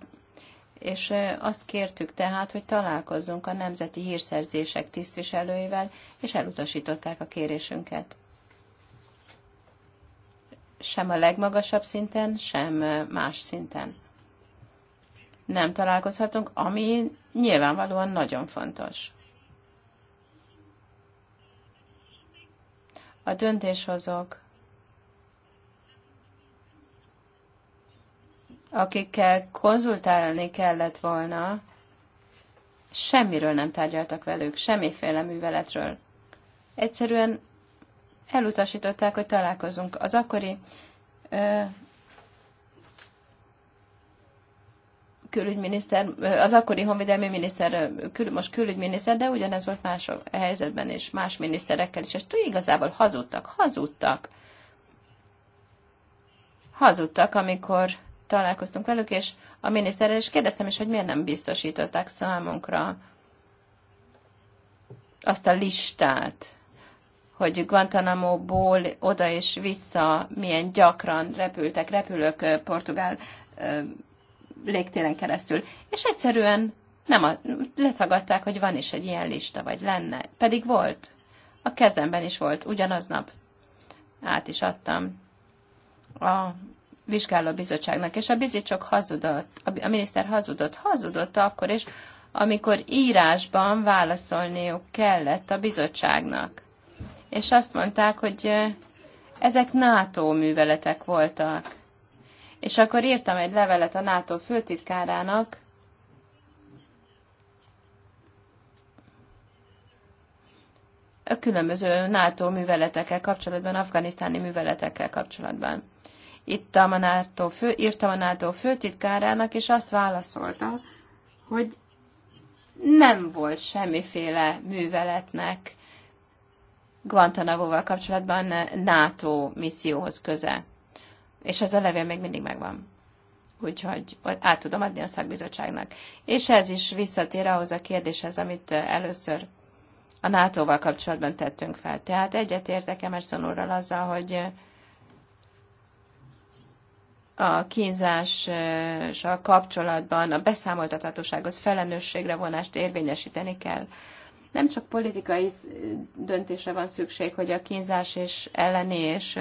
és azt kértük tehát, hogy találkozzunk a nemzeti hírszerzések tisztviselőivel, és elutasították a kérésünket. Sem a legmagasabb szinten, sem más szinten. Nem találkozhatunk, ami nyilvánvalóan nagyon fontos. a döntéshozók, akikkel konzultálni kellett volna, semmiről nem tárgyaltak velük, semmiféle műveletről. Egyszerűen elutasították, hogy találkozunk. Az akkori ö, külügyminiszter, az akkori honvédelmi miniszter, kül, most külügyminiszter, de ugyanez volt más helyzetben és más miniszterekkel is, és túl igazából hazudtak, hazudtak. Hazudtak, amikor találkoztunk velük, és a miniszterrel, és kérdeztem is, hogy miért nem biztosították számunkra azt a listát, hogy Guantanamo-ból oda és vissza milyen gyakran repültek repülők eh, portugál eh, légtéren keresztül. És egyszerűen nem a, letagadták, hogy van is egy ilyen lista, vagy lenne. Pedig volt. A kezemben is volt, ugyanaznap. Át is adtam a vizsgáló bizottságnak, és a bizottság hazudott, a miniszter hazudott, hazudott akkor is, amikor írásban válaszolniuk kellett a bizottságnak. És azt mondták, hogy eh, ezek NATO műveletek voltak. És akkor írtam egy levelet a NATO főtitkárának, a különböző NATO műveletekkel kapcsolatban, afganisztáni műveletekkel kapcsolatban. Itt a NATO fő, írtam a NATO főtitkárának, és azt válaszolta, hogy nem volt semmiféle műveletnek Guantanamo-val kapcsolatban eh, NATO misszióhoz köze és ez a levél még mindig megvan. Úgyhogy át tudom adni a szakbizottságnak. És ez is visszatér ahhoz a kérdéshez, amit először a NATO-val kapcsolatban tettünk fel. Tehát egyetértek Emerson úrral azzal, hogy a kínzás a kapcsolatban a beszámoltathatóságot, felelősségre vonást érvényesíteni kell. Nem csak politikai döntésre van szükség, hogy a kínzás és elleni és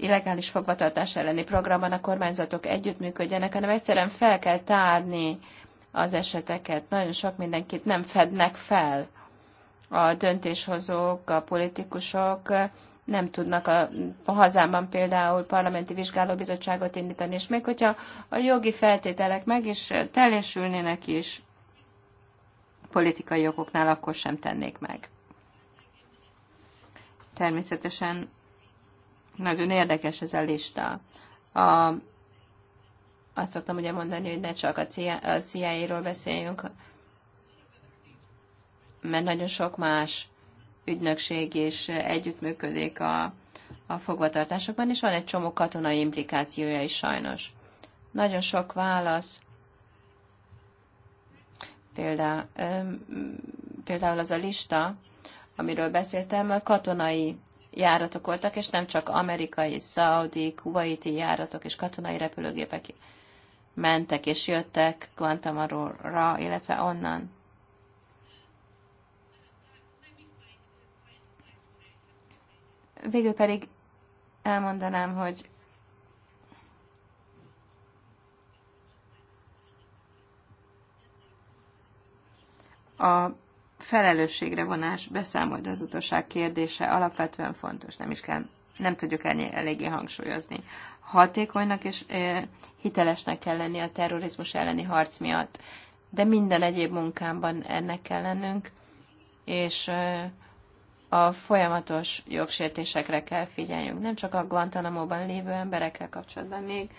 illegális fogvatartás elleni programban a kormányzatok együttműködjenek, hanem egyszerűen fel kell tárni az eseteket. Nagyon sok mindenkit nem fednek fel. A döntéshozók, a politikusok nem tudnak a, a hazámban például parlamenti vizsgálóbizottságot indítani, és még hogyha a jogi feltételek meg is teljesülnének is, politikai jogoknál akkor sem tennék meg. Természetesen nagyon érdekes ez a lista. A, azt szoktam ugye mondani, hogy ne csak a CIA-ról beszéljünk, mert nagyon sok más ügynökség is együttműködik a, a fogvatartásokban, és van egy csomó katonai implikációja is sajnos. Nagyon sok válasz, például, például az a lista, amiről beszéltem, a katonai járatok voltak, és nem csak amerikai, szaudi, kuwaiti járatok és katonai repülőgépek mentek és jöttek Guantanamo-ra, illetve onnan. Végül pedig elmondanám, hogy a felelősségre vonás, beszámoltathatóság kérdése alapvetően fontos, nem is kell, nem tudjuk ennyi, eléggé hangsúlyozni. Hatékonynak és ö, hitelesnek kell lenni a terrorizmus elleni harc miatt, de minden egyéb munkámban ennek kell lennünk, és ö, a folyamatos jogsértésekre kell figyeljünk, nem csak a Guantanamo-ban lévő emberekkel kapcsolatban még,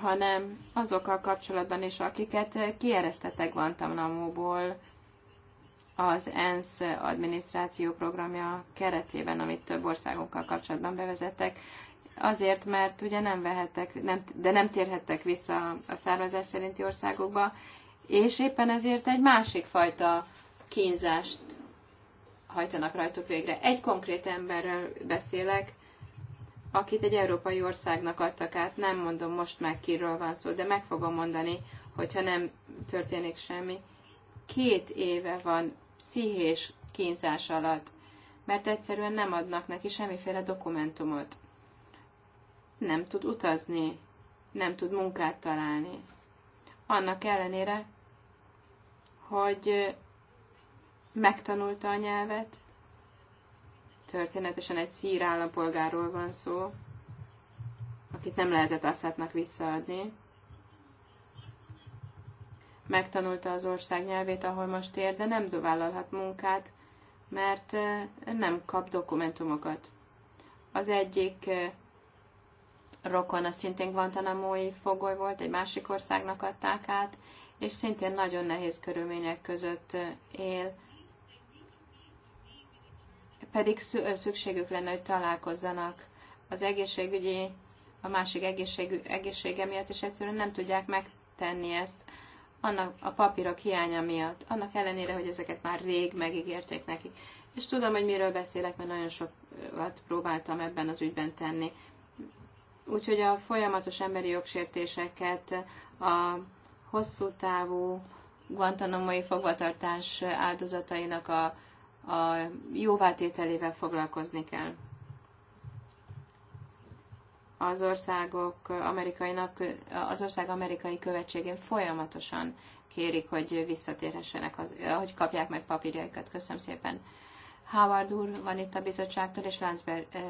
hanem azokkal kapcsolatban is, akiket kieresztettek Guantanamo-ból, az ENSZ adminisztráció programja keretében, amit több országunkkal kapcsolatban bevezettek, azért, mert ugye nem vehettek, nem, de nem térhettek vissza a származás szerinti országokba, és éppen ezért egy másik fajta kínzást hajtanak rajtuk végre. Egy konkrét emberről beszélek, akit egy európai országnak adtak át, nem mondom most meg kiről van szó, de meg fogom mondani, hogyha nem történik semmi. Két éve van pszichés kínzás alatt, mert egyszerűen nem adnak neki semmiféle dokumentumot. Nem tud utazni, nem tud munkát találni. Annak ellenére, hogy megtanulta a nyelvet, történetesen egy szír állampolgáról van szó, akit nem lehetett Assadnak visszaadni, megtanulta az ország nyelvét, ahol most ér, de nem vállalhat munkát, mert nem kap dokumentumokat. Az egyik rokon, a szintén Guantanamo-i fogoly volt, egy másik országnak adták át, és szintén nagyon nehéz körülmények között él, pedig szükségük lenne, hogy találkozzanak. Az egészségügyi, a másik egészség, egészsége miatt, és egyszerűen nem tudják megtenni ezt annak a papírok hiánya miatt, annak ellenére, hogy ezeket már rég megígérték nekik. És tudom, hogy miről beszélek, mert nagyon sokat próbáltam ebben az ügyben tenni. Úgyhogy a folyamatos emberi jogsértéseket, a hosszú távú guantanomai fogvatartás áldozatainak a, a jóvátételével foglalkozni kell az országok amerikai nap, az ország amerikai követségén folyamatosan kérik, hogy visszatérhessenek, az, hogy kapják meg papírjaikat. Köszönöm szépen. Howard úr van itt a bizottságtól, és Láncberg, eh,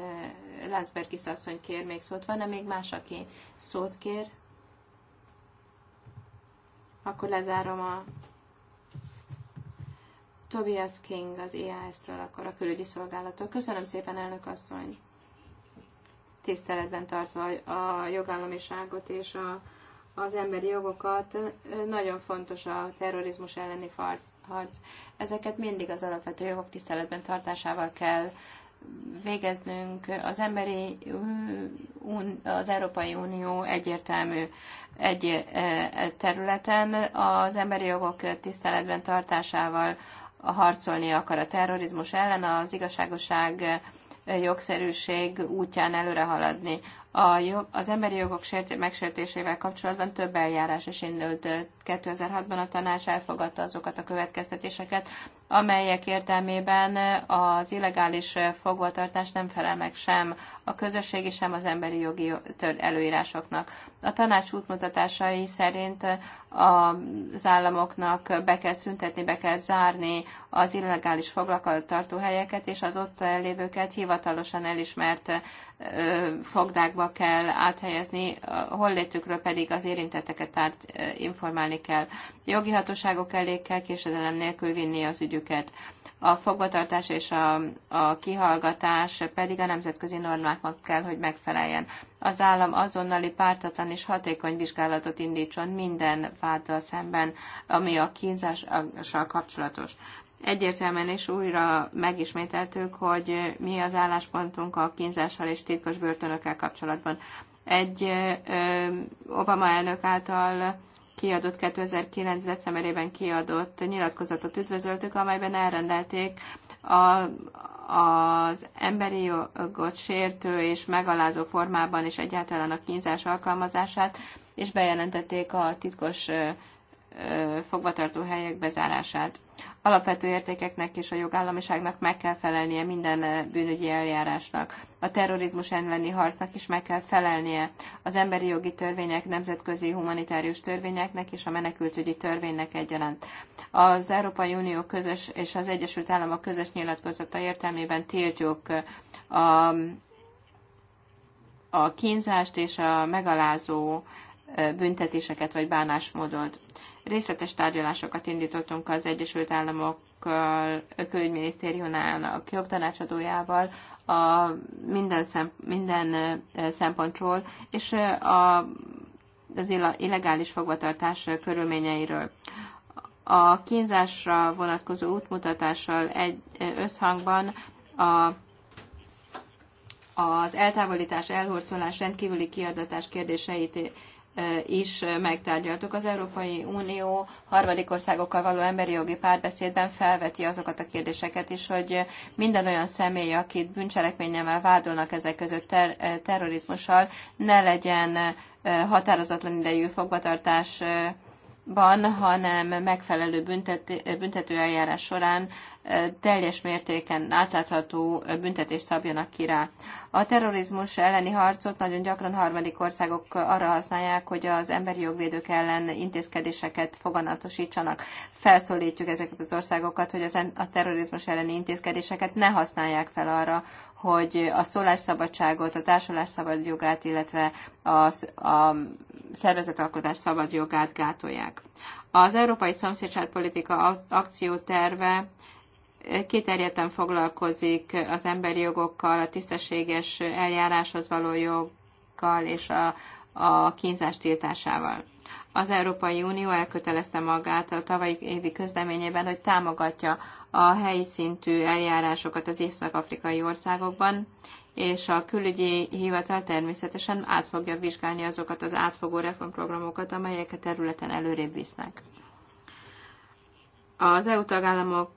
Láncberg asszony kér még szót. Van-e még más, aki szót kér? Akkor lezárom a Tobias King az EAS-től, akkor a külügyi szolgálattól. Köszönöm szépen, elnök asszony! tiszteletben tartva a jogállamiságot és a, az emberi jogokat, nagyon fontos a terrorizmus elleni harc. Ezeket mindig az alapvető jogok tiszteletben tartásával kell végeznünk. Az emberi, az Európai Unió egyértelmű egy területen az emberi jogok tiszteletben tartásával harcolni akar a terrorizmus ellen, az igazságosság jogszerűség útján előre haladni. A jog, az emberi jogok sért, megsértésével kapcsolatban több eljárás is indult. 2006-ban a tanács elfogadta azokat a következtetéseket, amelyek értelmében az illegális fogvatartás nem felel meg sem a közösségi, sem az emberi jogi előírásoknak. A tanács útmutatásai szerint az államoknak be kell szüntetni, be kell zárni az illegális foglalkoztartó helyeket, és az ott lévőket hivatalosan elismert fogdákba kell áthelyezni, hol létükről pedig az érintetteket árt informálni kell. Jogi hatóságok elé kell késedelem nélkül vinni az ügyük ügyüket. A fogvatartás és a, a kihallgatás pedig a nemzetközi normáknak kell, hogy megfeleljen. Az állam azonnali pártatlan és hatékony vizsgálatot indítson minden váddal szemben, ami a kínzással kapcsolatos egyértelműen és újra megismételtük, hogy mi az álláspontunk a kínzással és titkos börtönökkel kapcsolatban. Egy Obama elnök által kiadott 2009. decemberében kiadott nyilatkozatot üdvözöltük, amelyben elrendelték a, az emberi jogot sértő és megalázó formában és egyáltalán a kínzás alkalmazását, és bejelentették a titkos fogvatartó helyek bezárását. Alapvető értékeknek és a jogállamiságnak meg kell felelnie minden eh, bűnügyi eljárásnak. A terrorizmus elleni harcnak is meg kell felelnie az emberi jogi törvények, nemzetközi humanitárius törvényeknek és a menekültügyi törvénynek egyaránt. Az Európai Unió közös és az Egyesült Államok közös nyilatkozata értelmében tiltjuk eh, a, a kínzást és a megalázó eh, büntetéseket vagy bánásmódot. Részletes tárgyalásokat indítottunk az Egyesült Államok külügyminisztériumának jogtanácsadójával a minden, szem, minden szempontról, és a, az illegális fogvatartás körülményeiről a kínzásra vonatkozó útmutatással egy összhangban a, az eltávolítás, elhurcolás, rendkívüli kiadatás kérdéseit is megtárgyaltuk. Az Európai Unió harmadik országokkal való emberi jogi párbeszédben felveti azokat a kérdéseket is, hogy minden olyan személy, akit bűncselekményemmel vádolnak ezek között ter- terrorizmussal, ne legyen határozatlan idejű fogvatartás ban, hanem megfelelő büntető eljárás során teljes mértéken átlátható büntetést szabjanak ki rá. A terrorizmus elleni harcot nagyon gyakran harmadik országok arra használják, hogy az emberi jogvédők ellen intézkedéseket foganatosítsanak. Felszólítjuk ezeket az országokat, hogy az, a terrorizmus elleni intézkedéseket ne használják fel arra, hogy a szólásszabadságot, a társulásszabad jogát, illetve a, a szervezetalkotás szabad jogát gátolják. Az Európai Szomszédságpolitika akcióterve kiterjedten foglalkozik az emberi jogokkal, a tisztességes eljáráshoz való joggal és a, a kínzás tiltásával. Az Európai Unió elkötelezte magát a tavalyi évi közleményében, hogy támogatja a helyi szintű eljárásokat az észak-afrikai országokban, és a külügyi hivatal természetesen át fogja vizsgálni azokat az átfogó reformprogramokat, amelyek a területen előrébb visznek. Az EU tagállamok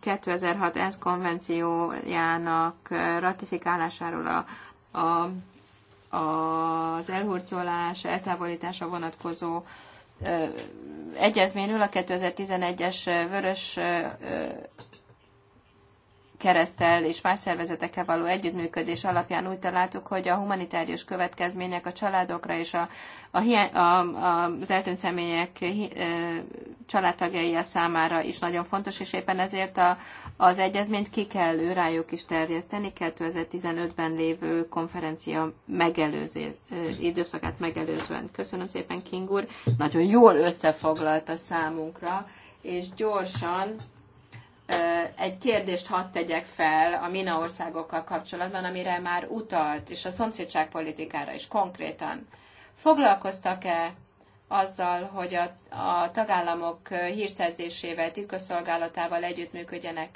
2006 ENSZ konvenciójának ratifikálásáról a, a, az elhurcolás, eltávolítása vonatkozó egyezményről a 2011-es vörös keresztel és más szervezetekkel való együttműködés alapján úgy találtuk, hogy a humanitárius következmények a családokra és a, a, a, a, az eltűnt személyek eh, családtagjai számára is nagyon fontos, és éppen ezért a, az egyezményt ki kell őrájuk is terjeszteni 2015-ben lévő konferencia megelőző, eh, időszakát megelőzően. Köszönöm szépen, King úr, nagyon jól összefoglalta számunkra, és gyorsan egy kérdést hadd tegyek fel a MINA országokkal kapcsolatban, amire már utalt, és a szomszédságpolitikára is konkrétan. Foglalkoztak-e azzal, hogy a, a tagállamok hírszerzésével, titkosszolgálatával együttműködjenek?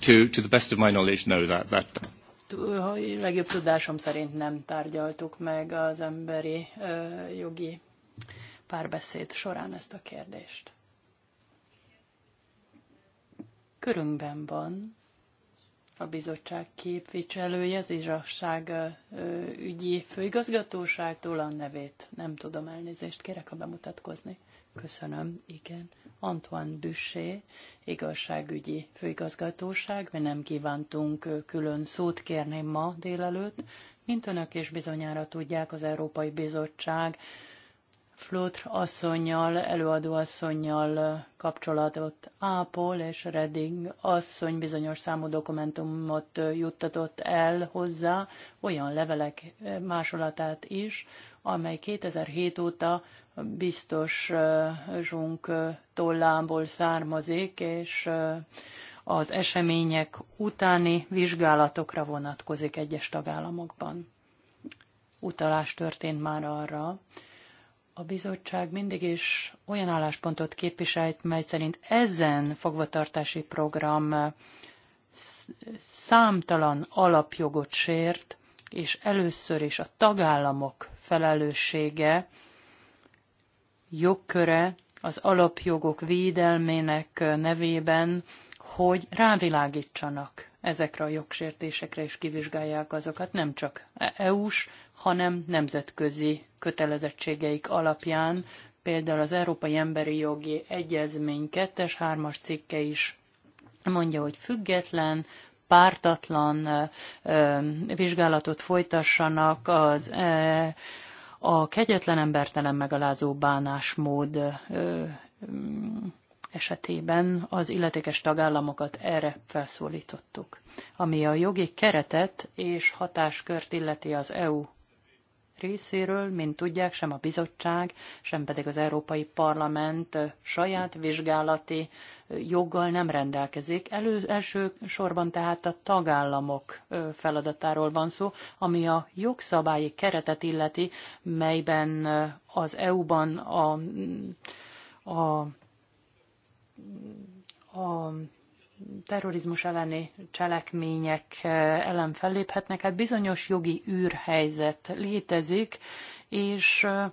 To, to the best of my knowledge, no, that, that... Legjobb tudásom szerint nem tárgyaltuk meg az emberi jogi párbeszéd során ezt a kérdést. Körünkben van a bizottság képviselője, az izsasság ügyi főigazgatóságtól a nevét. Nem tudom, elnézést kérek, ha bemutatkozni. Köszönöm, igen. Antoine Büssé, igazságügyi főigazgatóság. Mi nem kívántunk külön szót kérni ma délelőtt. Mint önök is bizonyára tudják, az Európai Bizottság Flutr asszonynal, előadóasszonynal kapcsolatot ápol, és Redding asszony bizonyos számú dokumentumot juttatott el hozzá, olyan levelek másolatát is, amely 2007 óta biztos zsunk tollából származik, és az események utáni vizsgálatokra vonatkozik egyes tagállamokban. Utalás történt már arra, a bizottság mindig is olyan álláspontot képviselt, mely szerint ezen fogvatartási program számtalan alapjogot sért, és először is a tagállamok felelőssége, jogköre az alapjogok védelmének nevében, hogy rávilágítsanak ezekre a jogsértésekre, és kivizsgálják azokat nem csak e-, EU-s, hanem nemzetközi kötelezettségeik alapján, például az Európai Emberi Jogi Egyezmény 2-es, 3-as cikke is mondja, hogy független, pártatlan vizsgálatot folytassanak az a kegyetlen embertelen megalázó bánásmód esetében az illetékes tagállamokat erre felszólítottuk. Ami a jogi keretet és hatáskört illeti az EU részéről, mint tudják, sem a bizottság, sem pedig az Európai Parlament saját vizsgálati joggal nem rendelkezik. Elő, első sorban tehát a tagállamok feladatáról van szó, ami a jogszabályi keretet illeti, melyben az EU-ban a, a, a terrorizmus elleni cselekmények eh, ellen felléphetnek. Hát bizonyos jogi űrhelyzet létezik, és eh,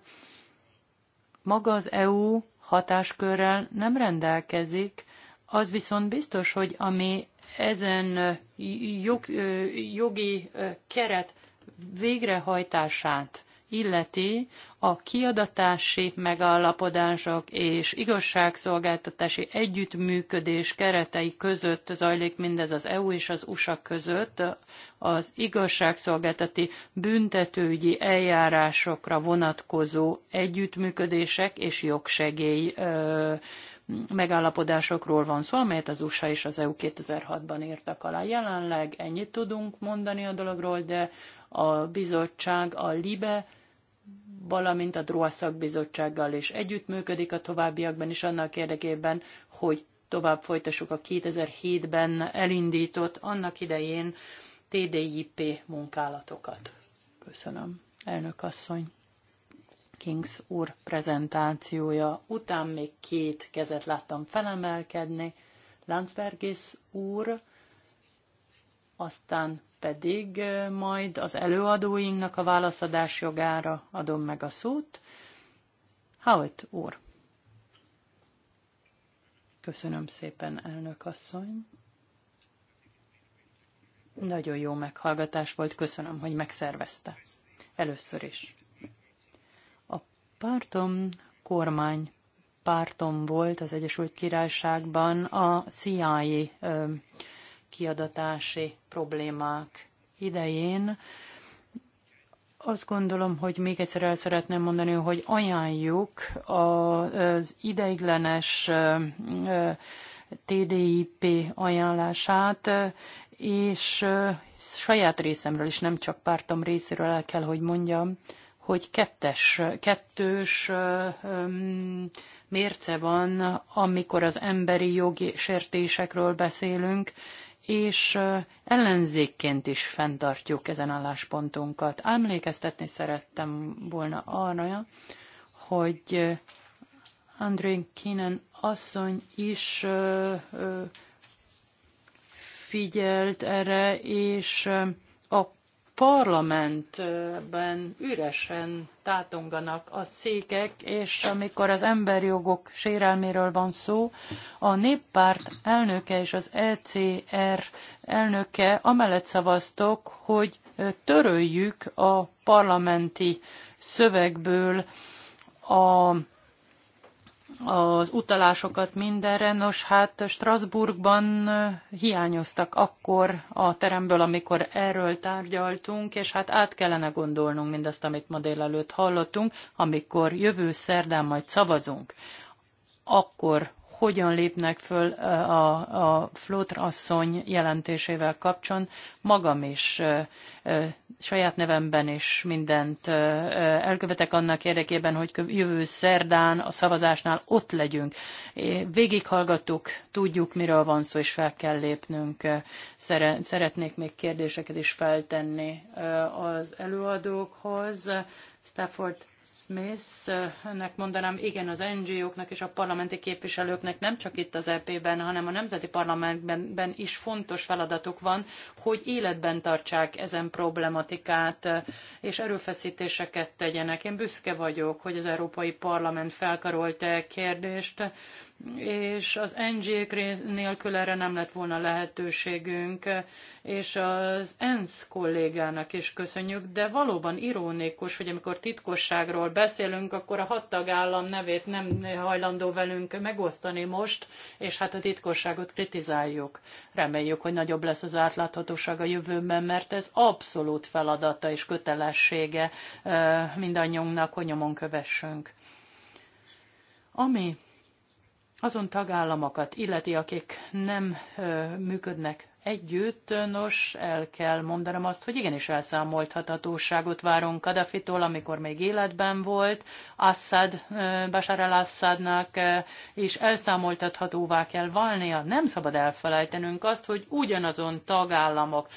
maga az EU hatáskörrel nem rendelkezik, az viszont biztos, hogy ami ezen eh, jog, jogi keret végrehajtását illeti a kiadatási megállapodások és igazságszolgáltatási együttműködés keretei között zajlik mindez az EU és az USA között az igazságszolgáltati büntetőügyi eljárásokra vonatkozó együttműködések és jogsegély megállapodásokról van szó, amelyet az USA és az EU 2006-ban írtak alá. Jelenleg ennyit tudunk mondani a dologról, de a bizottság a LIBE valamint a DROA szakbizottsággal is együttműködik a továbbiakban is annak érdekében, hogy tovább folytassuk a 2007-ben elindított, annak idején TDIP munkálatokat. Köszönöm, elnök asszony. Kings úr prezentációja után még két kezet láttam felemelkedni. Landsbergis úr, aztán pedig majd az előadóinknak a válaszadás jogára adom meg a szót. Howitt úr. Köszönöm szépen, elnök asszony. Nagyon jó meghallgatás volt, köszönöm, hogy megszervezte. Először is. A pártom kormány pártom volt az Egyesült Királyságban a CIA kiadatási problémák idején. Azt gondolom, hogy még egyszer el szeretném mondani, hogy ajánljuk az ideiglenes TDIP ajánlását, és saját részemről is, nem csak pártom részéről el kell, hogy mondjam, hogy kettes, kettős mérce van, amikor az emberi jogi sértésekről beszélünk, és ellenzékként is fenntartjuk ezen álláspontunkat. Emlékeztetni szerettem volna arra, hogy Andrén Kinen asszony is figyelt erre, és parlamentben üresen tátonganak a székek, és amikor az emberjogok sérelméről van szó, a néppárt elnöke és az ECR elnöke amellett szavaztok, hogy töröljük a parlamenti szövegből a az utalásokat mindenre. Nos, hát Strasbourgban hiányoztak akkor a teremből, amikor erről tárgyaltunk, és hát át kellene gondolnunk mindazt, amit ma délelőtt hallottunk, amikor jövő szerdán majd szavazunk. Akkor hogyan lépnek föl a, a Flótr asszony jelentésével kapcsolatban. Magam is saját nevemben is mindent elkövetek annak érdekében, hogy jövő szerdán a szavazásnál ott legyünk. Végighallgattuk, tudjuk, miről van szó, és fel kell lépnünk. Szeretnék még kérdéseket is feltenni az előadókhoz. Stafford Smith-nek mondanám, igen, az NGO-knak és a parlamenti képviselőknek nem csak itt az EP-ben, hanem a nemzeti parlamentben is fontos feladatuk van, hogy életben tartsák ezen problematikát, eh, és erőfeszítéseket tegyenek. Én büszke vagyok, hogy az Európai Parlament felkarolta e kérdést, és az ng nélkül erre nem lett volna lehetőségünk, és az ENSZ kollégának is köszönjük, de valóban irónikus, hogy amikor titkosságról beszélünk, akkor a hat tagállam nevét nem hajlandó velünk megosztani most, és hát a titkosságot kritizáljuk. Reméljük, hogy nagyobb lesz az átláthatóság a jövőben, mert ez abszolút feladata és kötelessége eh, mindannyiunknak, hogy nyomon kövessünk. Ami azon tagállamokat illeti, akik nem működnek együtt, nos, el kell mondanom azt, hogy igenis elszámolthatatóságot várunk Kadafitól, amikor még életben volt, Assad, Bashar al-Assadnak is elszámoltathatóvá kell válnia. Nem szabad elfelejtenünk azt, hogy ugyanazon tagállamok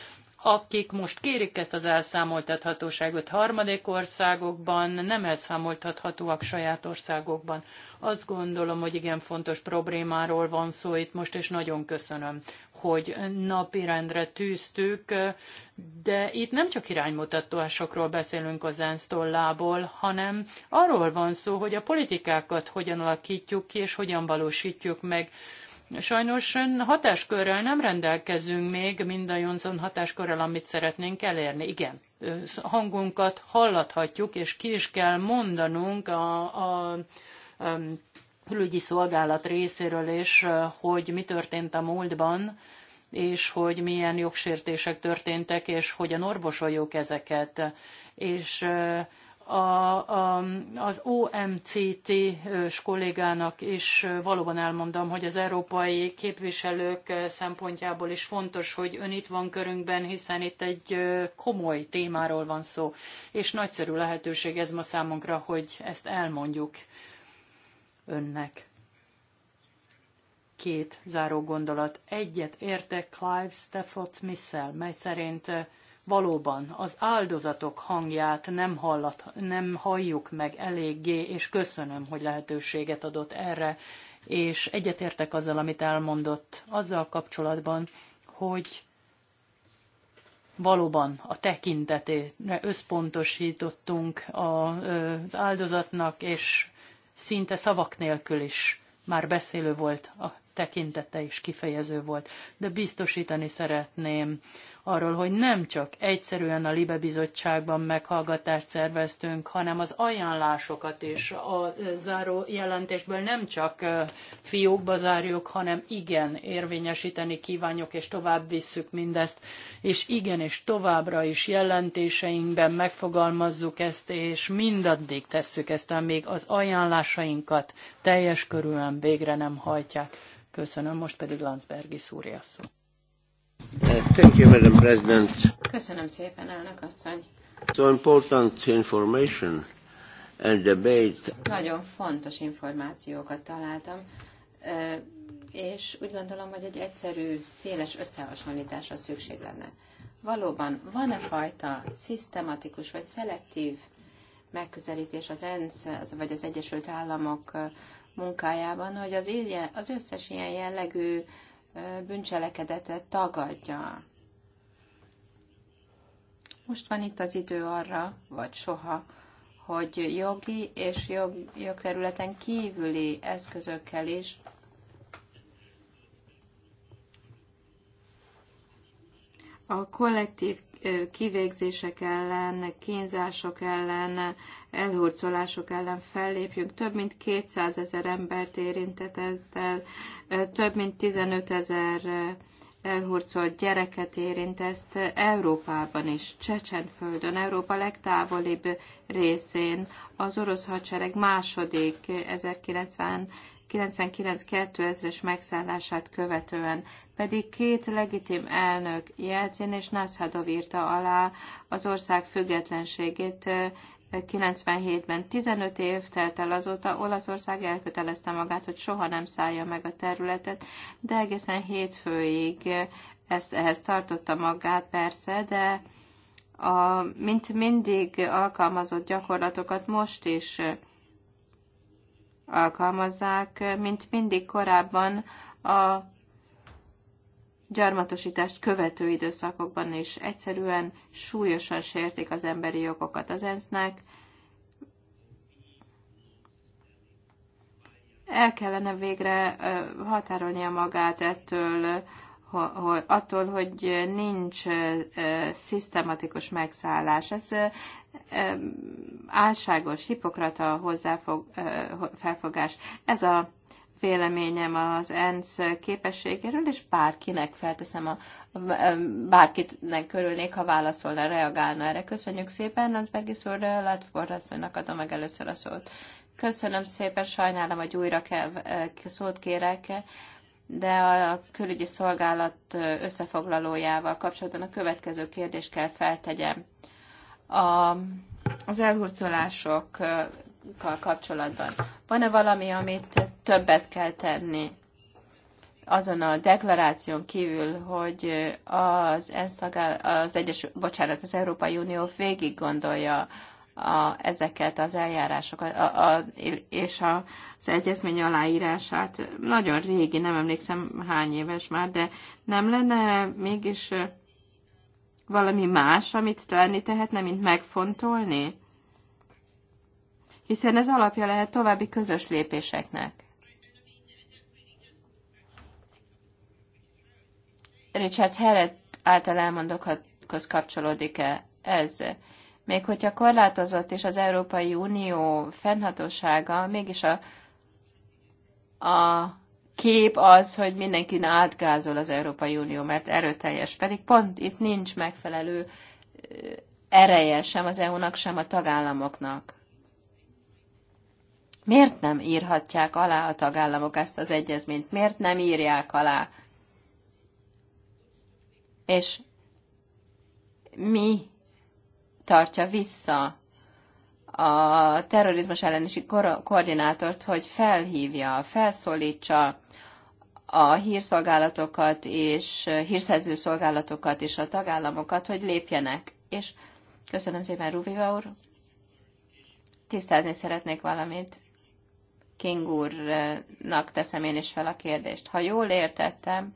akik most kérik ezt az elszámoltathatóságot harmadik országokban, nem elszámoltathatóak saját országokban. Azt gondolom, hogy igen fontos problémáról van szó itt most, és nagyon köszönöm, hogy napirendre tűztük, de itt nem csak iránymutatásokról beszélünk az ENSZ tollából, hanem arról van szó, hogy a politikákat hogyan alakítjuk ki, és hogyan valósítjuk meg Sajnos hatáskörrel nem rendelkezünk még mindazon hatáskörrel, amit szeretnénk elérni. Igen, hangunkat hallathatjuk, és ki is kell mondanunk a, a, a um, külügyi szolgálat részéről is, hogy mi történt a múltban, és hogy milyen jogsértések történtek, és hogyan orvosoljuk ezeket. És a, a, az OMCT-s kollégának is valóban elmondom, hogy az európai képviselők szempontjából is fontos, hogy ön itt van körünkben, hiszen itt egy komoly témáról van szó, és nagyszerű lehetőség ez ma számunkra, hogy ezt elmondjuk önnek. Két záró gondolat. Egyet értek Clive Stafford Smith-szel, mely szerint valóban az áldozatok hangját nem, hallat, nem halljuk meg eléggé, és köszönöm, hogy lehetőséget adott erre, és egyetértek azzal, amit elmondott azzal kapcsolatban, hogy valóban a tekintetére összpontosítottunk az áldozatnak, és szinte szavak nélkül is már beszélő volt a tekintete is kifejező volt. De biztosítani szeretném arról, hogy nem csak egyszerűen a Libe Bizottságban meghallgatást szerveztünk, hanem az ajánlásokat is a záró jelentésből nem csak fiókba zárjuk, hanem igen, érvényesíteni kívánjuk, és tovább visszük mindezt, és igen, és továbbra is jelentéseinkben megfogalmazzuk ezt, és mindaddig tesszük ezt, amíg az ajánlásainkat teljes körülön végre nem hajtják. Köszönöm, most pedig Landsbergi szúrja szó. Thank you, Madam President. Köszönöm szépen, elnök asszony. So important information and debate. Nagyon fontos információkat találtam, és úgy gondolom, hogy egy egyszerű, széles összehasonlításra szükség lenne. Valóban van-e fajta szisztematikus vagy szelektív megközelítés az ENSZ, vagy az Egyesült Államok munkájában, hogy az, ilyen, az összes ilyen jellegű bűncselekedetet tagadja. Most van itt az idő arra, vagy soha, hogy jogi és jog, jogterületen kívüli eszközökkel is a kollektív kivégzések ellen, kínzások ellen, elhurcolások ellen fellépjünk. Több mint 200 ezer embert érintett el, több mint 15 ezer elhurcolt gyereket érint ezt Európában is, Csecsenföldön, Európa legtávolibb részén. Az orosz hadsereg második 1999-2000-es megszállását követően pedig két legitim elnök, Jelcin és Nászhadov írta alá az ország függetlenségét 97-ben. 15 év telt el azóta, Olaszország elkötelezte magát, hogy soha nem szállja meg a területet, de egészen hétfőig ezt, ehhez tartotta magát persze, de a, mint mindig alkalmazott gyakorlatokat most is alkalmazzák, mint mindig korábban a gyarmatosítást követő időszakokban is egyszerűen súlyosan sértik az emberi jogokat az ENSZ-nek. El kellene végre határolnia magát ettől, attól, hogy nincs szisztematikus megszállás. Ez álságos, hipokrata hozzáfog, felfogás. Ez a véleményem az ENSZ képességéről, és bárkinek felteszem, a, bárkinek körülnék, ha válaszolna, reagálna erre. Köszönjük szépen, Bergis úr, Ledford adom meg először a szót. Köszönöm szépen, sajnálom, hogy újra kell, szót kérek, de a külügyi szolgálat összefoglalójával kapcsolatban a következő kérdést kell feltegyem. A, az elhurcolások kapcsolatban. Van-e valami, amit többet kell tenni azon a deklaráción kívül, hogy az, ENSZ a az, Egyes, bocsánat, az Európai Unió végig gondolja a, ezeket az eljárásokat a, a, és a, az egyezmény aláírását. Nagyon régi, nem emlékszem hány éves már, de nem lenne mégis valami más, amit tenni tehetne, mint megfontolni? hiszen ez alapja lehet további közös lépéseknek. Richard Herrett által elmondókhoz kapcsolódik-e ez? Még hogyha korlátozott és az Európai Unió fennhatósága, mégis a, a kép az, hogy mindenkin átgázol az Európai Unió, mert erőteljes. Pedig pont itt nincs megfelelő ereje sem az EU-nak, sem a tagállamoknak. Miért nem írhatják alá a tagállamok ezt az egyezményt? Miért nem írják alá? És mi tartja vissza a terrorizmus ellenési koordinátort, hogy felhívja, felszólítsa a hírszolgálatokat és hírszerző szolgálatokat és a tagállamokat, hogy lépjenek. És köszönöm szépen, Ruviva úr. Tisztázni szeretnék valamit. King úrnak teszem én is fel a kérdést. Ha jól értettem,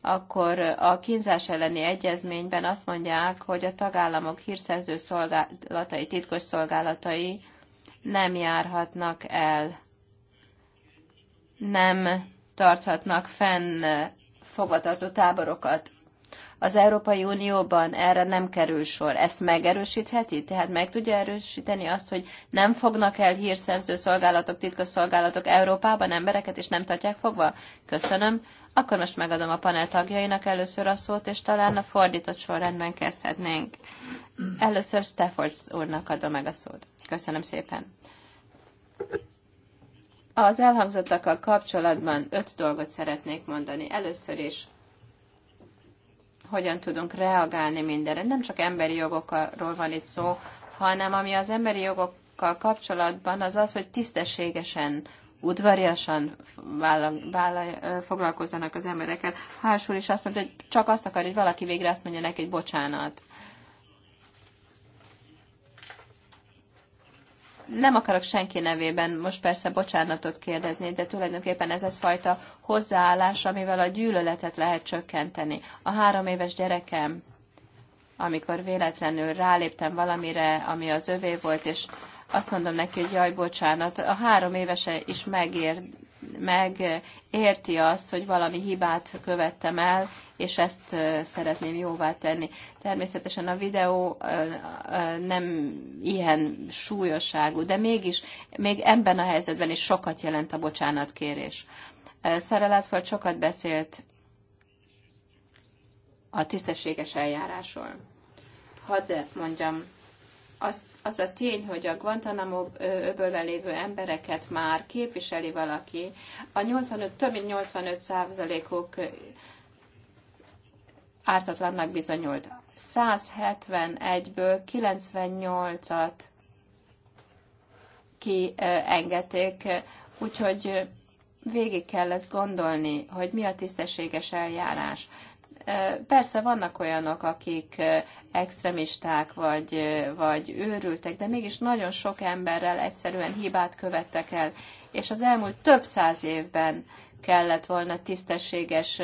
akkor a kínzás elleni egyezményben azt mondják, hogy a tagállamok hírszerző szolgálatai, titkos szolgálatai nem járhatnak el, nem tarthatnak fenn fogvatartó táborokat. Az Európai Unióban erre nem kerül sor. Ezt megerősítheti? Tehát meg tudja erősíteni azt, hogy nem fognak el hírszerző szolgálatok, titkos szolgálatok Európában embereket, és nem tartják fogva? Köszönöm. Akkor most megadom a panel tagjainak először a szót, és talán a fordított sorrendben kezdhetnénk. Először Stafford úrnak adom meg a szót. Köszönöm szépen. Az elhangzottakkal kapcsolatban öt dolgot szeretnék mondani. Először is hogyan tudunk reagálni mindenre. Nem csak emberi jogokról van itt szó, hanem ami az emberi jogokkal kapcsolatban az az, hogy tisztességesen, udvariasan vállal, vállal, foglalkozzanak az emberekkel. Hásul is azt mondta, hogy csak azt akar, hogy valaki végre azt mondja neki, hogy bocsánat. nem akarok senki nevében most persze bocsánatot kérdezni, de tulajdonképpen ez az fajta hozzáállás, amivel a gyűlöletet lehet csökkenteni. A három éves gyerekem, amikor véletlenül ráléptem valamire, ami az övé volt, és azt mondom neki, hogy jaj, bocsánat, a három évese is megér, meg, érti azt, hogy valami hibát követtem el, és ezt szeretném jóvá tenni. Természetesen a videó nem ilyen súlyosságú, de mégis, még ebben a helyzetben is sokat jelent a bocsánatkérés. Szerelátfal sokat beszélt a tisztességes eljárásról. Hadd mondjam az, az a tény, hogy a Guantanamo öbölben lévő embereket már képviseli valaki, a 85, több mint 85 százalékok ártatlannak bizonyult. 171-ből 98-at kiengedték, úgyhogy végig kell ezt gondolni, hogy mi a tisztességes eljárás. Persze vannak olyanok, akik extremisták vagy, vagy őrültek, de mégis nagyon sok emberrel egyszerűen hibát követtek el, és az elmúlt több száz évben kellett volna tisztességes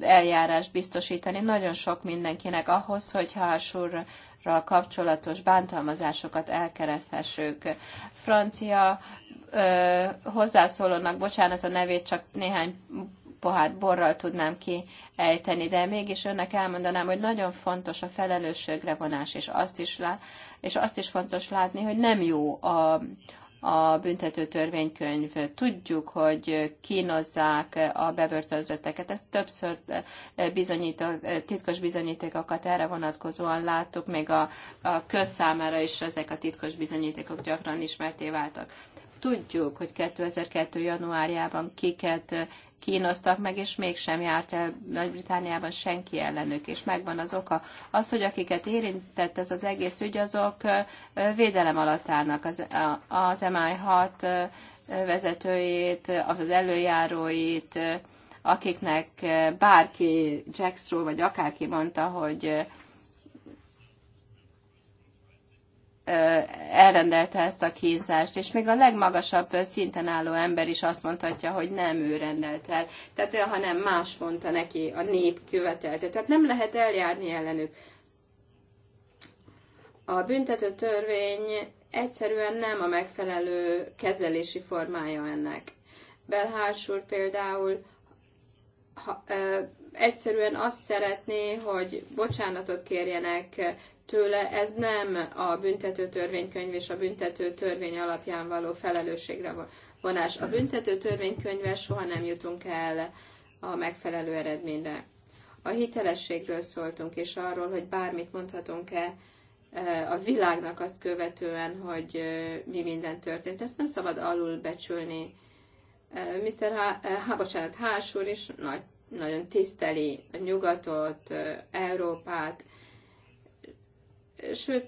eljárást biztosítani nagyon sok mindenkinek ahhoz, hogy Harsur kapcsolatos bántalmazásokat elkereszthessük. Francia ö, hozzászólónak, bocsánat a nevét, csak néhány pohár borral tudnám kiejteni, de mégis önnek elmondanám, hogy nagyon fontos a felelősségre vonás, és azt is, lá, és azt is fontos látni, hogy nem jó a, a büntető törvénykönyv. Tudjuk, hogy kínozzák a bebörtönzötteket. Ezt többször eh, bizonyít, eh, titkos bizonyítékokat erre vonatkozóan láttuk, még a, a közszámára is ezek a titkos bizonyítékok gyakran ismerté váltak. Tudjuk, hogy 2002. januárjában kiket kínoztak meg, és mégsem járt el Nagy-Britániában senki ellenük, és megvan az oka. Az, hogy akiket érintett ez az egész ügy, azok védelem alatt állnak. Az, az MI6 vezetőjét, az előjáróit, akiknek bárki, Jack Straw vagy akárki mondta, hogy elrendelte ezt a kínzást, és még a legmagasabb szinten álló ember is azt mondhatja, hogy nem ő rendelt el, tehát, hanem más mondta neki, a nép követelte. Tehát nem lehet eljárni ellenük. A büntető törvény egyszerűen nem a megfelelő kezelési formája ennek. belhársul úr például ha, ö, egyszerűen azt szeretné, hogy bocsánatot kérjenek tőle, ez nem a büntető törvénykönyv és a büntető törvény alapján való felelősségre vonás. A büntető törvénykönyve soha nem jutunk el a megfelelő eredményre. A hitelességről szóltunk, és arról, hogy bármit mondhatunk-e e, a világnak azt követően, hogy e, mi minden történt. Ezt nem szabad alulbecsülni. E, Mr. Há, Há bocsánat, Hás úr is nagy, nagyon tiszteli a nyugatot, Európát, sőt,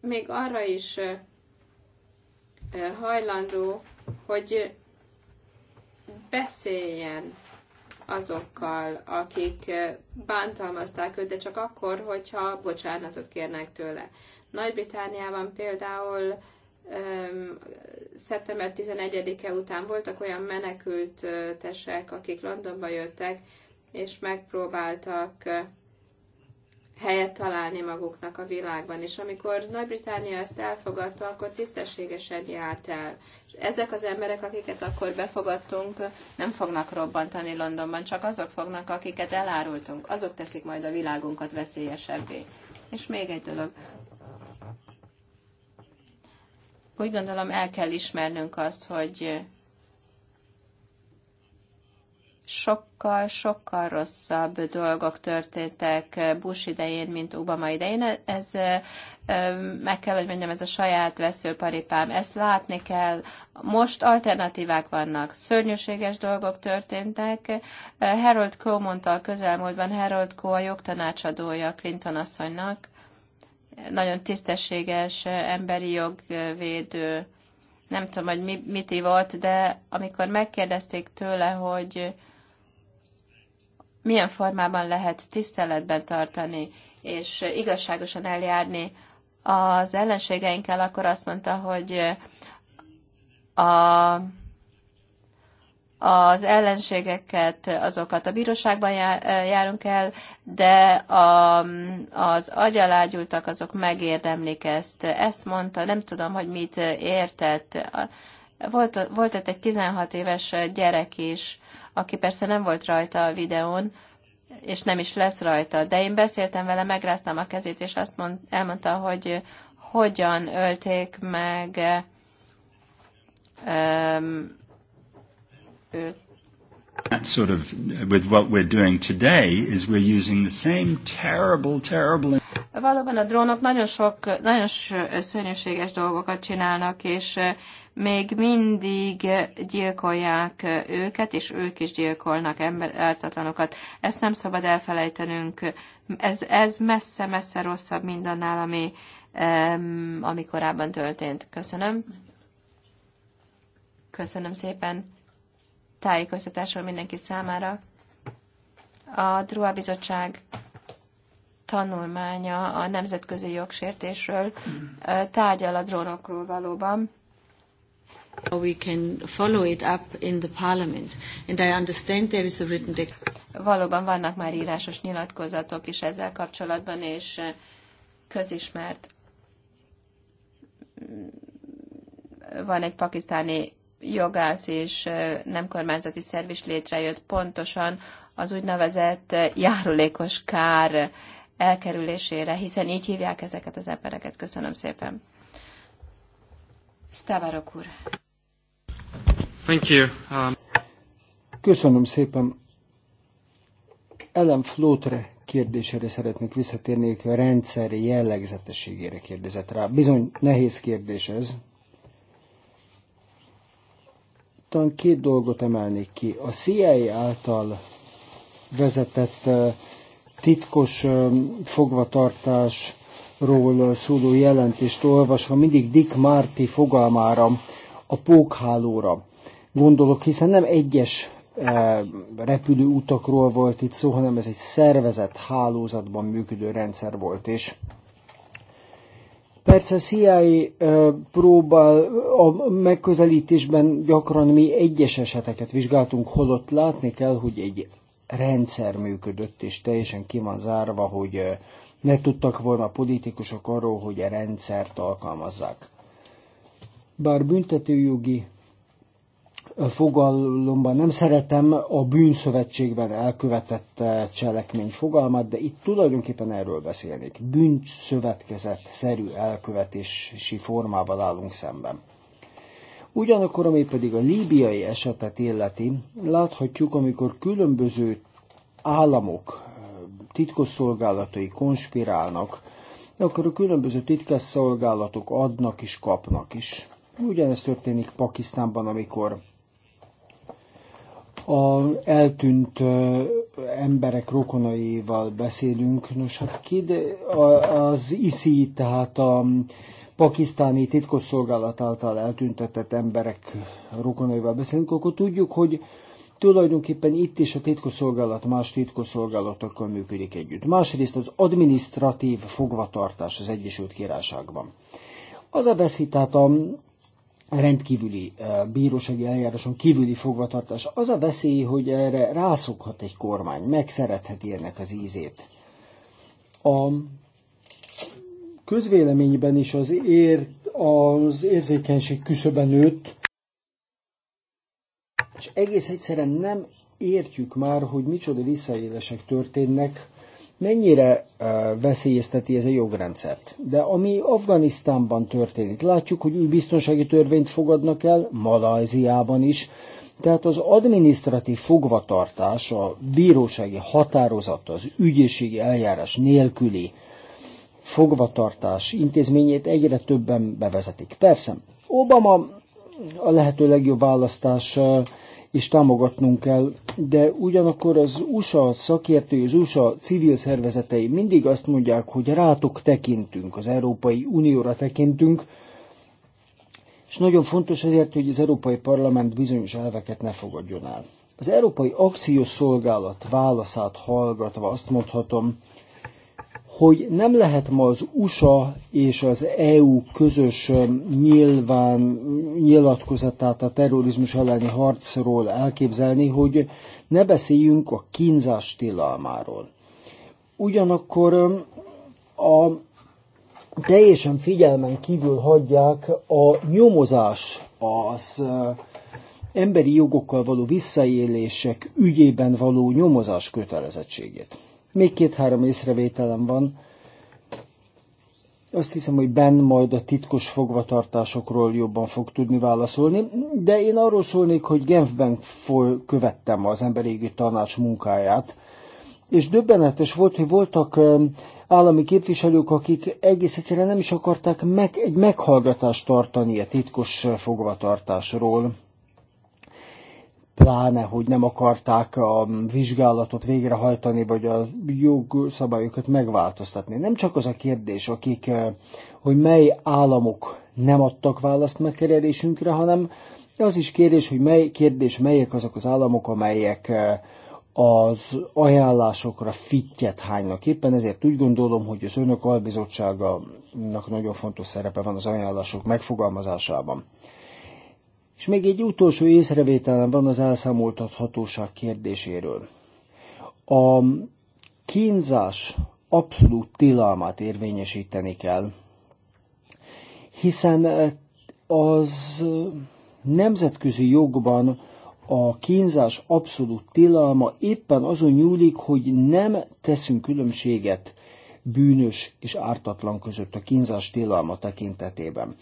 még arra is hajlandó, hogy beszéljen azokkal, akik bántalmazták őt, de csak akkor, hogyha bocsánatot kérnek tőle. Nagy-Britániában például szeptember 11-e után voltak olyan menekültesek, akik Londonba jöttek, és megpróbáltak helyet találni maguknak a világban. És amikor Nagy-Britannia ezt elfogadta, akkor tisztességesen járt el. Ezek az emberek, akiket akkor befogadtunk, nem fognak robbantani Londonban, csak azok fognak, akiket elárultunk. Azok teszik majd a világunkat veszélyesebbé. És még egy dolog. Úgy gondolom, el kell ismernünk azt, hogy sokkal-sokkal rosszabb dolgok történtek Bush idején, mint Obama idején. Ez meg kell, hogy mondjam, ez a saját veszőparipám. Ezt látni kell. Most alternatívák vannak. Szörnyűséges dolgok történtek. Harold Coe mondta a közelmúltban, Harold Coe a jogtanácsadója Clinton asszonynak. Nagyon tisztességes, emberi jogvédő. Nem tudom, hogy mi, mit ivott, de amikor megkérdezték tőle, hogy milyen formában lehet tiszteletben tartani és igazságosan eljárni az ellenségeinkkel, akkor azt mondta, hogy a, az ellenségeket, azokat a bíróságban járunk el, de a, az agyalágyultak, azok megérdemlik ezt. Ezt mondta, nem tudom, hogy mit értett volt, volt ott egy 16 éves gyerek is, aki persze nem volt rajta a videón, és nem is lesz rajta, de én beszéltem vele, megráztam a kezét, és azt mond, elmondta, hogy hogyan ölték meg um, őt. That sort of, with what we're doing today, is we're using the same terrible, terrible... Valóban a drónok nagyon sok, nagyon szörnyűséges dolgokat csinálnak, és még mindig gyilkolják őket, és ők is gyilkolnak ember, Ezt nem szabad elfelejtenünk. Ez, ez messze-messze rosszabb mindannál, ami, ami korábban történt. Köszönöm. Köszönöm szépen tájékoztatásról mindenki számára. A Drua Bizottság tanulmánya a nemzetközi jogsértésről tárgyal a drónokról valóban We can follow it up in the parliament. And I understand there is a written Valóban vannak már írásos nyilatkozatok is ezzel kapcsolatban, és eh, közismert mm, van egy pakisztáni jogász és eh, nem kormányzati szerv is létrejött pontosan az úgynevezett eh, járulékos kár elkerülésére, hiszen így hívják ezeket az embereket. Köszönöm szépen. Stavarok úr. Thank you. Um... Köszönöm szépen. Ellen Flótre kérdésére szeretnék visszatérni, a rendszer jellegzetességére kérdezett rá. Bizony nehéz kérdés ez. Talán két dolgot emelnék ki. A CIA által vezetett titkos fogvatartásról szóló jelentést olvasva mindig Dick Marty fogalmára, a pókhálóra gondolok, hiszen nem egyes e, repülőutakról volt itt szó, hanem ez egy szervezett hálózatban működő rendszer volt, és Persze a CIA e, próbál a megközelítésben gyakran mi egyes eseteket vizsgáltunk, holott látni kell, hogy egy rendszer működött, és teljesen ki van zárva, hogy e, ne tudtak volna a politikusok arról, hogy a rendszert alkalmazzák. Bár büntetőjogi fogalomban nem szeretem a bűnszövetségben elkövetett eh, cselekmény fogalmát, de itt tulajdonképpen erről beszélnék. Bűnszövetkezet szerű elkövetési formával állunk szemben. Ugyanakkor, ami pedig a líbiai esetet illeti, láthatjuk, amikor különböző államok eh, titkosszolgálatai konspirálnak, akkor a különböző titkosszolgálatok adnak és kapnak is. Ugyanezt történik Pakisztánban, amikor a eltűnt emberek rokonaival beszélünk. Nos, hát kid, az ISI, tehát a pakisztáni titkosszolgálat által eltüntetett emberek rokonaival beszélünk, akkor tudjuk, hogy tulajdonképpen itt is a titkosszolgálat más titkosszolgálatokkal működik együtt. Másrészt az administratív fogvatartás az Egyesült Királyságban. Az a veszély, tehát a rendkívüli bírósági eljáráson kívüli fogvatartás. Az a veszély, hogy erre rászokhat egy kormány, megszeretheti ennek az ízét. A közvéleményben is az, ér, az érzékenység küszöben nőtt, és egész egyszerűen nem értjük már, hogy micsoda visszaélések történnek mennyire eh, veszélyezteti ez a jogrendszert. De ami Afganisztánban történik, látjuk, hogy új biztonsági törvényt fogadnak el, Malajziában is, tehát az administratív fogvatartás, a bírósági határozat, az ügyészségi eljárás nélküli fogvatartás intézményét egyre többen bevezetik. Persze, Obama a lehető legjobb választás eh, és támogatnunk kell, de ugyanakkor az USA szakértői, az USA civil szervezetei mindig azt mondják, hogy rátok tekintünk, az Európai Unióra tekintünk, és nagyon fontos ezért, hogy az Európai Parlament bizonyos elveket ne fogadjon el. Az Európai Akciós Szolgálat válaszát hallgatva azt mondhatom, hogy nem lehet ma az USA és az EU közös nyilván nyilatkozatát a terrorizmus elleni harcról elképzelni, hogy ne beszéljünk a kínzás tilalmáról. Ugyanakkor a teljesen figyelmen kívül hagyják a nyomozás, az emberi jogokkal való visszaélések ügyében való nyomozás kötelezettségét. Még két-három észrevételem van. Azt hiszem, hogy Ben majd a titkos fogvatartásokról jobban fog tudni válaszolni, de én arról szólnék, hogy Genfben követtem az emberi tanács munkáját, és döbbenetes volt, hogy voltak állami képviselők, akik egész egyszerűen nem is akarták meg, egy meghallgatást tartani a titkos fogvatartásról pláne, hogy nem akarták a vizsgálatot végrehajtani, vagy a jogszabályokat megváltoztatni. Nem csak az a kérdés, akik, eh, hogy mely államok nem adtak választ megkerülésünkre, hanem az is kérdés, hogy mely kérdés, melyek azok az államok, amelyek eh, az ajánlásokra fittyet hánynak. Éppen ezért úgy gondolom, hogy az önök albizottságának nagyon fontos szerepe van az ajánlások megfogalmazásában. És még egy utolsó észrevételem van az elszámoltathatóság kérdéséről. A kínzás abszolút tilalmát érvényesíteni kell, hiszen eh, az nemzetközi jogban a kínzás abszolút tilalma éppen azon nyúlik, hogy nem teszünk különbséget bűnös és ártatlan között a kínzás tilalma tekintetében.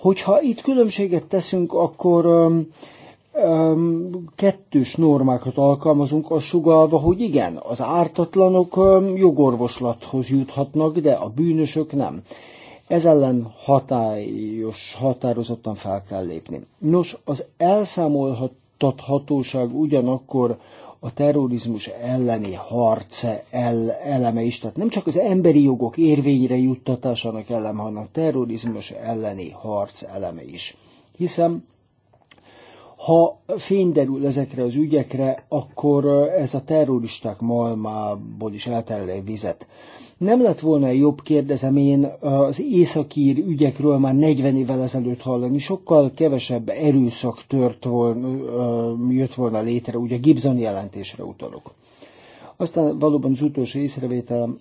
Hogyha itt különbséget teszünk, akkor öm, öm, kettős normákat alkalmazunk, az sugalva, hogy igen, az ártatlanok öm, jogorvoslathoz juthatnak, de a bűnösök nem. Ez ellen hatályos, határozottan fel kell lépni. Nos, az elszámolhatathatóság hatóság ugyanakkor a terrorizmus elleni harc el, eleme is. Tehát nem csak az emberi jogok érvényre juttatásának eleme, hanem a terrorizmus elleni harc eleme is. Hiszen ha derül ezekre az ügyekre, akkor ez a terroristák malmából is elterelő vizet. Nem lett volna jobb, kérdezem én, az északír ügyekről már 40 évvel ezelőtt hallani, sokkal kevesebb erőszak tört volna, jött volna létre, ugye Gibson jelentésre utalok. Aztán valóban az utolsó észrevételem,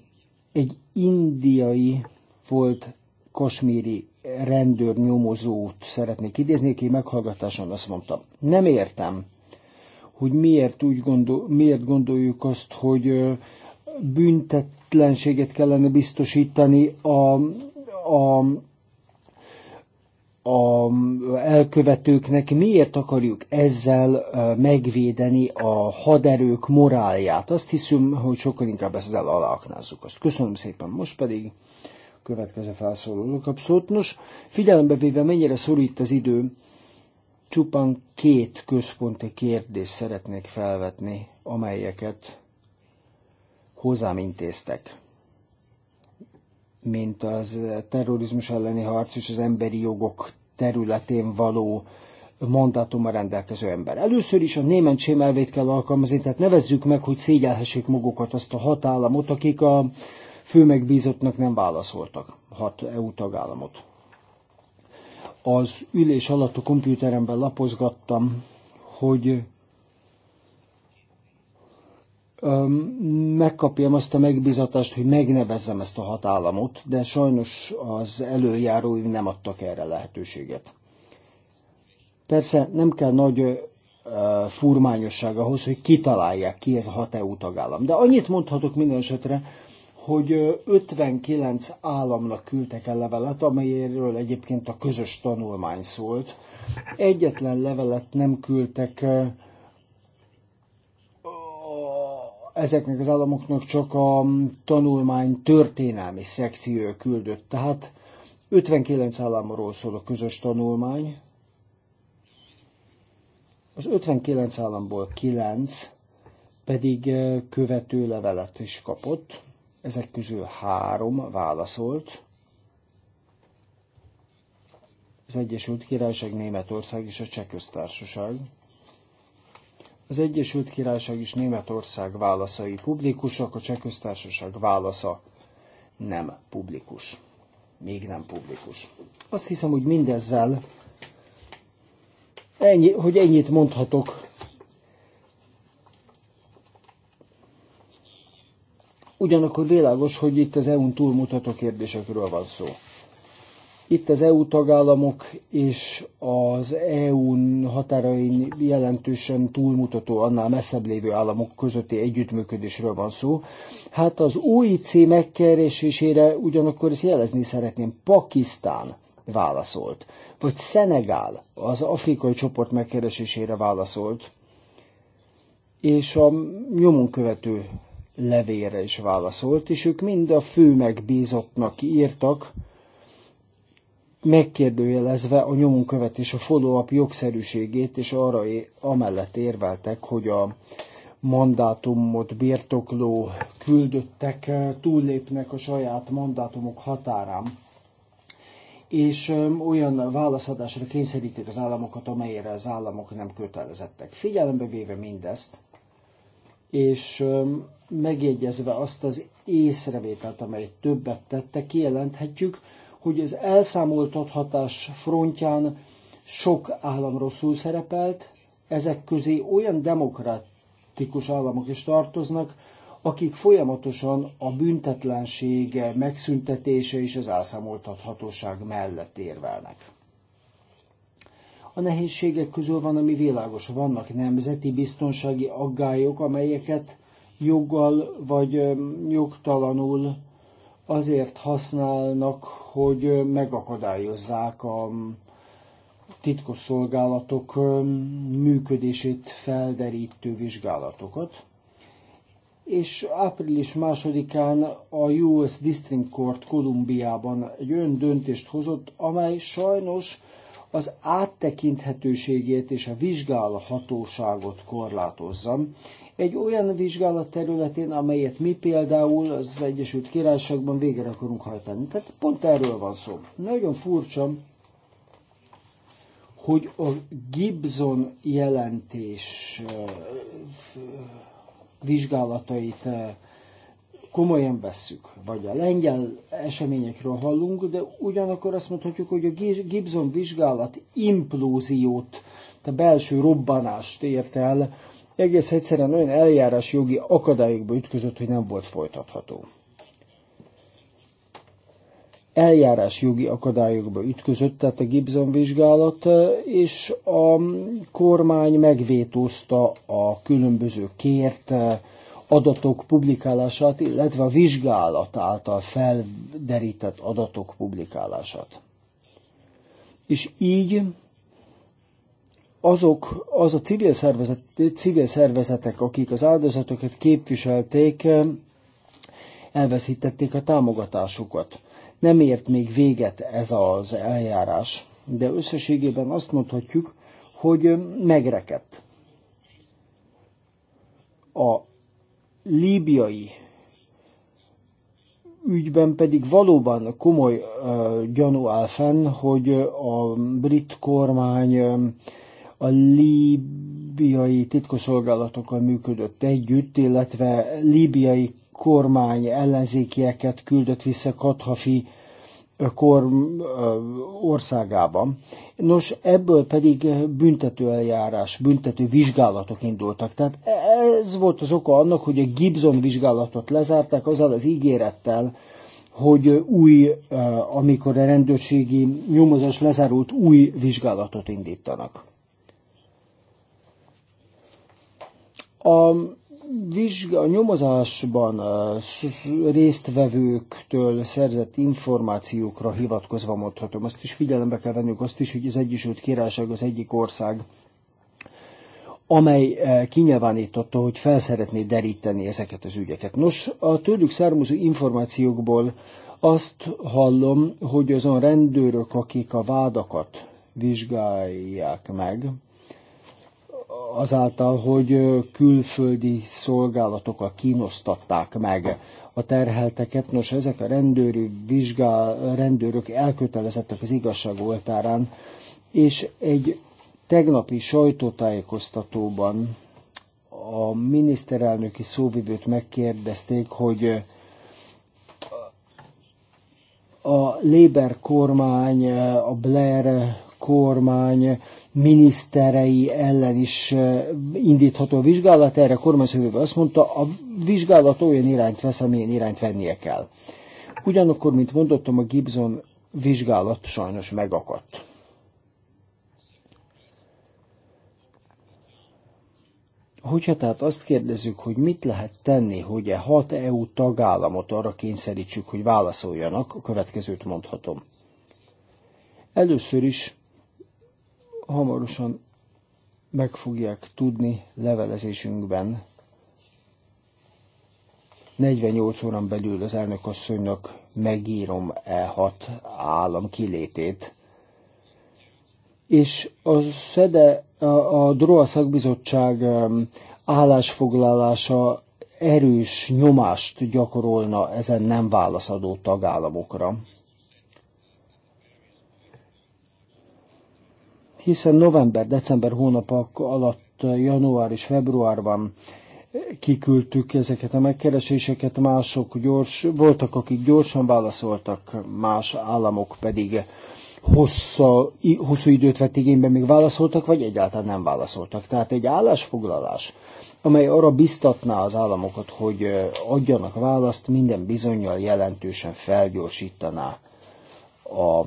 egy indiai volt kosmíri rendőr nyomozót szeretnék idézni, aki meghallgatáson azt mondta, nem értem, hogy miért úgy gondol, miért gondoljuk azt, hogy büntetlenséget kellene biztosítani a, a a elkövetőknek miért akarjuk ezzel megvédeni a haderők morálját. Azt hiszem, hogy sokkal inkább ezzel aláaknázzuk azt. Köszönöm szépen. Most pedig következő felszólalók abszolút. Nos, figyelembe véve mennyire szorít az idő, csupán két központi kérdést szeretnék felvetni, amelyeket hozzám intéztek, mint az terrorizmus elleni harc és az emberi jogok területén való mandátummal rendelkező ember. Először is a német sémelvét kell alkalmazni, tehát nevezzük meg, hogy szégyelhessék magukat azt a hat államot, akik a főmegbízottnak nem válaszoltak, hat EU tagállamot. Az ülés alatt a kompjúteremben lapozgattam, hogy megkapjam azt a megbizatást, hogy megnevezzem ezt a hatállamot, de sajnos az előjárói nem adtak erre lehetőséget. Persze nem kell nagy furmányosság ahhoz, hogy kitalálják ki ez a hat EU tagállam. De annyit mondhatok minden esetre, hogy 59 államnak küldtek el levelet, amelyről egyébként a közös tanulmány szólt. Egyetlen levelet nem küldtek ezeknek az államoknak csak a tanulmány történelmi szekció küldött. Tehát 59 államról szól a közös tanulmány. Az 59 államból 9 pedig követő levelet is kapott. Ezek közül három válaszolt. Az Egyesült Királyság, Németország és a Cseh Köztársaság. Az Egyesült Királyság és Németország válaszai publikusak, a Csehköztársaság válasza nem publikus. Még nem publikus. Azt hiszem, hogy mindezzel, ennyi, hogy ennyit mondhatok. Ugyanakkor világos, hogy itt az EU-n túlmutató kérdésekről van szó. Itt az EU tagállamok és az EU határain jelentősen túlmutató, annál messzebb lévő államok közötti együttműködésről van szó. Hát az OIC megkeresésére ugyanakkor ezt jelezni szeretném. Pakisztán válaszolt, vagy Szenegál az afrikai csoport megkeresésére válaszolt, és a nyomon követő levélre is válaszolt, és ők mind a fő megbízottnak írtak, megkérdőjelezve a követés a follow-up jogszerűségét, és arra amellett érveltek, hogy a mandátumot birtokló küldöttek eh, túllépnek a saját mandátumok határán, és olyan válaszadásra kényszerítik az államokat, amelyre az államok nem kötelezettek. Figyelembe véve mindezt, és megjegyezve azt az észrevételt, amelyet többet tette, kijelenthetjük, hogy az elszámoltathatás frontján sok állam rosszul szerepelt, ezek közé olyan demokratikus államok is tartoznak, akik folyamatosan a büntetlenség megszüntetése és az elszámoltathatóság mellett érvelnek. A nehézségek közül van, ami világos. Vannak nemzeti biztonsági aggályok, amelyeket joggal vagy jogtalanul azért használnak, hogy megakadályozzák a titkos szolgálatok működését felderítő vizsgálatokat. És április másodikán a US District Court Kolumbiában egy olyan döntést hozott, amely sajnos az áttekinthetőségét és a vizsgálhatóságot korlátozzam. Egy olyan vizsgálat területén, amelyet mi például az Egyesült Királyságban végre akarunk hajtani. Tehát pont erről van szó. Nagyon furcsa, hogy a Gibson jelentés vizsgálatait komolyan vesszük, vagy a lengyel eseményekről hallunk, de ugyanakkor azt mondhatjuk, hogy a Gibson vizsgálat implóziót, a belső robbanást ért el, egész egyszerűen olyan eljárás jogi akadályokba ütközött, hogy nem volt folytatható. Eljárás jogi akadályokba ütközött, tehát a Gibson vizsgálat, és a kormány megvétózta a különböző kért adatok publikálását, illetve a vizsgálat által felderített adatok publikálását. És így azok, az a civil, szervezet, civil szervezetek, akik az áldozatokat képviselték, elveszítették a támogatásukat. Nem ért még véget ez az eljárás, de összességében azt mondhatjuk, hogy megrekedt a líbiai ügyben pedig valóban komoly uh, gyanú áll fenn, hogy a brit kormány a líbiai titkosszolgálatokkal működött együtt, illetve líbiai kormány ellenzékieket küldött vissza Kadhafi korm országában. Nos, ebből pedig büntetőeljárás, büntető vizsgálatok indultak. Tehát ez volt az oka annak, hogy a Gibson vizsgálatot lezárták azzal az ígérettel, hogy új, amikor a rendőrségi nyomozás lezárult, új vizsgálatot indítanak. A vizsga, a nyomozásban résztvevőktől szerzett információkra hivatkozva mondhatom. Azt is figyelembe kell vennünk azt is, hogy az Egyesült Királyság az egyik ország, amely e, kinyilvánította, hogy felszeretné deríteni ezeket az ügyeket. Nos, a tőlük származó információkból azt hallom, hogy azon rendőrök, akik a vádakat vizsgálják meg, azáltal, hogy külföldi szolgálatokkal kínosztatták meg a terhelteket. Nos, ezek a rendőri vizsgál, rendőrök elkötelezettek az igazság oltárán, és egy tegnapi sajtótájékoztatóban a miniszterelnöki szóvivőt megkérdezték, hogy a Labour kormány, a Blair kormány miniszterei ellen is indítható vizsgálat. Erre a kormányfővő azt mondta, a vizsgálat olyan irányt vesz, amilyen irányt vennie kell. Ugyanakkor, mint mondottam, a Gibson vizsgálat sajnos megakadt. Hogyha tehát azt kérdezzük, hogy mit lehet tenni, hogy e hat EU tagállamot arra kényszerítsük, hogy válaszoljanak, a következőt mondhatom. Először is hamarosan meg fogják tudni levelezésünkben 48 órán belül az elnökasszonynak megírom e hat állam kilétét, és a SZEDE, a DROA szakbizottság állásfoglalása erős nyomást gyakorolna ezen nem válaszadó tagállamokra. hiszen november-december hónapok alatt eh, január és februárban eh, kiküldtük ezeket a megkereséseket, mások gyors, voltak, akik gyorsan válaszoltak, más államok pedig hossza, hosszú időt vett igénybe, még válaszoltak, vagy egyáltalán nem válaszoltak. Tehát egy állásfoglalás, amely arra biztatná az államokat, hogy eh, adjanak választ, minden bizonyal jelentősen felgyorsítaná a,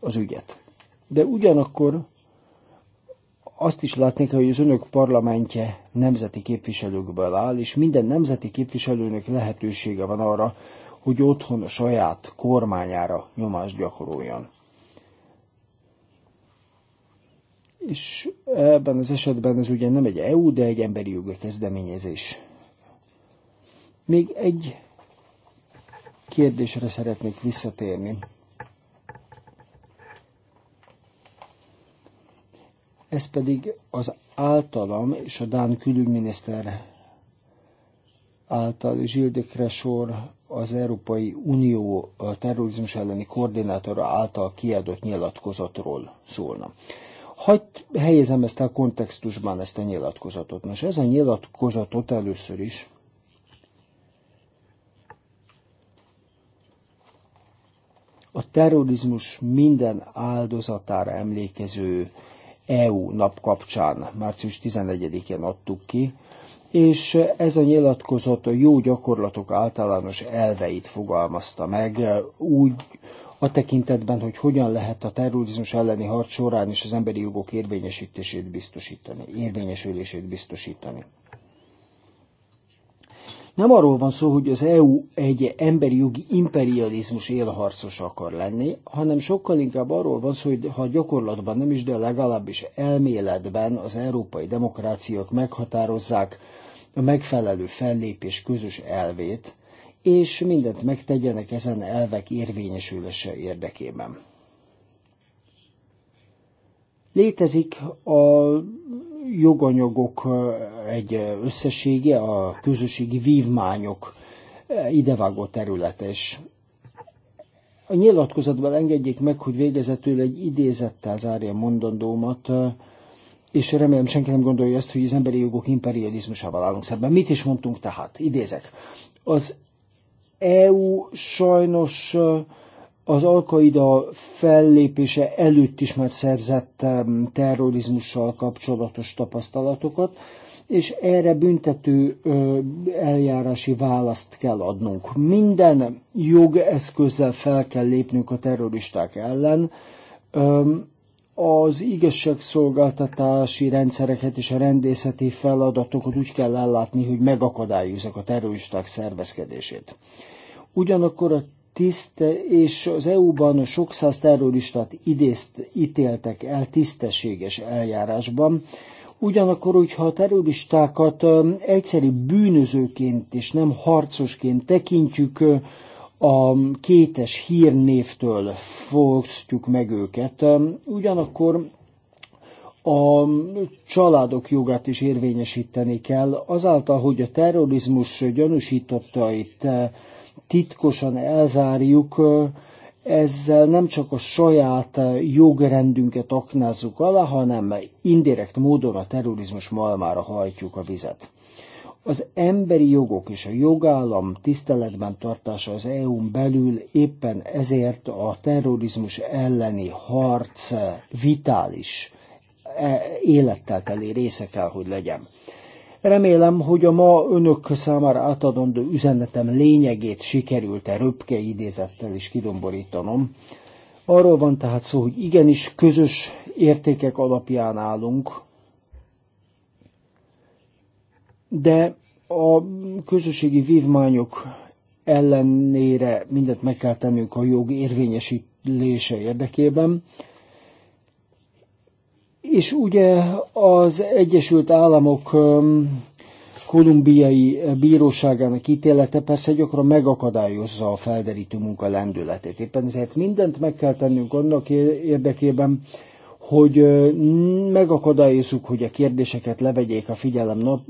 az ügyet de ugyanakkor azt is látni kell, hogy az önök parlamentje nemzeti képviselőkből áll, és minden nemzeti képviselőnek lehetősége van arra, hogy otthon a saját kormányára nyomást gyakoroljon. És ebben az esetben ez ugye nem egy EU, de egy emberi jogi kezdeményezés. Még egy kérdésre szeretnék visszatérni, Ez pedig az általam és a Dán külügyminiszter által Zsildekre sor az Európai Unió terrorizmus elleni koordinátora által kiadott nyilatkozatról szólna. Hagy helyezem ezt a kontextusban, ezt a nyilatkozatot. Most ez a nyilatkozatot először is a terrorizmus minden áldozatára emlékező EU nap kapcsán, március 11-én adtuk ki, és ez a nyilatkozat a jó gyakorlatok általános elveit fogalmazta meg, úgy a tekintetben, hogy hogyan lehet a terrorizmus elleni harc során is az emberi jogok érvényesítését biztosítani, érvényesülését biztosítani. Nem arról van szó, hogy az EU egy emberi jogi imperializmus élharcos akar lenni, hanem sokkal inkább arról van szó, hogy ha gyakorlatban nem is, de legalábbis elméletben az európai demokráciák meghatározzák a megfelelő fellépés közös elvét, és mindent megtegyenek ezen elvek érvényesülése érdekében. Létezik a joganyagok egy összessége, a közösségi vívmányok idevágó területe, és a nyilatkozatban engedjék meg, hogy végezetül egy idézettel zárja mondandómat, és remélem senki nem gondolja ezt, hogy az emberi jogok imperializmusával állunk szemben. Mit is mondtunk tehát? Idézek. Az EU sajnos az Alkaida fellépése előtt is már szerzett terrorizmussal kapcsolatos tapasztalatokat, és erre büntető eljárási választ kell adnunk. Minden jogeszközzel fel kell lépnünk a terroristák ellen, az igazságszolgáltatási rendszereket és a rendészeti feladatokat úgy kell ellátni, hogy megakadályozzák a terroristák szervezkedését. Ugyanakkor a tiszt, és az EU-ban sok száz terroristát idézt, ítéltek el tisztességes eljárásban. Ugyanakkor, hogyha a terroristákat egyszerű bűnözőként és nem harcosként tekintjük, a kétes hírnévtől fosztjuk meg őket. Ugyanakkor a családok jogát is érvényesíteni kell, azáltal, hogy a terrorizmus gyanúsítottait titkosan elzárjuk, ezzel nem csak a saját jogrendünket aknázzuk alá, hanem indirekt módon a terrorizmus malmára hajtjuk a vizet. Az emberi jogok és a jogállam tiszteletben tartása az EU-n belül éppen ezért a terrorizmus elleni harc vitális e, élettel teli része kell, hogy legyen. Remélem, hogy a ma önök számára átadandó üzenetem lényegét sikerült a e röpke idézettel is kidomborítanom. Arról van tehát szó, hogy igenis közös értékek alapján állunk, de a közösségi vívmányok ellenére mindent meg kell tennünk a jog érvényesítése érdekében. És ugye az Egyesült Államok kolumbiai bíróságának ítélete persze gyakran megakadályozza a felderítő munka lendületét. Éppen ezért mindent meg kell tennünk annak érdekében, hogy megakadályozzuk, hogy a kérdéseket levegyék a figyelem, nap,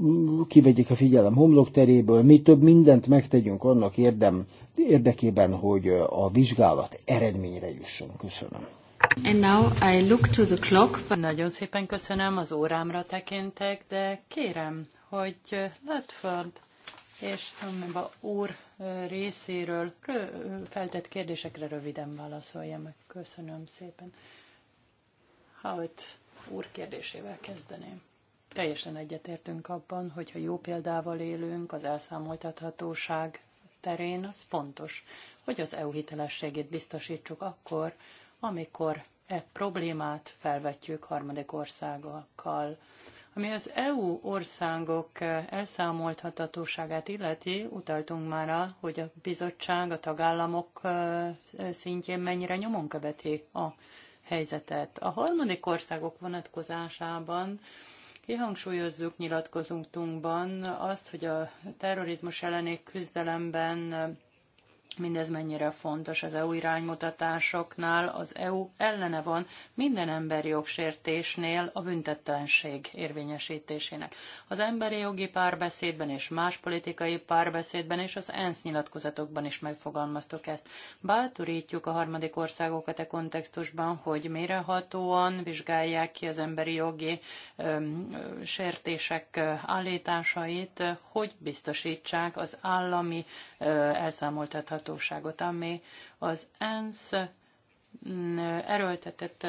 kivegyék a figyelem homlokteréből, mi több mindent megtegyünk annak érdem, érdekében, hogy a vizsgálat eredményre jusson. Köszönöm. I look to the clock. Nagyon szépen köszönöm, az órámra tekintek, de kérem, hogy Ledford és Romba úr részéről feltett kérdésekre röviden válaszolja meg. Köszönöm szépen. Ha Howitt úr kérdésével kezdeném. Teljesen egyetértünk abban, hogyha jó példával élünk az elszámoltathatóság terén, az fontos, hogy az EU hitelességét biztosítsuk akkor, amikor e problémát felvetjük harmadik országokkal. Ami az EU országok e, elszámolthatatóságát illeti, utaltunk már rá, hogy a bizottság a tagállamok e, szintjén mennyire nyomon követi a helyzetet. A harmadik országok vonatkozásában kihangsúlyozzuk nyilatkozunkban, azt, hogy a terrorizmus elleni küzdelemben Mindez mennyire fontos az EU iránymutatásoknál, az EU ellene van minden emberi jogsértésnél a büntetlenség érvényesítésének. Az emberi jogi párbeszédben és más politikai párbeszédben és az ENSZ nyilatkozatokban is megfogalmaztuk ezt. Bátorítjuk a harmadik országokat e kontextusban, hogy mérehatóan vizsgálják ki az emberi jogi öm, sértések állításait, hogy biztosítsák az állami elszámoltathatóságot méltóságot, ami az ENSZ mm, erőltetett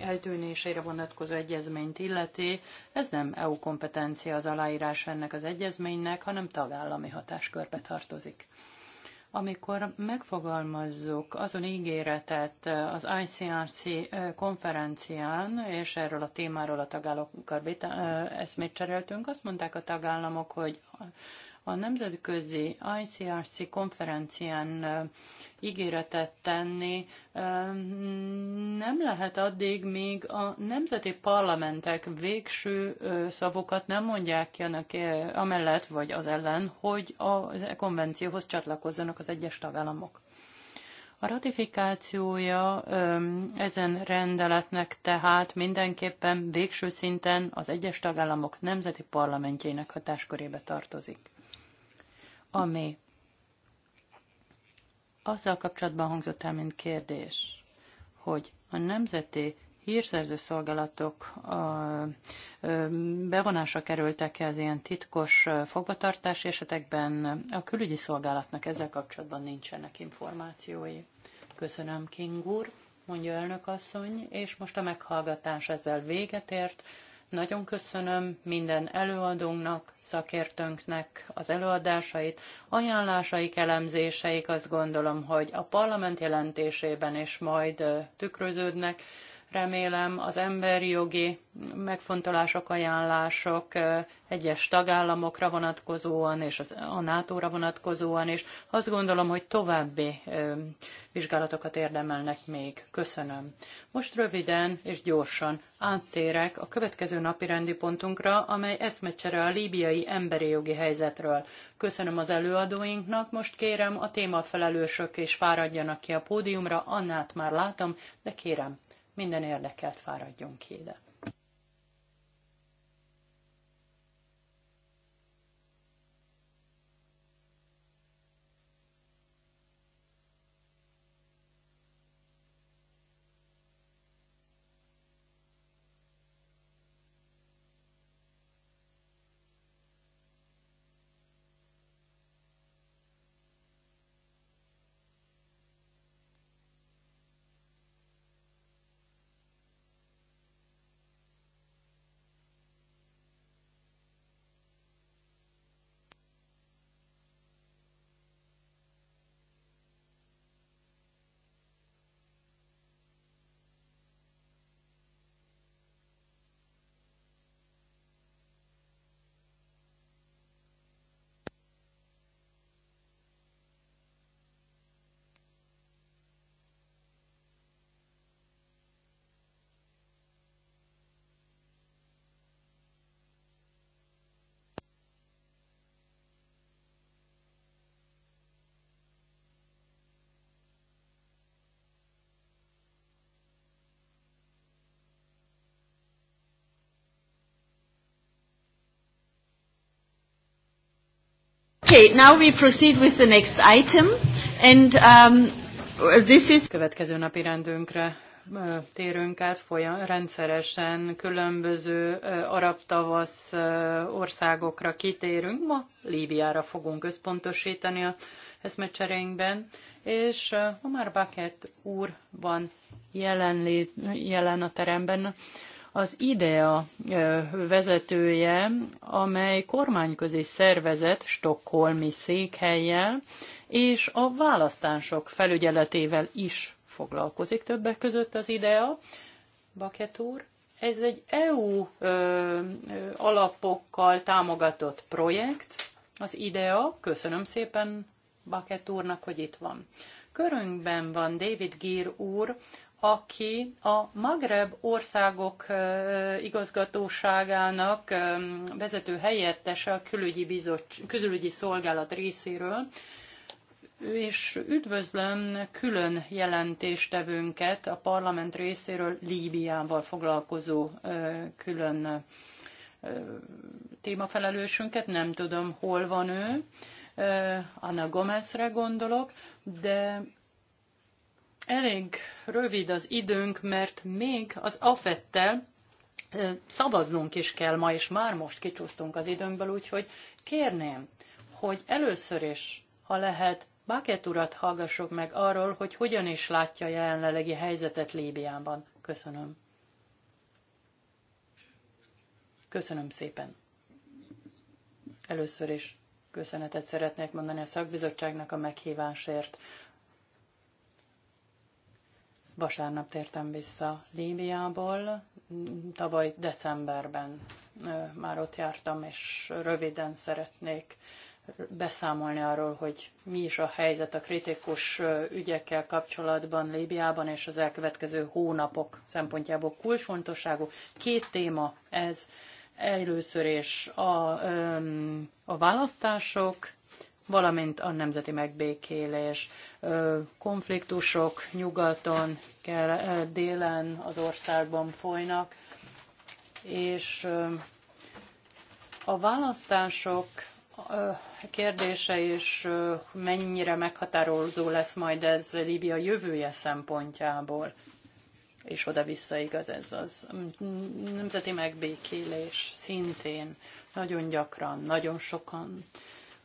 eltűnésére vonatkozó egyezményt illeti. Ez nem EU kompetencia az aláírás ennek az egyezménynek, hanem tagállami hatáskörbe tartozik. Amikor megfogalmazzuk azon ígéretet az ICRC konferencián, és erről a témáról a tagállamokkal eszmét cseréltünk, azt mondták a tagállamok, hogy a nemzetközi ICRC konferencián ígéretet tenni nem lehet addig, míg a nemzeti parlamentek végső szavokat nem mondják ki annak amellett vagy az ellen, hogy a e konvencióhoz csatlakozzanak az egyes tagállamok. A ratifikációja ezen rendeletnek tehát mindenképpen végső szinten az egyes tagállamok nemzeti parlamentjének hatáskörébe tartozik ami azzal kapcsolatban hangzott el, mint kérdés, hogy a nemzeti hírszerző szolgálatok bevonásra kerültek az ilyen titkos fogvatartási esetekben. A külügyi szolgálatnak ezzel kapcsolatban nincsenek információi. Köszönöm, King úr, mondja elnök asszony, és most a meghallgatás ezzel véget ért. Nagyon köszönöm minden előadónknak, szakértőnknek az előadásait, ajánlásaik, elemzéseik, azt gondolom, hogy a parlament jelentésében is majd tükröződnek Remélem az emberi jogi megfontolások, ajánlások egyes tagállamokra vonatkozóan és az, a NATO-ra vonatkozóan is. Azt gondolom, hogy további vizsgálatokat érdemelnek még. Köszönöm. Most röviden és gyorsan áttérek a következő napi rendi pontunkra, amely eszmecsere a líbiai emberi jogi helyzetről. Köszönöm az előadóinknak, most kérem a témafelelősök és fáradjanak ki a pódiumra, Annát már látom, de kérem minden érdekelt fáradjon ki ide. Okay, now we proceed with the next item, and um, this is... Következő napi rendünkre térünk át folyam, rendszeresen különböző arab tavasz országokra kitérünk. Ma Líbiára fogunk összpontosítani a eszmecserénkben, és már Baket úr van jelen, jelen a teremben az IDEA vezetője, amely kormányközi szervezet Stockholmi székhelyjel és a választások felügyeletével is foglalkozik többek között az IDEA. Baketúr, ez egy EU ö, alapokkal támogatott projekt, az IDEA. Köszönöm szépen Baket úrnak, hogy itt van. Körünkben van David Gír úr, aki a Magreb országok igazgatóságának vezető helyettese a külügyi, bizottság, külügyi szolgálat részéről, és üdvözlöm külön jelentéstevőnket a parlament részéről Líbiával foglalkozó külön témafelelősünket, nem tudom hol van ő, Anna Gomezre gondolok, de Elég rövid az időnk, mert még az afettel szavaznunk is kell ma, és már most kicsúsztunk az időnkből, úgyhogy kérném, hogy először is, ha lehet, báket urat hallgassuk meg arról, hogy hogyan is látja jelenlegi helyzetet Líbiában. Köszönöm. Köszönöm szépen. Először is köszönetet szeretnék mondani a szakbizottságnak a meghívásért. Vasárnap tértem vissza Líbiából, tavaly decemberben már ott jártam, és röviden szeretnék beszámolni arról, hogy mi is a helyzet a kritikus ügyekkel kapcsolatban Líbiában, és az elkövetkező hónapok szempontjából kulcsfontosságú. Két téma ez. Először is a, a választások, valamint a nemzeti megbékélés. Konfliktusok nyugaton, délen az országban folynak, és a választások kérdése is mennyire meghatározó lesz majd ez Líbia jövője szempontjából, és oda-vissza igaz ez az nemzeti megbékélés szintén nagyon gyakran, nagyon sokan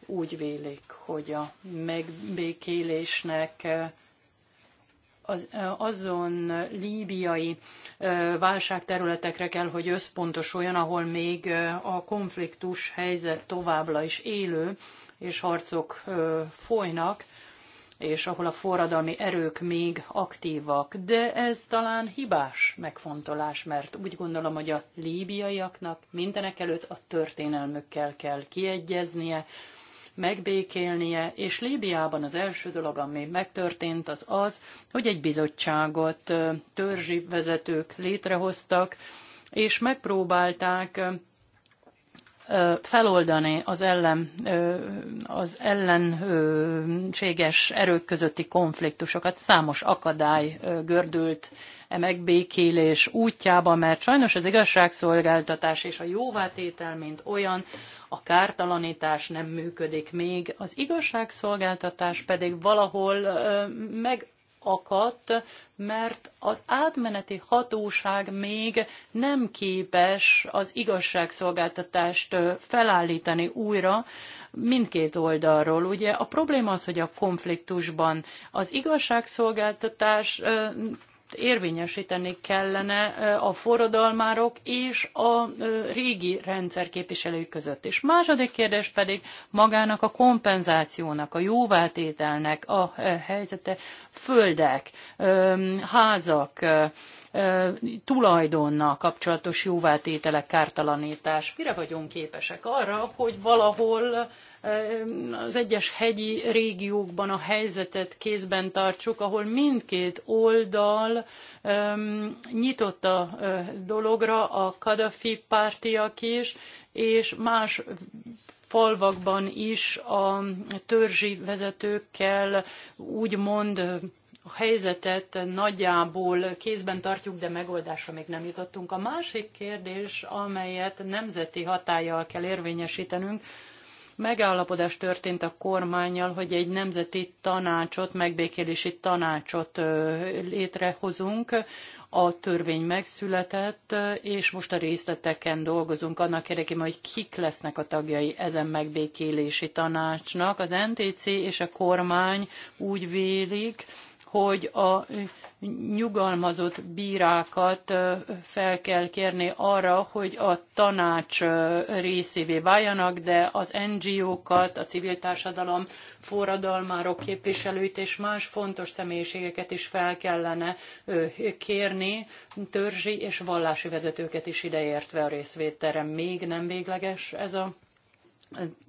úgy vélik, hogy a megbékélésnek eh, az, eh, azon líbiai eh, válságterületekre kell, hogy összpontosuljon, ahol még a konfliktus helyzet továbbra is élő, és harcok folynak, és ahol a forradalmi erők még aktívak. De ez talán hibás megfontolás, mert úgy gondolom, hogy a líbiaiaknak mindenek előtt a történelmükkel kell kiegyeznie, megbékélnie, és Líbiában az első dolog, ami megtörtént, az az, hogy egy bizottságot törzsi vezetők létrehoztak, és megpróbálták feloldani az, ellen, az ellenséges erők közötti konfliktusokat. Számos akadály gördült e megbékélés útjába, mert sajnos az igazságszolgáltatás és a jóvátétel, mint olyan, a kártalanítás nem működik még, az igazságszolgáltatás pedig valahol meg akadt, mert az átmeneti hatóság még nem képes az igazságszolgáltatást felállítani újra mindkét oldalról. Ugye a probléma az, hogy a konfliktusban az igazságszolgáltatás érvényesíteni kellene a forradalmárok és a régi rendszer képviselői között is. Második kérdés pedig magának a kompenzációnak, a jóváltételnek a helyzete, földek, házak, tulajdonnal kapcsolatos jóváltételek, kártalanítás. Mire vagyunk képesek? Arra, hogy valahol az egyes hegyi régiókban a helyzetet kézben tartsuk, ahol mindkét oldal nyitott a dologra, a Kadafi pártiak is, és más falvakban is a törzsi vezetőkkel úgymond a helyzetet nagyjából kézben tartjuk, de megoldásra még nem jutottunk. A másik kérdés, amelyet nemzeti hatállyal kell érvényesítenünk, megállapodás történt a kormányjal, hogy egy nemzeti tanácsot, megbékélési tanácsot létrehozunk. A törvény megszületett, és most a részleteken dolgozunk annak érdekében, hogy kik lesznek a tagjai ezen megbékélési tanácsnak. Az NTC és a kormány úgy vélik, hogy a nyugalmazott bírákat fel kell kérni arra, hogy a tanács részévé váljanak, de az NGO-kat, a civil társadalom forradalmárok képviselőit és más fontos személyiségeket is fel kellene kérni, törzsi és vallási vezetőket is ideértve a részvételre. Még nem végleges ez a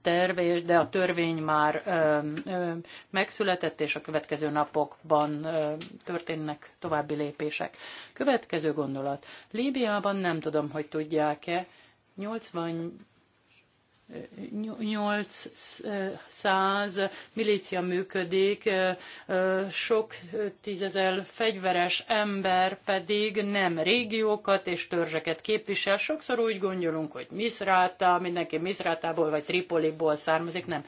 terv, de a törvény már megszületett, és a következő napokban történnek további lépések. Következő gondolat. Líbiában nem tudom, hogy tudják-e, 80 800 milícia működik, sok tízezer fegyveres ember pedig nem régiókat és törzseket képvisel. Sokszor úgy gondolunk, hogy Misráta, mindenki Misrátából vagy Tripoliból származik, nem.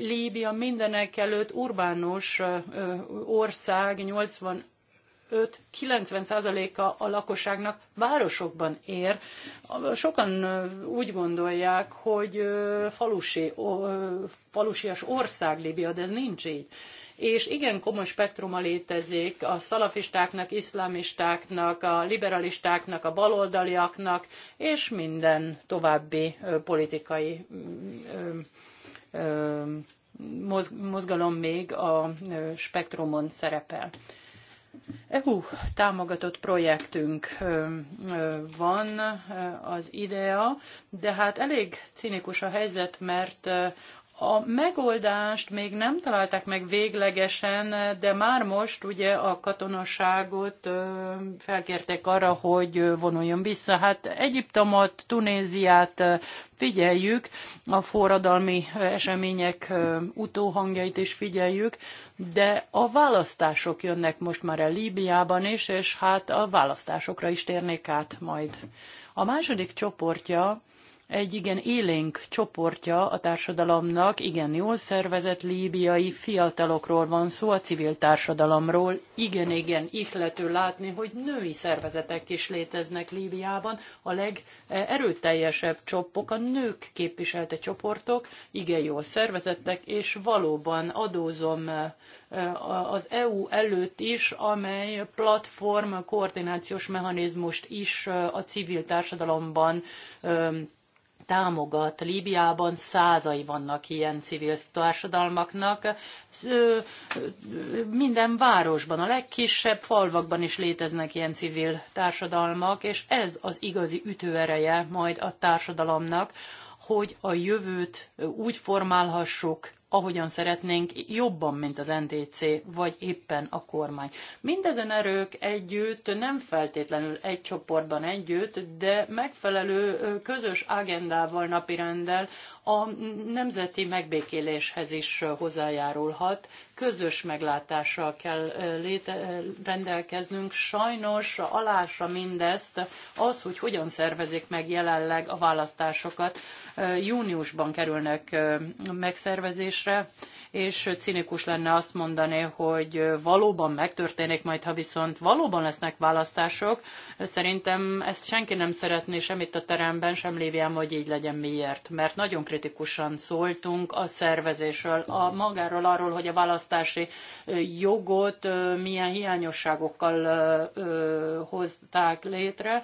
Líbia mindenek előtt urbánus ország, 80 95 90 a a lakosságnak városokban ér. Sokan úgy gondolják, hogy falusi, falusias ország Libia, de ez nincs így és igen komoly spektruma létezik a szalafistáknak, iszlamistáknak, a liberalistáknak, a baloldaliaknak, és minden további politikai mm, mozgalom még a spektrumon szerepel. EU támogatott projektünk van az IDEA, de hát elég cinikus a helyzet, mert a megoldást még nem találták meg véglegesen, de már most ugye a katonaságot felkértek arra, hogy vonuljon vissza. Hát Egyiptomot, Tunéziát figyeljük, a forradalmi események utóhangjait is figyeljük, de a választások jönnek most már a Líbiában is, és hát a választásokra is térnék át majd. A második csoportja egy igen élénk csoportja a társadalomnak, igen jól szervezett líbiai fiatalokról van szó, a civil társadalomról. Igen, igen, ihlető látni, hogy női szervezetek is léteznek Líbiában. A legerőteljesebb csopok, a nők képviselte csoportok, igen jól szervezettek, és valóban adózom az EU előtt is, amely platform koordinációs mechanizmust is a civil társadalomban támogat. Líbiában százai vannak ilyen civil társadalmaknak. Minden városban, a legkisebb falvakban is léteznek ilyen civil társadalmak, és ez az igazi ütőereje majd a társadalomnak, hogy a jövőt úgy formálhassuk, ahogyan szeretnénk, jobban, mint az NDC, vagy éppen a kormány. Mindezen erők együtt, nem feltétlenül egy csoportban együtt, de megfelelő közös agendával napirendel a nemzeti megbékéléshez is hozzájárulhat, közös meglátással kell léte, rendelkeznünk. Sajnos alása mindezt az, hogy hogyan szervezik meg jelenleg a választásokat. Júniusban kerülnek megszervezésre, és cinikus lenne azt mondani, hogy valóban megtörténik majd, ha viszont valóban lesznek választások. Szerintem ezt senki nem szeretné sem itt a teremben, sem lévjám, hogy így legyen miért. Mert nagyon kritikusan szóltunk a szervezésről, a magáról arról, hogy a választási jogot milyen hiányosságokkal hozták létre,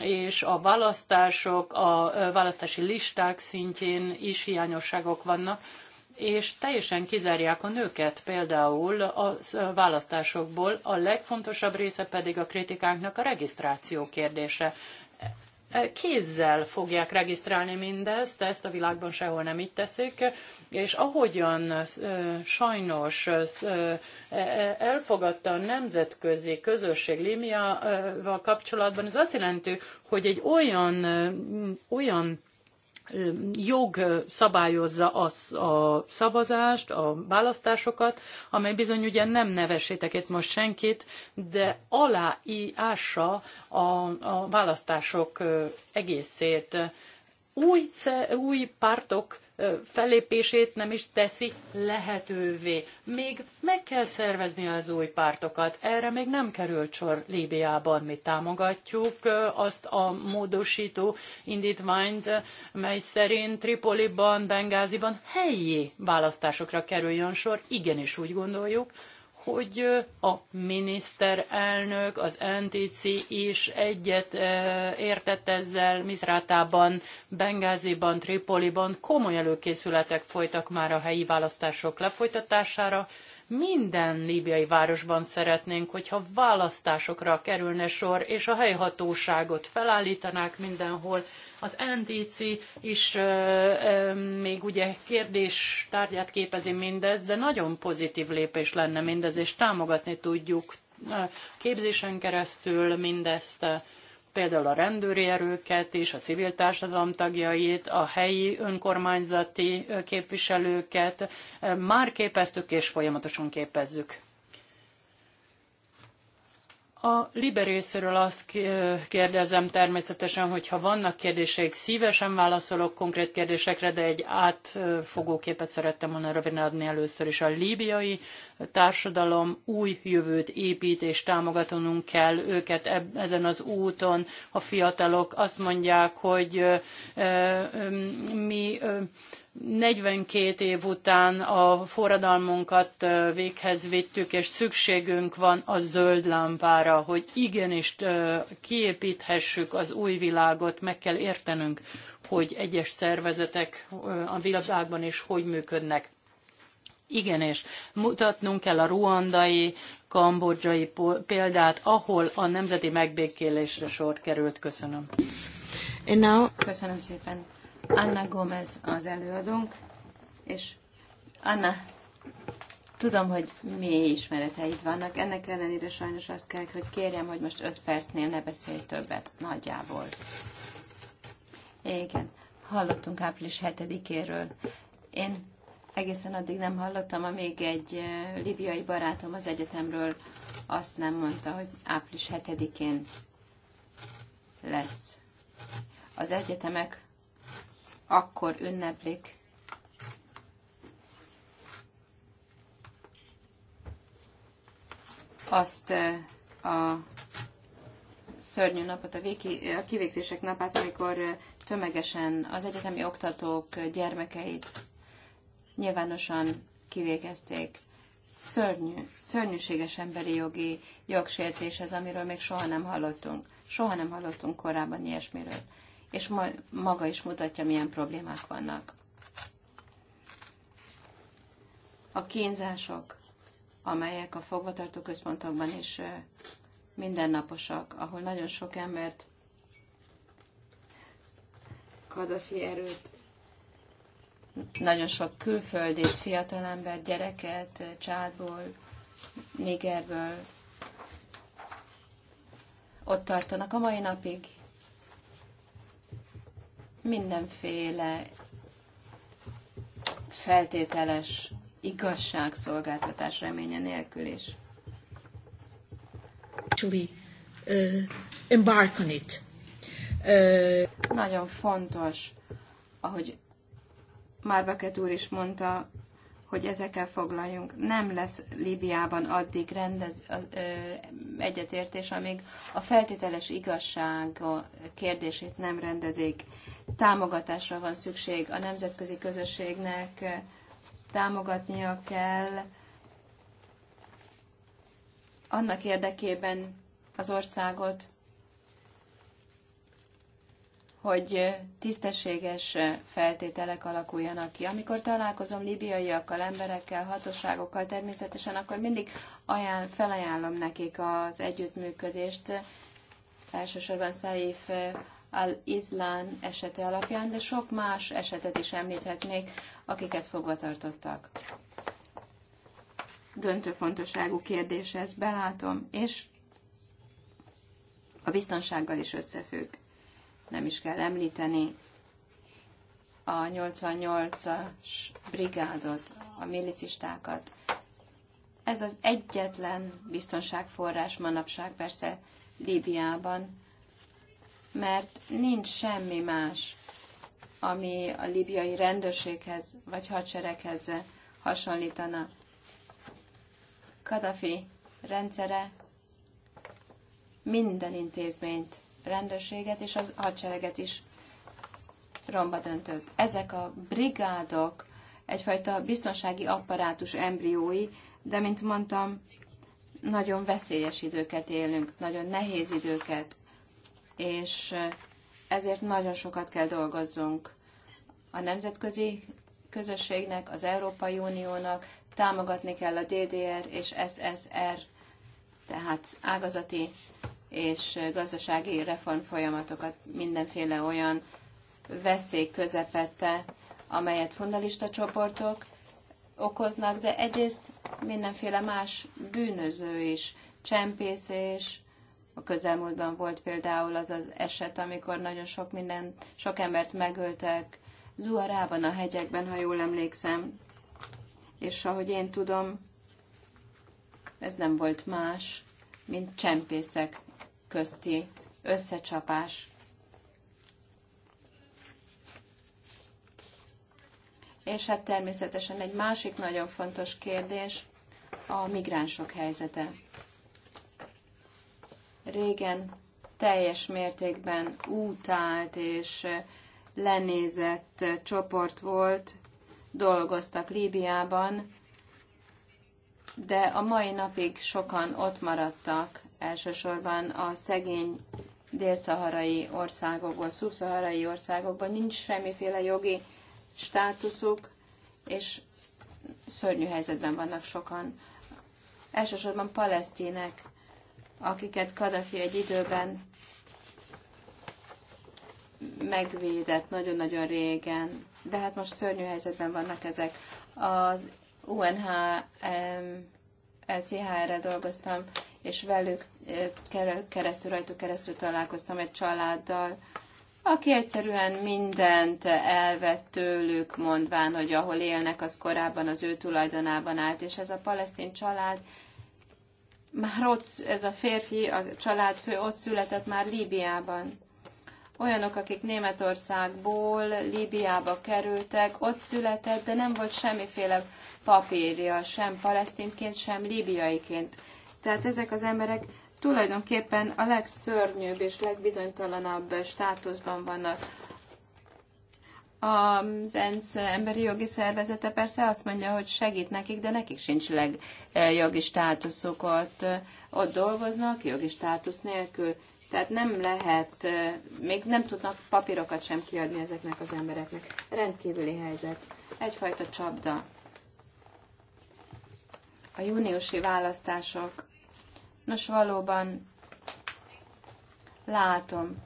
és a választások, a választási listák szintjén is hiányosságok vannak és teljesen kizárják a nőket például a választásokból, a legfontosabb része pedig a kritikáknak a regisztráció kérdése. E, e, kézzel fogják regisztrálni mindezt, ezt a világban sehol nem így teszik, és ahogyan sajnos e, elfogadta a nemzetközi közösség Límiával kapcsolatban, ez azt jelenti, hogy egy olyan, olyan jog szabályozza az a szavazást, a választásokat, amely bizony ugye nem nevesítek itt most senkit, de aláássa a, a választások egészét új, új pártok fellépését nem is teszi lehetővé. Még meg kell szervezni az új pártokat. Erre még nem került sor Líbiában. Mi támogatjuk azt a módosító indítványt, mely szerint Tripoliban, Bengáziban helyi választásokra kerüljön sor. Igenis úgy gondoljuk, hogy a miniszterelnök, az NTC is egyet értett ezzel Mizrátában, Bengáziban, Tripoliban. Komoly előkészületek folytak már a helyi választások lefolytatására, minden líbiai városban szeretnénk, hogyha választásokra kerülne sor, és a helyhatóságot felállítanák mindenhol. Az NDC is ö, ö, még ugye kérdés tárgyát képezi mindez, de nagyon pozitív lépés lenne mindez, és támogatni tudjuk képzésen keresztül mindezt például a rendőri erőket és a civil társadalom tagjait, a helyi önkormányzati képviselőket eh, már képeztük és folyamatosan képezzük a Libe részéről azt kérdezem természetesen, hogy ha vannak kérdéseik, szívesen válaszolok konkrét kérdésekre, de egy átfogó képet szerettem volna röviden adni először is. A líbiai társadalom új jövőt épít, és támogatnunk kell őket ezen az úton. A fiatalok azt mondják, hogy mi 42 év után a forradalmunkat véghez vittük, és szükségünk van a zöld lámpára, hogy igenis kiépíthessük az új világot, meg kell értenünk, hogy egyes szervezetek a világban is hogy működnek. Igenis, mutatnunk kell a ruandai, kambodzsai példát, ahol a nemzeti megbékélésre sor került. Köszönöm. Now... Köszönöm szépen. Anna Gomez az előadónk, és Anna, tudom, hogy mély ismereteid vannak, ennek ellenére sajnos azt kell, hogy kérjem, hogy most 5 percnél ne beszélj többet, nagyjából. Igen, hallottunk április 7-éről. Én egészen addig nem hallottam, amíg egy eh, libiai barátom az egyetemről azt nem mondta, hogy április 7-én lesz. Az egyetemek akkor ünneplik. Azt eh, a szörnyű napot, a, a kivégzések napát, amikor eh, tömegesen az egyetemi oktatók gyermekeit nyilvánosan kivégezték. Szörnyű, szörnyűséges emberi jogi jogsértés ez, amiről még soha nem hallottunk. Soha nem hallottunk korábban ilyesmiről és ma, maga is mutatja, milyen problémák vannak. A kínzások, amelyek a fogvatartó központokban is mindennaposak, ahol nagyon sok embert Kadafi erőt, nagyon sok fiatal ember gyereket, csádból, Nigerből ott tartanak a mai napig, mindenféle feltételes igazságszolgáltatás reménye nélkül is. Actually, uh, embark on it. Uh... Nagyon fontos, ahogy Márveket úr is mondta, hogy ezekkel foglaljunk. Nem lesz Líbiában addig rendez, uh, egyetértés, amíg a feltételes igazság kérdését nem rendezik támogatásra van szükség a nemzetközi közösségnek, eh, támogatnia kell annak érdekében az országot, hogy eh, tisztességes eh, feltételek alakuljanak ki. Amikor találkozom libiaiakkal, emberekkel, hatóságokkal természetesen, akkor mindig ajánl, felajánlom nekik az együttműködést, elsősorban Saif al-Izlán esete alapján, de sok más esetet is említhetnék, akiket fogva tartottak. Döntő fontosságú kérdés ez, belátom, és a biztonsággal is összefügg. Nem is kell említeni a 88-as brigádot, a milicistákat. Ez az egyetlen biztonságforrás manapság persze Líbiában, mert nincs semmi más, ami a libiai rendőrséghez vagy hadsereghez hasonlítana. Kadafi rendszere minden intézményt, rendőrséget és a hadsereget is romba döntött. Ezek a brigádok egyfajta biztonsági apparátus embriói, de mint mondtam, nagyon veszélyes időket élünk, nagyon nehéz időket és ezért nagyon sokat kell dolgozzunk a nemzetközi közösségnek, az Európai Uniónak, támogatni kell a DDR és SSR, tehát ágazati és gazdasági reformfolyamatokat mindenféle olyan veszély közepette, amelyet fundalista csoportok okoznak, de egyrészt mindenféle más bűnöző is, csempészés, a közelmúltban volt például az az eset, amikor nagyon sok minden, sok embert megöltek Zuharában a hegyekben, ha jól emlékszem. És ahogy én tudom, ez nem volt más, mint csempészek közti összecsapás. És hát természetesen egy másik nagyon fontos kérdés a migránsok helyzete régen teljes mértékben útált és lenézett csoport volt, dolgoztak Líbiában, de a mai napig sokan ott maradtak, elsősorban a szegény délszaharai országokból, szubszaharai országokban nincs semmiféle jogi státuszuk, és szörnyű helyzetben vannak sokan. Elsősorban palesztinek, akiket Kadafi egy időben megvédett nagyon-nagyon régen, de hát most szörnyű helyzetben vannak ezek. Az UNHCR-re dolgoztam, és velük eh, keresztül, rajtuk keresztül találkoztam egy családdal, aki egyszerűen mindent elvett tőlük, mondván, hogy ahol élnek, az korábban az ő tulajdonában állt, és ez a palesztin család már ott, ez a férfi, a családfő ott született már Líbiában. Olyanok, akik Németországból Líbiába kerültek, ott született, de nem volt semmiféle papírja, sem palesztintként, sem líbiaiként. Tehát ezek az emberek tulajdonképpen a legszörnyűbb és legbizonytalanabb státuszban vannak. Az ENSZ emberi jogi szervezete persze azt mondja, hogy segít nekik, de nekik sincs legjogi e, státuszokat, státuszuk ott. E, ott dolgoznak jogi státusz nélkül. Tehát nem lehet, e, még nem tudnak papírokat sem kiadni ezeknek az embereknek. Rendkívüli helyzet. Egyfajta csapda. A júniusi választások. Nos, valóban látom,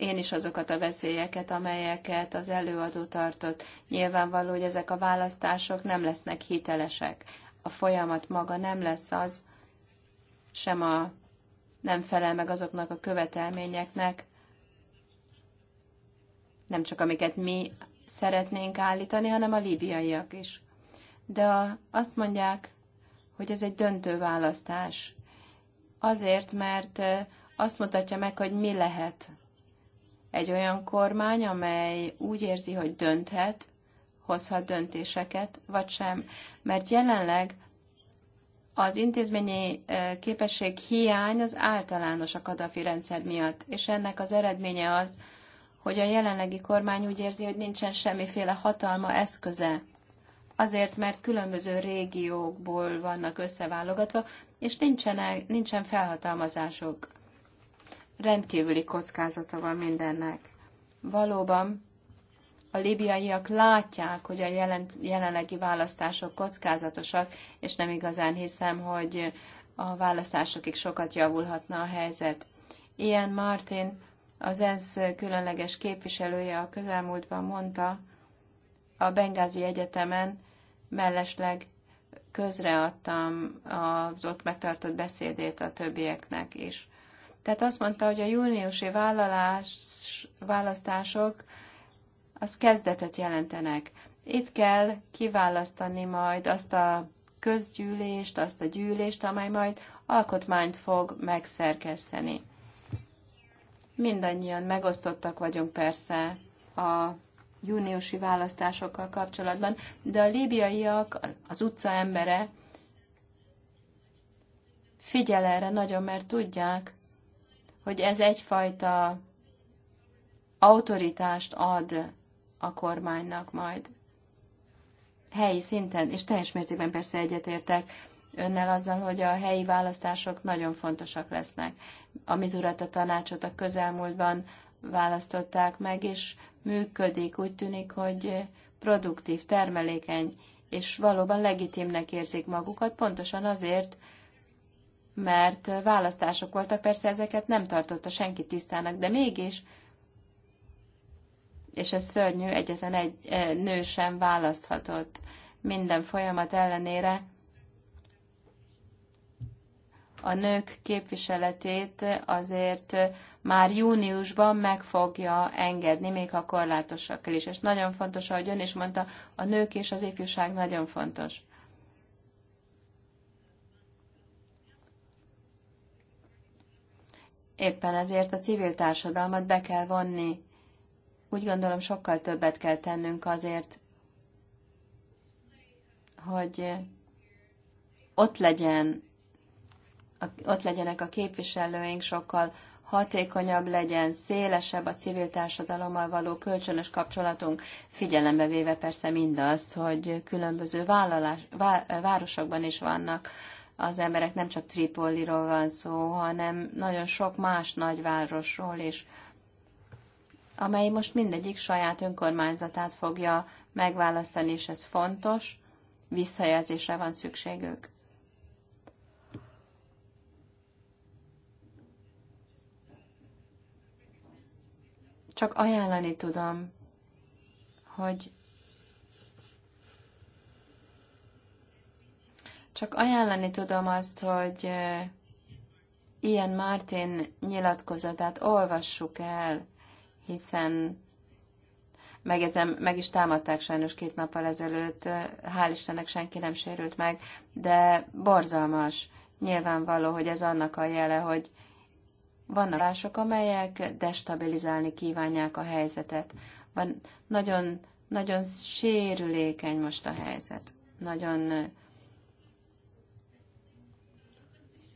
én is azokat a veszélyeket, amelyeket az előadó tartott. Nyilvánvaló, hogy ezek a választások nem lesznek hitelesek. A folyamat maga nem lesz az, sem a nem felel meg azoknak a követelményeknek, nem csak amiket mi szeretnénk állítani, hanem a líbiaiak is. De azt mondják, hogy ez egy döntő választás. Azért, mert azt mutatja meg, hogy mi lehet egy olyan kormány, amely úgy érzi, hogy dönthet, hozhat döntéseket, vagy sem. Mert jelenleg az intézményi képesség hiány az általános a Kadafi rendszer miatt, és ennek az eredménye az, hogy a jelenlegi kormány úgy érzi, hogy nincsen semmiféle hatalma eszköze. Azért, mert különböző régiókból vannak összeválogatva, és nincsen, nincsen felhatalmazások rendkívüli kockázata van mindennek. Valóban a libiaiak látják, hogy a jelent, jelenlegi választások kockázatosak, és nem igazán hiszem, hogy a választásokig sokat javulhatna a helyzet. Ilyen Martin, az ENSZ különleges képviselője a közelmúltban mondta, a Bengázi Egyetemen mellesleg közreadtam az ott megtartott beszédét a többieknek is. Tehát azt mondta, hogy a júniusi vállalás, választások az kezdetet jelentenek. Itt kell kiválasztani majd azt a közgyűlést, azt a gyűlést, amely majd alkotmányt fog megszerkeszteni. Mindannyian megosztottak vagyunk persze a júniusi választásokkal kapcsolatban, de a líbiaiak, az utca embere figyel erre nagyon, mert tudják, hogy ez egyfajta autoritást ad a kormánynak majd helyi szinten, és teljes mértékben persze egyetértek önnel azzal, hogy a helyi választások nagyon fontosak lesznek. A Mizurata tanácsot a közelmúltban választották meg, és működik, úgy tűnik, hogy produktív, termelékeny, és valóban legitimnek érzik magukat, pontosan azért, mert választások voltak, persze ezeket nem tartotta senki tisztának, de mégis, és ez szörnyű, egyetlen egy e, nő sem választhatott minden folyamat ellenére, a nők képviseletét azért már júniusban meg fogja engedni, még a korlátosakkal is. És nagyon fontos, ahogy ön is mondta, a nők és az ifjúság nagyon fontos. Éppen ezért a civil társadalmat be kell vonni. Úgy gondolom, sokkal többet kell tennünk azért, hogy ott legyen, ott legyenek a képviselőink, sokkal hatékonyabb legyen, szélesebb a civil társadalommal való kölcsönös kapcsolatunk, figyelembe véve persze mindazt, hogy különböző vállalás, vá, városokban is vannak az emberek nem csak Tripoliról van szó, hanem nagyon sok más nagyvárosról is, amely most mindegyik saját önkormányzatát fogja megválasztani, és ez fontos, visszajelzésre van szükségük. Csak ajánlani tudom, hogy Csak ajánlani tudom azt, hogy ilyen Martin nyilatkozatát olvassuk el, hiszen ezen, meg is támadták sajnos két nappal ezelőtt, hál' Istennek senki nem sérült meg, de borzalmas, nyilvánvaló, hogy ez annak a jele, hogy vannak mások, amelyek destabilizálni kívánják a helyzetet. Van, nagyon, nagyon sérülékeny most a helyzet. Nagyon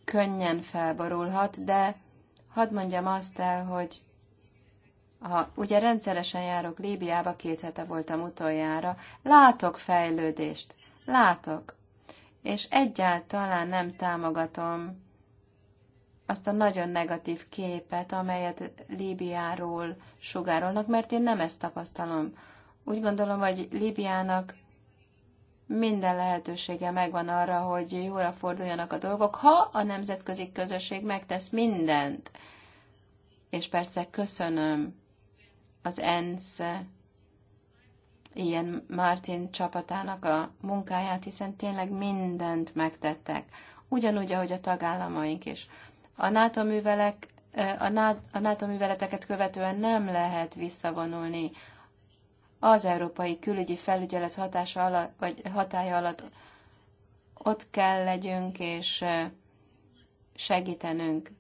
könnyen felborulhat, de hadd mondjam azt el, hogy ha ugye rendszeresen járok Líbiába, két hete voltam utoljára, látok fejlődést, látok, és egyáltalán nem támogatom azt a nagyon negatív képet, amelyet Líbiáról sugárolnak, mert én nem ezt tapasztalom. Úgy gondolom, hogy Líbiának minden lehetősége megvan arra, hogy jóra forduljanak a dolgok, ha a nemzetközi közösség megtesz mindent. És persze köszönöm az ENSZ ilyen Martin csapatának a munkáját, hiszen tényleg mindent megtettek. Ugyanúgy, ahogy a tagállamaink is. A NATO művelek eh, a NATO műveleteket követően nem lehet visszavonulni az Európai Külügyi Felügyelet hatása alatt, vagy hatája alatt ott kell legyünk, és segítenünk.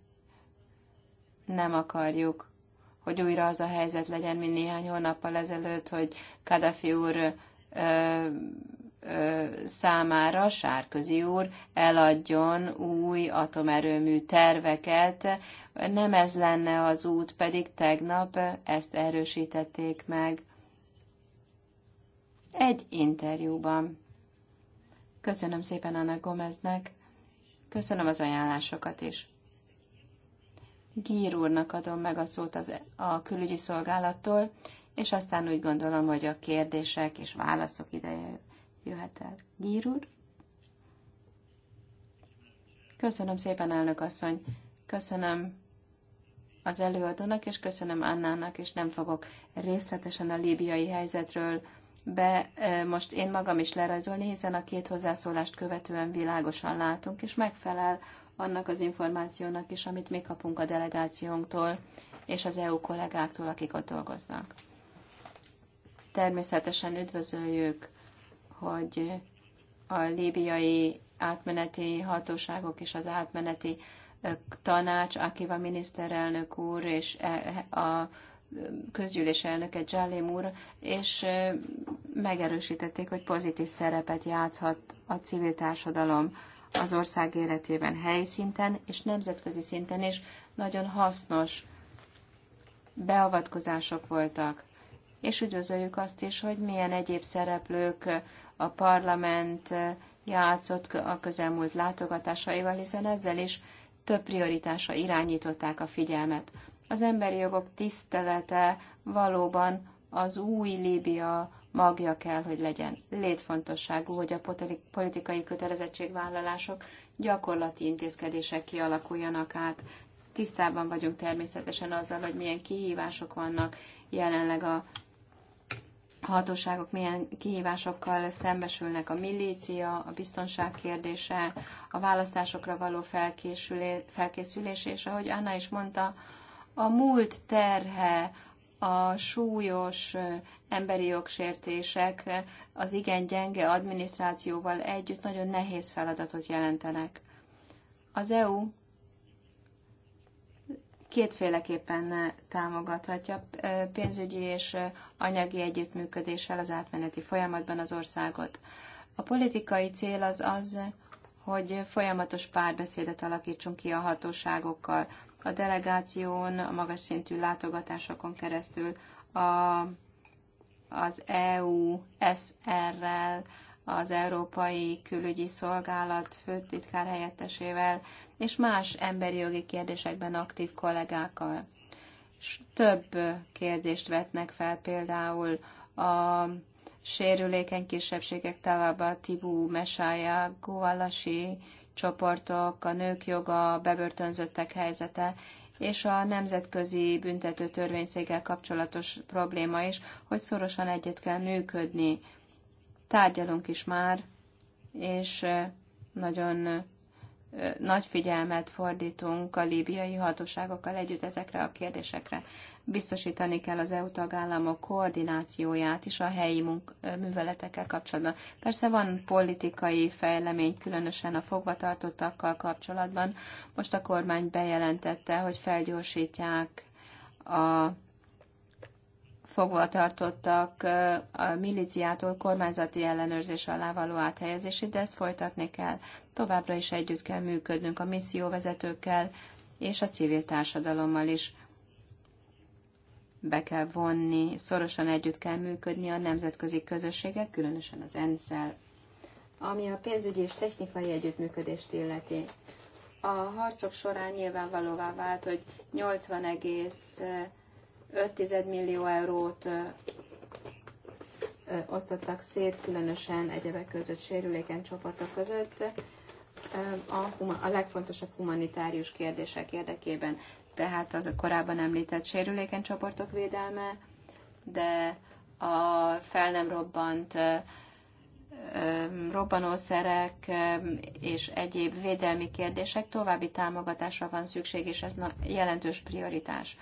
Nem akarjuk, hogy újra az a helyzet legyen, mint néhány hónappal ezelőtt, hogy Kadafi úr ö, ö, számára Sárközi úr eladjon új atomerőmű terveket. Nem ez lenne az út, pedig tegnap ezt erősítették meg egy interjúban. Köszönöm szépen Anna Gomeznek, köszönöm az ajánlásokat is. Gír úrnak adom meg a szót az, a külügyi szolgálattól, és aztán úgy gondolom, hogy a kérdések és válaszok ideje jöhet el. Gír úr? Köszönöm szépen, elnök asszony. Köszönöm az előadónak, és köszönöm Annának, és nem fogok részletesen a líbiai helyzetről be most én magam is lerajzolni, hiszen a két hozzászólást követően világosan látunk, és megfelel annak az információnak is, amit mi kapunk a delegációnktól és az EU kollégáktól, akik ott dolgoznak. Természetesen üdvözöljük, hogy a líbiai átmeneti hatóságok és az átmeneti tanács, Akiva miniszterelnök úr és e, e, a közgyűlés elnöke Jalim úr, és megerősítették, hogy pozitív szerepet játszhat a civil társadalom az ország életében helyszinten és nemzetközi szinten is nagyon hasznos beavatkozások voltak. És üdvözöljük azt is, hogy milyen egyéb szereplők a parlament játszott a közelmúlt látogatásaival, hiszen ezzel is több prioritásra irányították a figyelmet az emberi jogok tisztelete valóban az új Líbia magja kell, hogy legyen. Létfontosságú, hogy a politikai kötelezettségvállalások gyakorlati intézkedések kialakuljanak át. Tisztában vagyunk természetesen azzal, hogy milyen kihívások vannak jelenleg a hatóságok milyen kihívásokkal szembesülnek a milícia, a biztonság kérdése, a választásokra való felkészülés, és ahogy Anna is mondta, a múlt terhe, a súlyos emberi jogsértések az igen gyenge adminisztrációval együtt nagyon nehéz feladatot jelentenek. Az EU kétféleképpen támogathatja pénzügyi és anyagi együttműködéssel az átmeneti folyamatban az országot. A politikai cél az az, hogy folyamatos párbeszédet alakítsunk ki a hatóságokkal, a delegáción, a magas szintű látogatásokon keresztül, a, az EU-SR-rel, az Európai Külügyi Szolgálat főtitkár helyettesével és más emberi jogi kérdésekben aktív kollégákkal. S több kérdést vetnek fel, például a sérülékeny kisebbségek tavába Tibú, Mesája, Guvalasi csoportok, a nők joga, a bebörtönzöttek helyzete, és a nemzetközi büntető törvényszéggel kapcsolatos probléma is, hogy szorosan együtt kell működni. Tárgyalunk is már, és nagyon nagy figyelmet fordítunk a líbiai hatóságokkal együtt ezekre a kérdésekre biztosítani kell az EU tagállamok koordinációját is a helyi munk- műveletekkel kapcsolatban. Persze van politikai fejlemény, különösen a fogvatartottakkal kapcsolatban. Most a kormány bejelentette, hogy felgyorsítják a fogvatartottak a milíciától kormányzati ellenőrzés alá való áthelyezését, de ezt folytatni kell. Továbbra is együtt kell működnünk a misszióvezetőkkel és a civil társadalommal is be kell vonni, szorosan együtt kell működni a nemzetközi közösségek, különösen az ensz -el. Ami a pénzügyi és technikai együttműködést illeti, a harcok során nyilvánvalóvá vált, hogy 80,5 millió eurót osztottak szét, különösen egyebek között sérülékeny csoportok között, a legfontosabb humanitárius kérdések érdekében tehát az a korábban említett sérülékeny csoportok védelme, de a fel nem robbant robbanószerek és egyéb védelmi kérdések további támogatásra van szükség, és ez jelentős prioritás.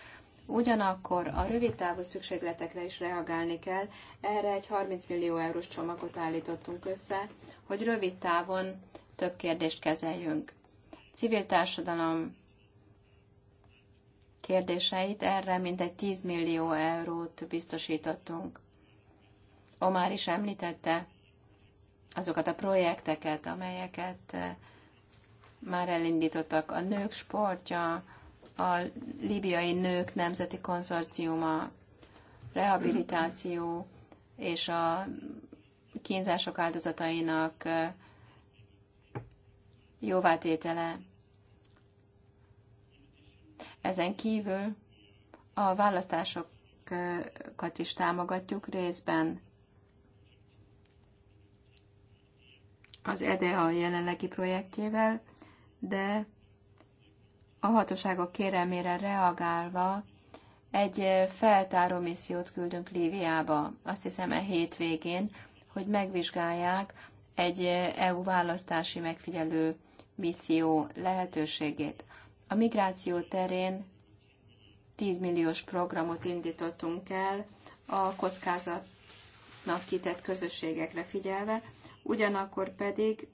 Ugyanakkor a rövid távú szükségletekre is reagálni kell. Erre egy 30 millió eurós csomagot állítottunk össze, hogy rövid távon több kérdést kezeljünk. Civil társadalom, kérdéseit, erre mintegy 10 millió eurót biztosítottunk. Omár is említette azokat a projekteket, amelyeket eh, már elindítottak. A nők sportja, a libiai nők nemzeti konzorciuma, rehabilitáció és a kínzások áldozatainak eh, jóvátétele. Ezen kívül a választásokat is támogatjuk részben az EDA jelenlegi projektjével, de a hatóságok kérelmére reagálva egy feltáró missziót küldünk Líviába, azt hiszem e hétvégén, hogy megvizsgálják egy EU választási megfigyelő misszió lehetőségét. A migráció terén 10 milliós programot indítottunk el a kockázatnak kitett közösségekre figyelve, ugyanakkor pedig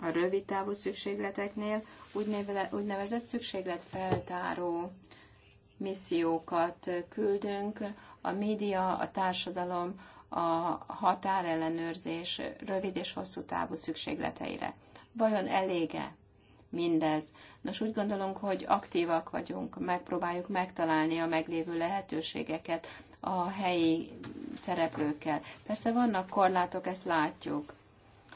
a rövid távú szükségleteknél úgynevezett szükségletfeltáró missziókat küldünk, a média, a társadalom, a határellenőrzés rövid és hosszú távú szükségleteire. Vajon elége mindez. Nos, úgy gondolunk, hogy aktívak vagyunk, megpróbáljuk megtalálni a meglévő lehetőségeket a helyi szereplőkkel. Persze vannak korlátok, ezt látjuk,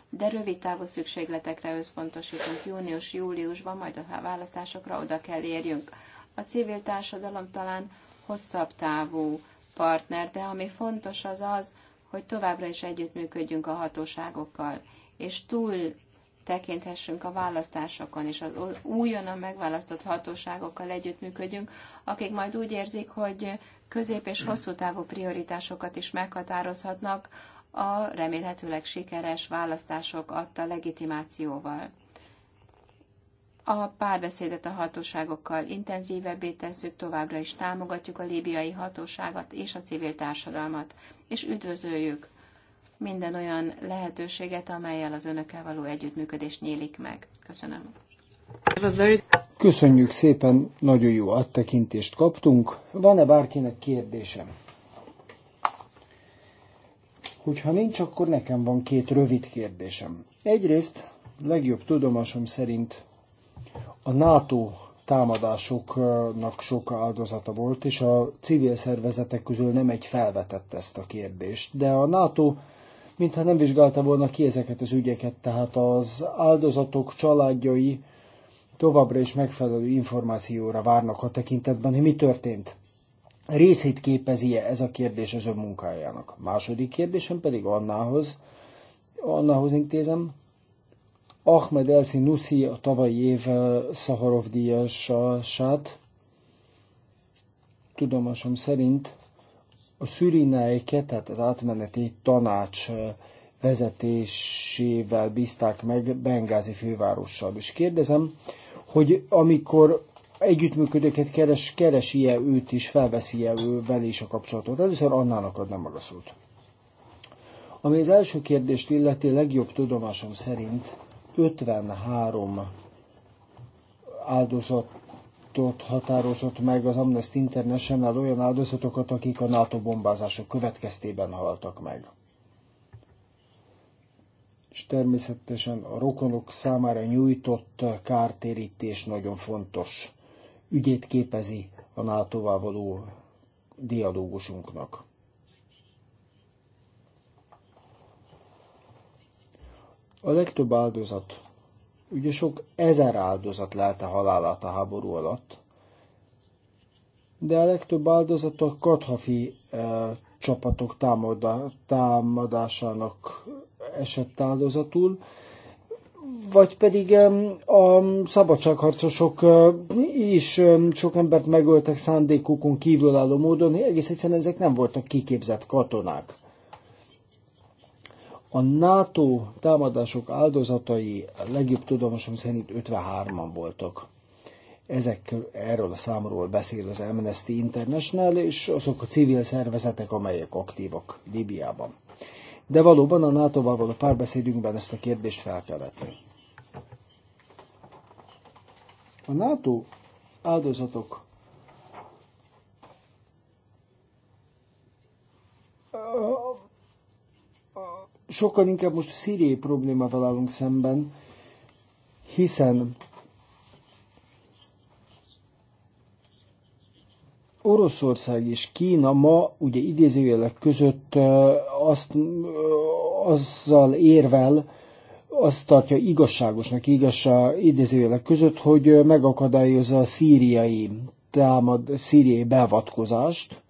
de rövid távú szükségletekre összpontosítunk. Június-júliusban, majd a választásokra oda kell érjünk. A civil társadalom talán hosszabb távú partner, de ami fontos az az, hogy továbbra is együttműködjünk a hatóságokkal, és túl tekinthessünk a választásokon, és az újonnan megválasztott hatóságokkal együttműködjünk, akik majd úgy érzik, hogy közép- és hosszú távú prioritásokat is meghatározhatnak a remélhetőleg sikeres választások adta legitimációval. A párbeszédet a hatóságokkal intenzívebbé tesszük, továbbra is támogatjuk a líbiai hatóságot és a civil társadalmat, és üdvözöljük minden olyan lehetőséget, amelyel az önökkel való együttműködés nyílik meg. Köszönöm. Köszönjük szépen, nagyon jó áttekintést kaptunk. Van-e bárkinek kérdésem? Hogyha nincs, akkor nekem van két rövid kérdésem. Egyrészt, legjobb tudomásom szerint a NATO támadásoknak sok áldozata volt, és a civil szervezetek közül nem egy felvetett ezt a kérdést. De a NATO mintha nem vizsgálta volna ki ezeket az ügyeket, tehát az áldozatok családjai továbbra is megfelelő információra várnak a tekintetben, hogy mi történt. Részét képezi-e ez a kérdés az ön munkájának? Második kérdésem pedig Annához, Annához intézem, Ahmed Elsi Nussi a tavalyi év eh, Szaharov díjasát, tudomásom szerint a szürináike, tehát az átmeneti tanács vezetésével bízták meg Bengázi fővárossal. És kérdezem, hogy amikor együttműködőket keres, keresi-e őt is, felveszi-e ő vele is a kapcsolatot? Először Annának adnám maga a szót. Ami az első kérdést illeti, legjobb tudomásom szerint 53 áldozat áldozatot határozott meg az Amnesty International olyan áldozatokat, akik a NATO bombázások következtében haltak meg. És természetesen a rokonok számára nyújtott kártérítés nagyon fontos ügyét képezi a NATO-val való dialógusunknak. A legtöbb áldozat Ugye sok ezer áldozat a halálát a háború alatt, de a legtöbb áldozat a kathafi e, csapatok támoda, támadásának esett áldozatul, vagy pedig a szabadságharcosok is sok embert megöltek szándékukon kívülálló módon, egész egyszerűen ezek nem voltak kiképzett katonák. A NATO támadások áldozatai a legjobb tudomosom szerint 53-an voltak. Ezek, erről a számról beszél az Amnesty International, és azok a civil szervezetek, amelyek aktívak Líbiában. De valóban a NATO-val való párbeszédünkben ezt a kérdést fel kell vetni. A NATO áldozatok sokkal inkább most szíriai problémával állunk szemben, hiszen Oroszország és Kína ma ugye idézőjelek között azt, azzal érvel, azt tartja igazságosnak, igazság idézőjelek között, hogy megakadályozza a szíriai támad, szíriai beavatkozást,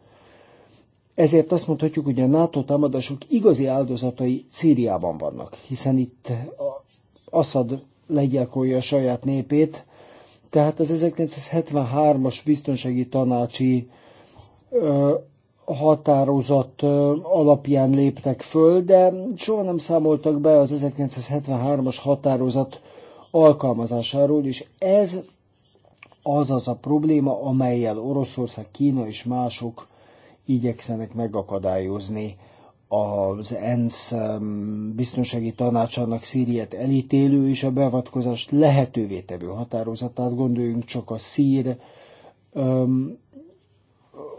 ezért azt mondhatjuk, hogy a NATO támadások igazi áldozatai Szíriában vannak, hiszen itt Assad legyilkolja a saját népét, tehát az 1973-as biztonsági tanácsi ö, határozat ö, alapján léptek föl, de soha nem számoltak be az 1973-as határozat alkalmazásáról, és ez az az a probléma, amelyel Oroszország, Kína és mások igyekszenek megakadályozni az ENSZ biztonsági tanácsának Szíriát elítélő és a beavatkozást lehetővé tevő határozatát. Gondoljunk csak a szír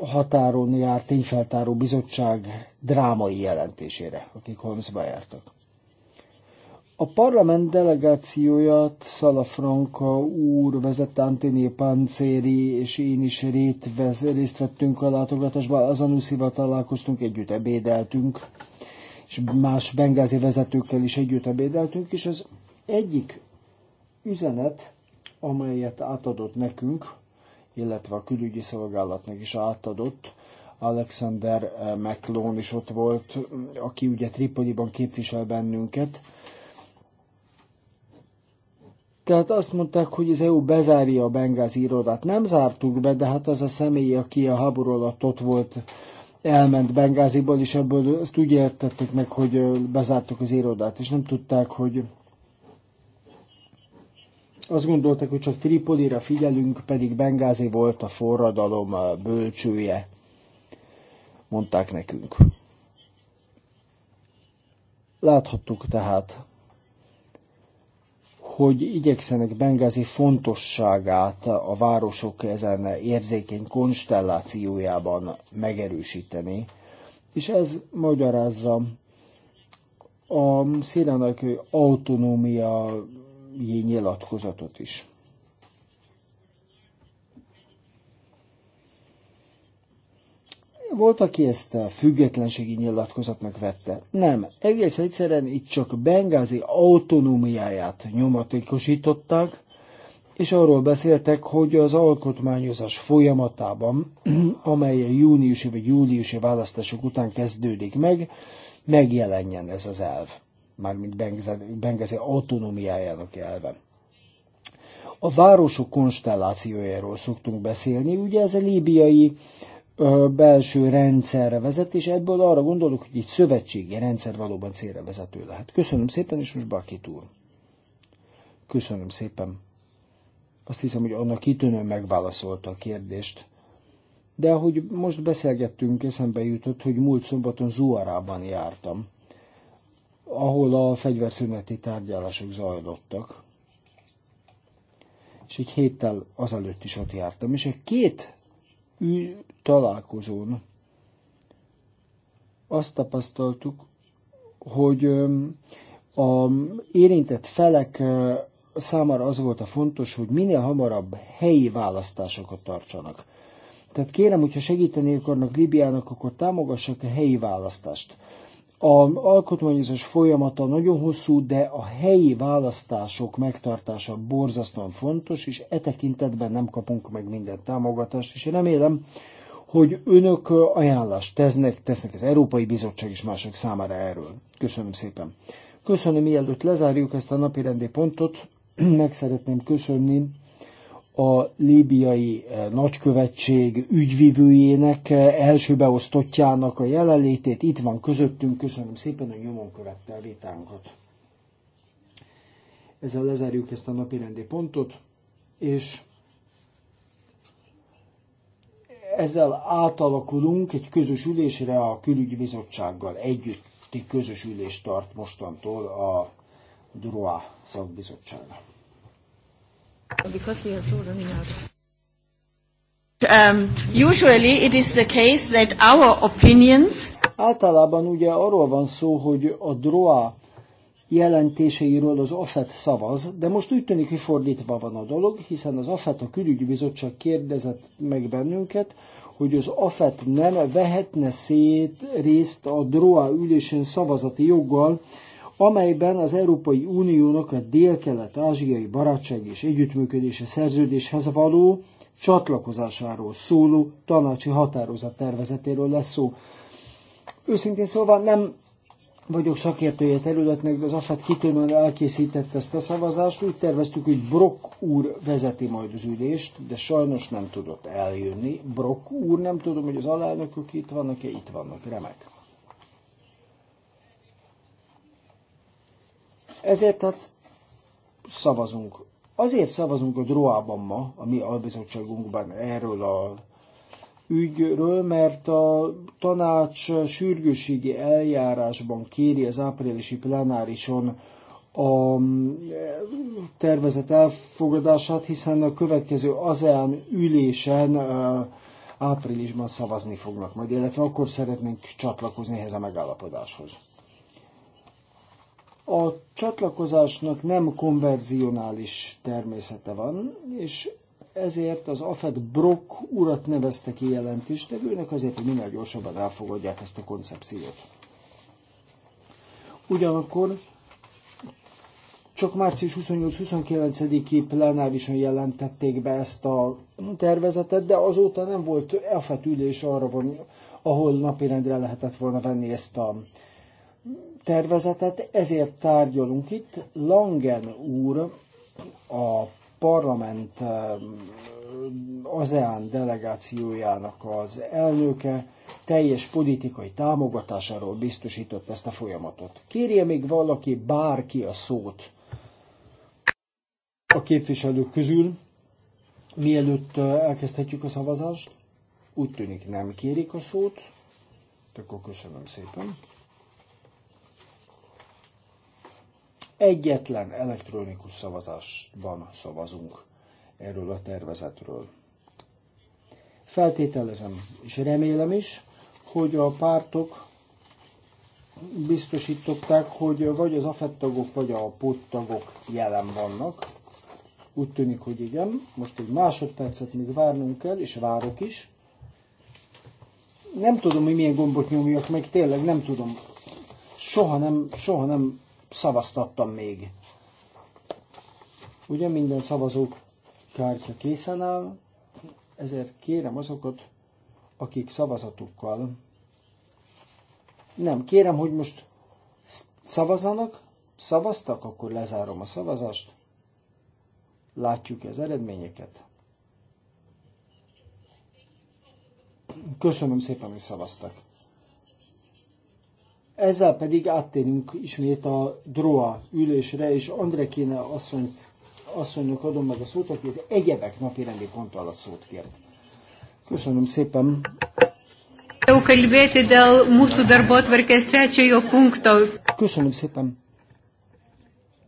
határon járt tényfeltáró bizottság drámai jelentésére, akik Holmesba jártak. A parlament delegációját Szalafranka úr vezette Antini Pancéri, és én is részt vettünk a látogatásban, Anuszival találkoztunk, együtt ebédeltünk, és más bengázi vezetőkkel is együtt ebédeltünk, és az egyik üzenet, amelyet átadott nekünk, illetve a külügyi szolgálatnak is átadott, Alexander eh, McLone is ott volt, aki ugye Tripoliban képvisel bennünket, tehát azt mondták, hogy az EU bezárja a Bengázi irodát. Nem zártuk be, de hát az a személy, aki a háború alatt ott volt, elment Bengáziból, és ebből ezt úgy értették meg, hogy bezártuk az irodát, és nem tudták, hogy azt gondolták, hogy csak Tripolira figyelünk, pedig Bengázi volt a forradalom a bölcsője, mondták nekünk. Láthattuk tehát, hogy igyekszenek Bengázi fontosságát a városok ezen érzékeny konstellációjában megerősíteni, és ez magyarázza a szélenek autonómiai nyilatkozatot is. Volt, aki ezt a függetlenségi nyilatkozatnak vette. Nem, egész egyszerűen itt csak Bengázi autonómiáját nyomatékosították, és arról beszéltek, hogy az alkotmányozás folyamatában, *clears throat* amely a júniusi vagy júliusi választások után kezdődik meg, megjelenjen ez az elv, mármint bengázi autonómiájának elve. A városok konstellációjáról szoktunk beszélni, ugye ez a líbiai belső rendszerre vezet, és ebből arra gondolok, hogy egy szövetségi rendszer valóban célra vezető lehet. Köszönöm szépen, és most Baki úr. Köszönöm szépen. Azt hiszem, hogy annak kitűnő megválaszolta a kérdést. De ahogy most beszélgettünk, eszembe jutott, hogy múlt szombaton Zuarában jártam, ahol a fegyverszüneti tárgyalások zajlottak. És egy héttel azelőtt is ott jártam, és egy két találkozón azt tapasztaltuk, hogy a érintett felek számára az volt a fontos, hogy minél hamarabb helyi választásokat tartsanak. Tehát kérem, hogyha segíteni akarnak Libiának, akkor támogassák a helyi választást. A alkotmányozás folyamata nagyon hosszú, de a helyi választások megtartása borzasztóan fontos, és e tekintetben nem kapunk meg minden támogatást, és én remélem, hogy önök ajánlást tesznek, tesznek az Európai Bizottság és mások számára erről. Köszönöm szépen. Köszönöm, mielőtt lezárjuk ezt a napi rendi pontot, *clears throat* meg szeretném köszönni a líbiai nagykövetség ügyvivőjének, első beosztottjának a jelenlétét. Itt van közöttünk, köszönöm szépen, hogy nyomon követte a vitánkat. Ezzel lezárjuk ezt a napi rendi pontot, és ezzel átalakulunk egy közös ülésre a külügyi bizottsággal együtt egy közös ülést tart mostantól a DROA szakbizottság. Um, usually it is the case that our opinions Általában ugye arról van szó, hogy a DROA jelentéseiről az AFET szavaz, de most úgy tűnik, hogy fordítva van a dolog, hiszen az AFET a külügyi bizottság kérdezett meg bennünket, hogy az AFET nem vehetne szét részt a DROA ülésén szavazati joggal, amelyben az Európai Uniónak a dél-kelet-ázsiai barátság és együttműködése szerződéshez való csatlakozásáról szóló tanácsi határozat tervezetéről lesz szó. Őszintén szóval nem vagyok szakértője területnek, de az AFET kitűnően elkészített ezt a szavazást. Úgy terveztük, hogy Brock úr vezeti majd az ülést, de sajnos nem tudott eljönni. Brock úr, nem tudom, hogy az alelnökök itt vannak-e, itt vannak, remek. Ezért tehát szavazunk. Azért szavazunk a Droában ma, a mi albizottságunkban erről a ügyről, mert a tanács sürgőségi eljárásban kéri az áprilisi plenárison a mm, tervezet elfogadását, hiszen a következő ASEAN ülésen áprilisban szavazni fognak majd, illetve akkor szeretnénk csatlakozni ehhez a megállapodáshoz. A csatlakozásnak nem konverzionális természete van, és ezért az Afed Brock urat nevezte ki jelentéstevőnek, azért, hogy minél gyorsabban elfogadják ezt a koncepciót. Ugyanakkor csak március 28-29-i plenárisan jelentették be ezt a tervezetet, de azóta nem volt ülés arra, van, ahol napirendre lehetett volna venni ezt a tervezetet, ezért tárgyalunk itt. Langen úr, a parlament eh, ASEAN delegációjának az elnöke teljes politikai támogatásáról biztosított ezt a folyamatot. Kérje még valaki, bárki a szót a képviselők közül, mielőtt eh, elkezdhetjük a szavazást? Úgy tűnik nem kérik a szót, akkor köszönöm szépen. Egyetlen elektronikus szavazásban szavazunk erről a tervezetről. Feltételezem, és remélem is, hogy a pártok biztosították, hogy vagy az afettagok vagy a POT jelen vannak. Úgy tűnik, hogy igen. Most egy másodpercet még várnunk kell, és várok is. Nem tudom, hogy milyen gombot nyomjak meg, tényleg nem tudom. Soha nem, soha nem szavaztattam még. Ugye minden szavazó kártya készen áll, ezért kérem azokat, akik szavazatukkal nem, kérem, hogy most szavazanak, szavaztak, akkor lezárom a szavazást, látjuk az eredményeket. Köszönöm szépen, hogy szavaztak. Ezzel pedig áttérünk ismét a DROA ülésre, és André Kéne asszonyt, asszonynak adom meg a szót, aki az egyebek napi rendi pont alatt szót kért. Köszönöm szépen. Köszönöm szépen.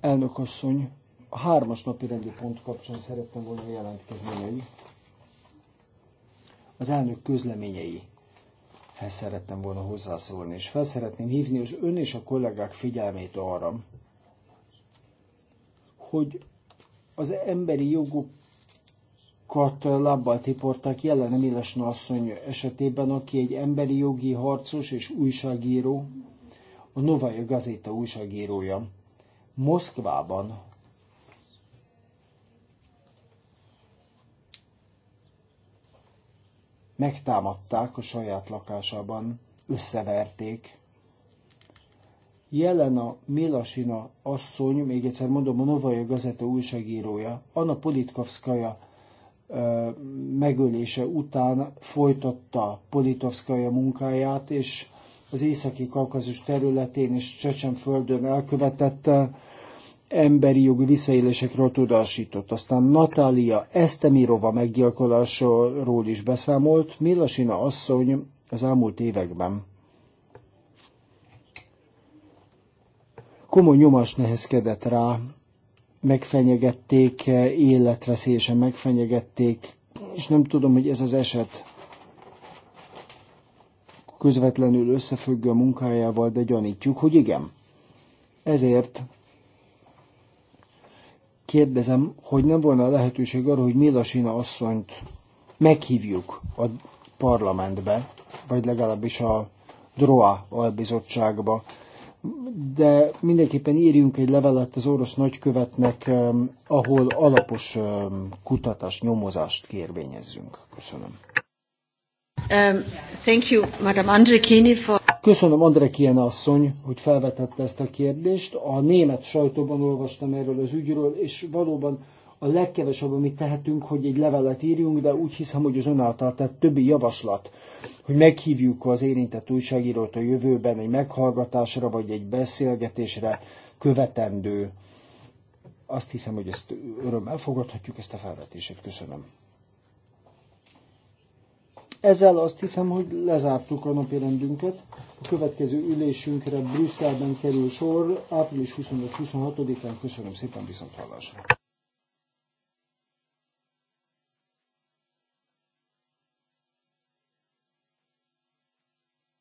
Elnök asszony, a hármas napi rendi pont kapcsán szerettem volna jelentkezni meg. Az elnök közleményei ehhez szerettem volna hozzászólni, és fel szeretném hívni az ön és a kollégák figyelmét arra, hogy az emberi jogokat lábbal tiporták jelen Emélesna asszony esetében, aki egy emberi jogi harcos és újságíró, a Novaya Gazeta újságírója. Moszkvában megtámadták a saját lakásában, összeverték. Jelen a Milasina asszony, még egyszer mondom, a Novaja Gazeta újságírója, Anna Politkovskaja megölése után folytatta Politkovskaja munkáját, és az északi kaukazus területén és Csecsenföldön elkövetett emberi jogi visszaélésekről tudásított. Aztán Natália Esztemirova meggyilkolásról is beszámolt. Millasina asszony az elmúlt években komoly nyomás nehezkedett rá, megfenyegették, életveszélyesen megfenyegették, és nem tudom, hogy ez az eset közvetlenül összefügg a munkájával, de gyanítjuk, hogy igen. Ezért Kérdezem, hogy nem volna lehetőség arra, hogy Milasina asszonyt meghívjuk a parlamentbe, vagy legalábbis a DROA albizottságba, de mindenképpen írjunk egy levelet az orosz nagykövetnek, ahol alapos kutatás, nyomozást kérvényezzünk. Köszönöm. Um, thank you, Madam Andrikini, for... Köszönöm André Kiene asszony, hogy felvetette ezt a kérdést. A német sajtóban olvastam erről az ügyről, és valóban a legkevesebb, amit tehetünk, hogy egy levelet írjunk, de úgy hiszem, hogy az ön által tett többi javaslat, hogy meghívjuk az érintett újságírót a jövőben egy meghallgatásra vagy egy beszélgetésre követendő. Azt hiszem, hogy ezt örömmel fogadhatjuk, ezt a felvetését. Köszönöm. Ezzel azt hiszem, hogy lezártuk a napi rendünket. A következő ülésünkre Brüsszelben kerül sor április 25-26-án. Köszönöm szépen hallásra.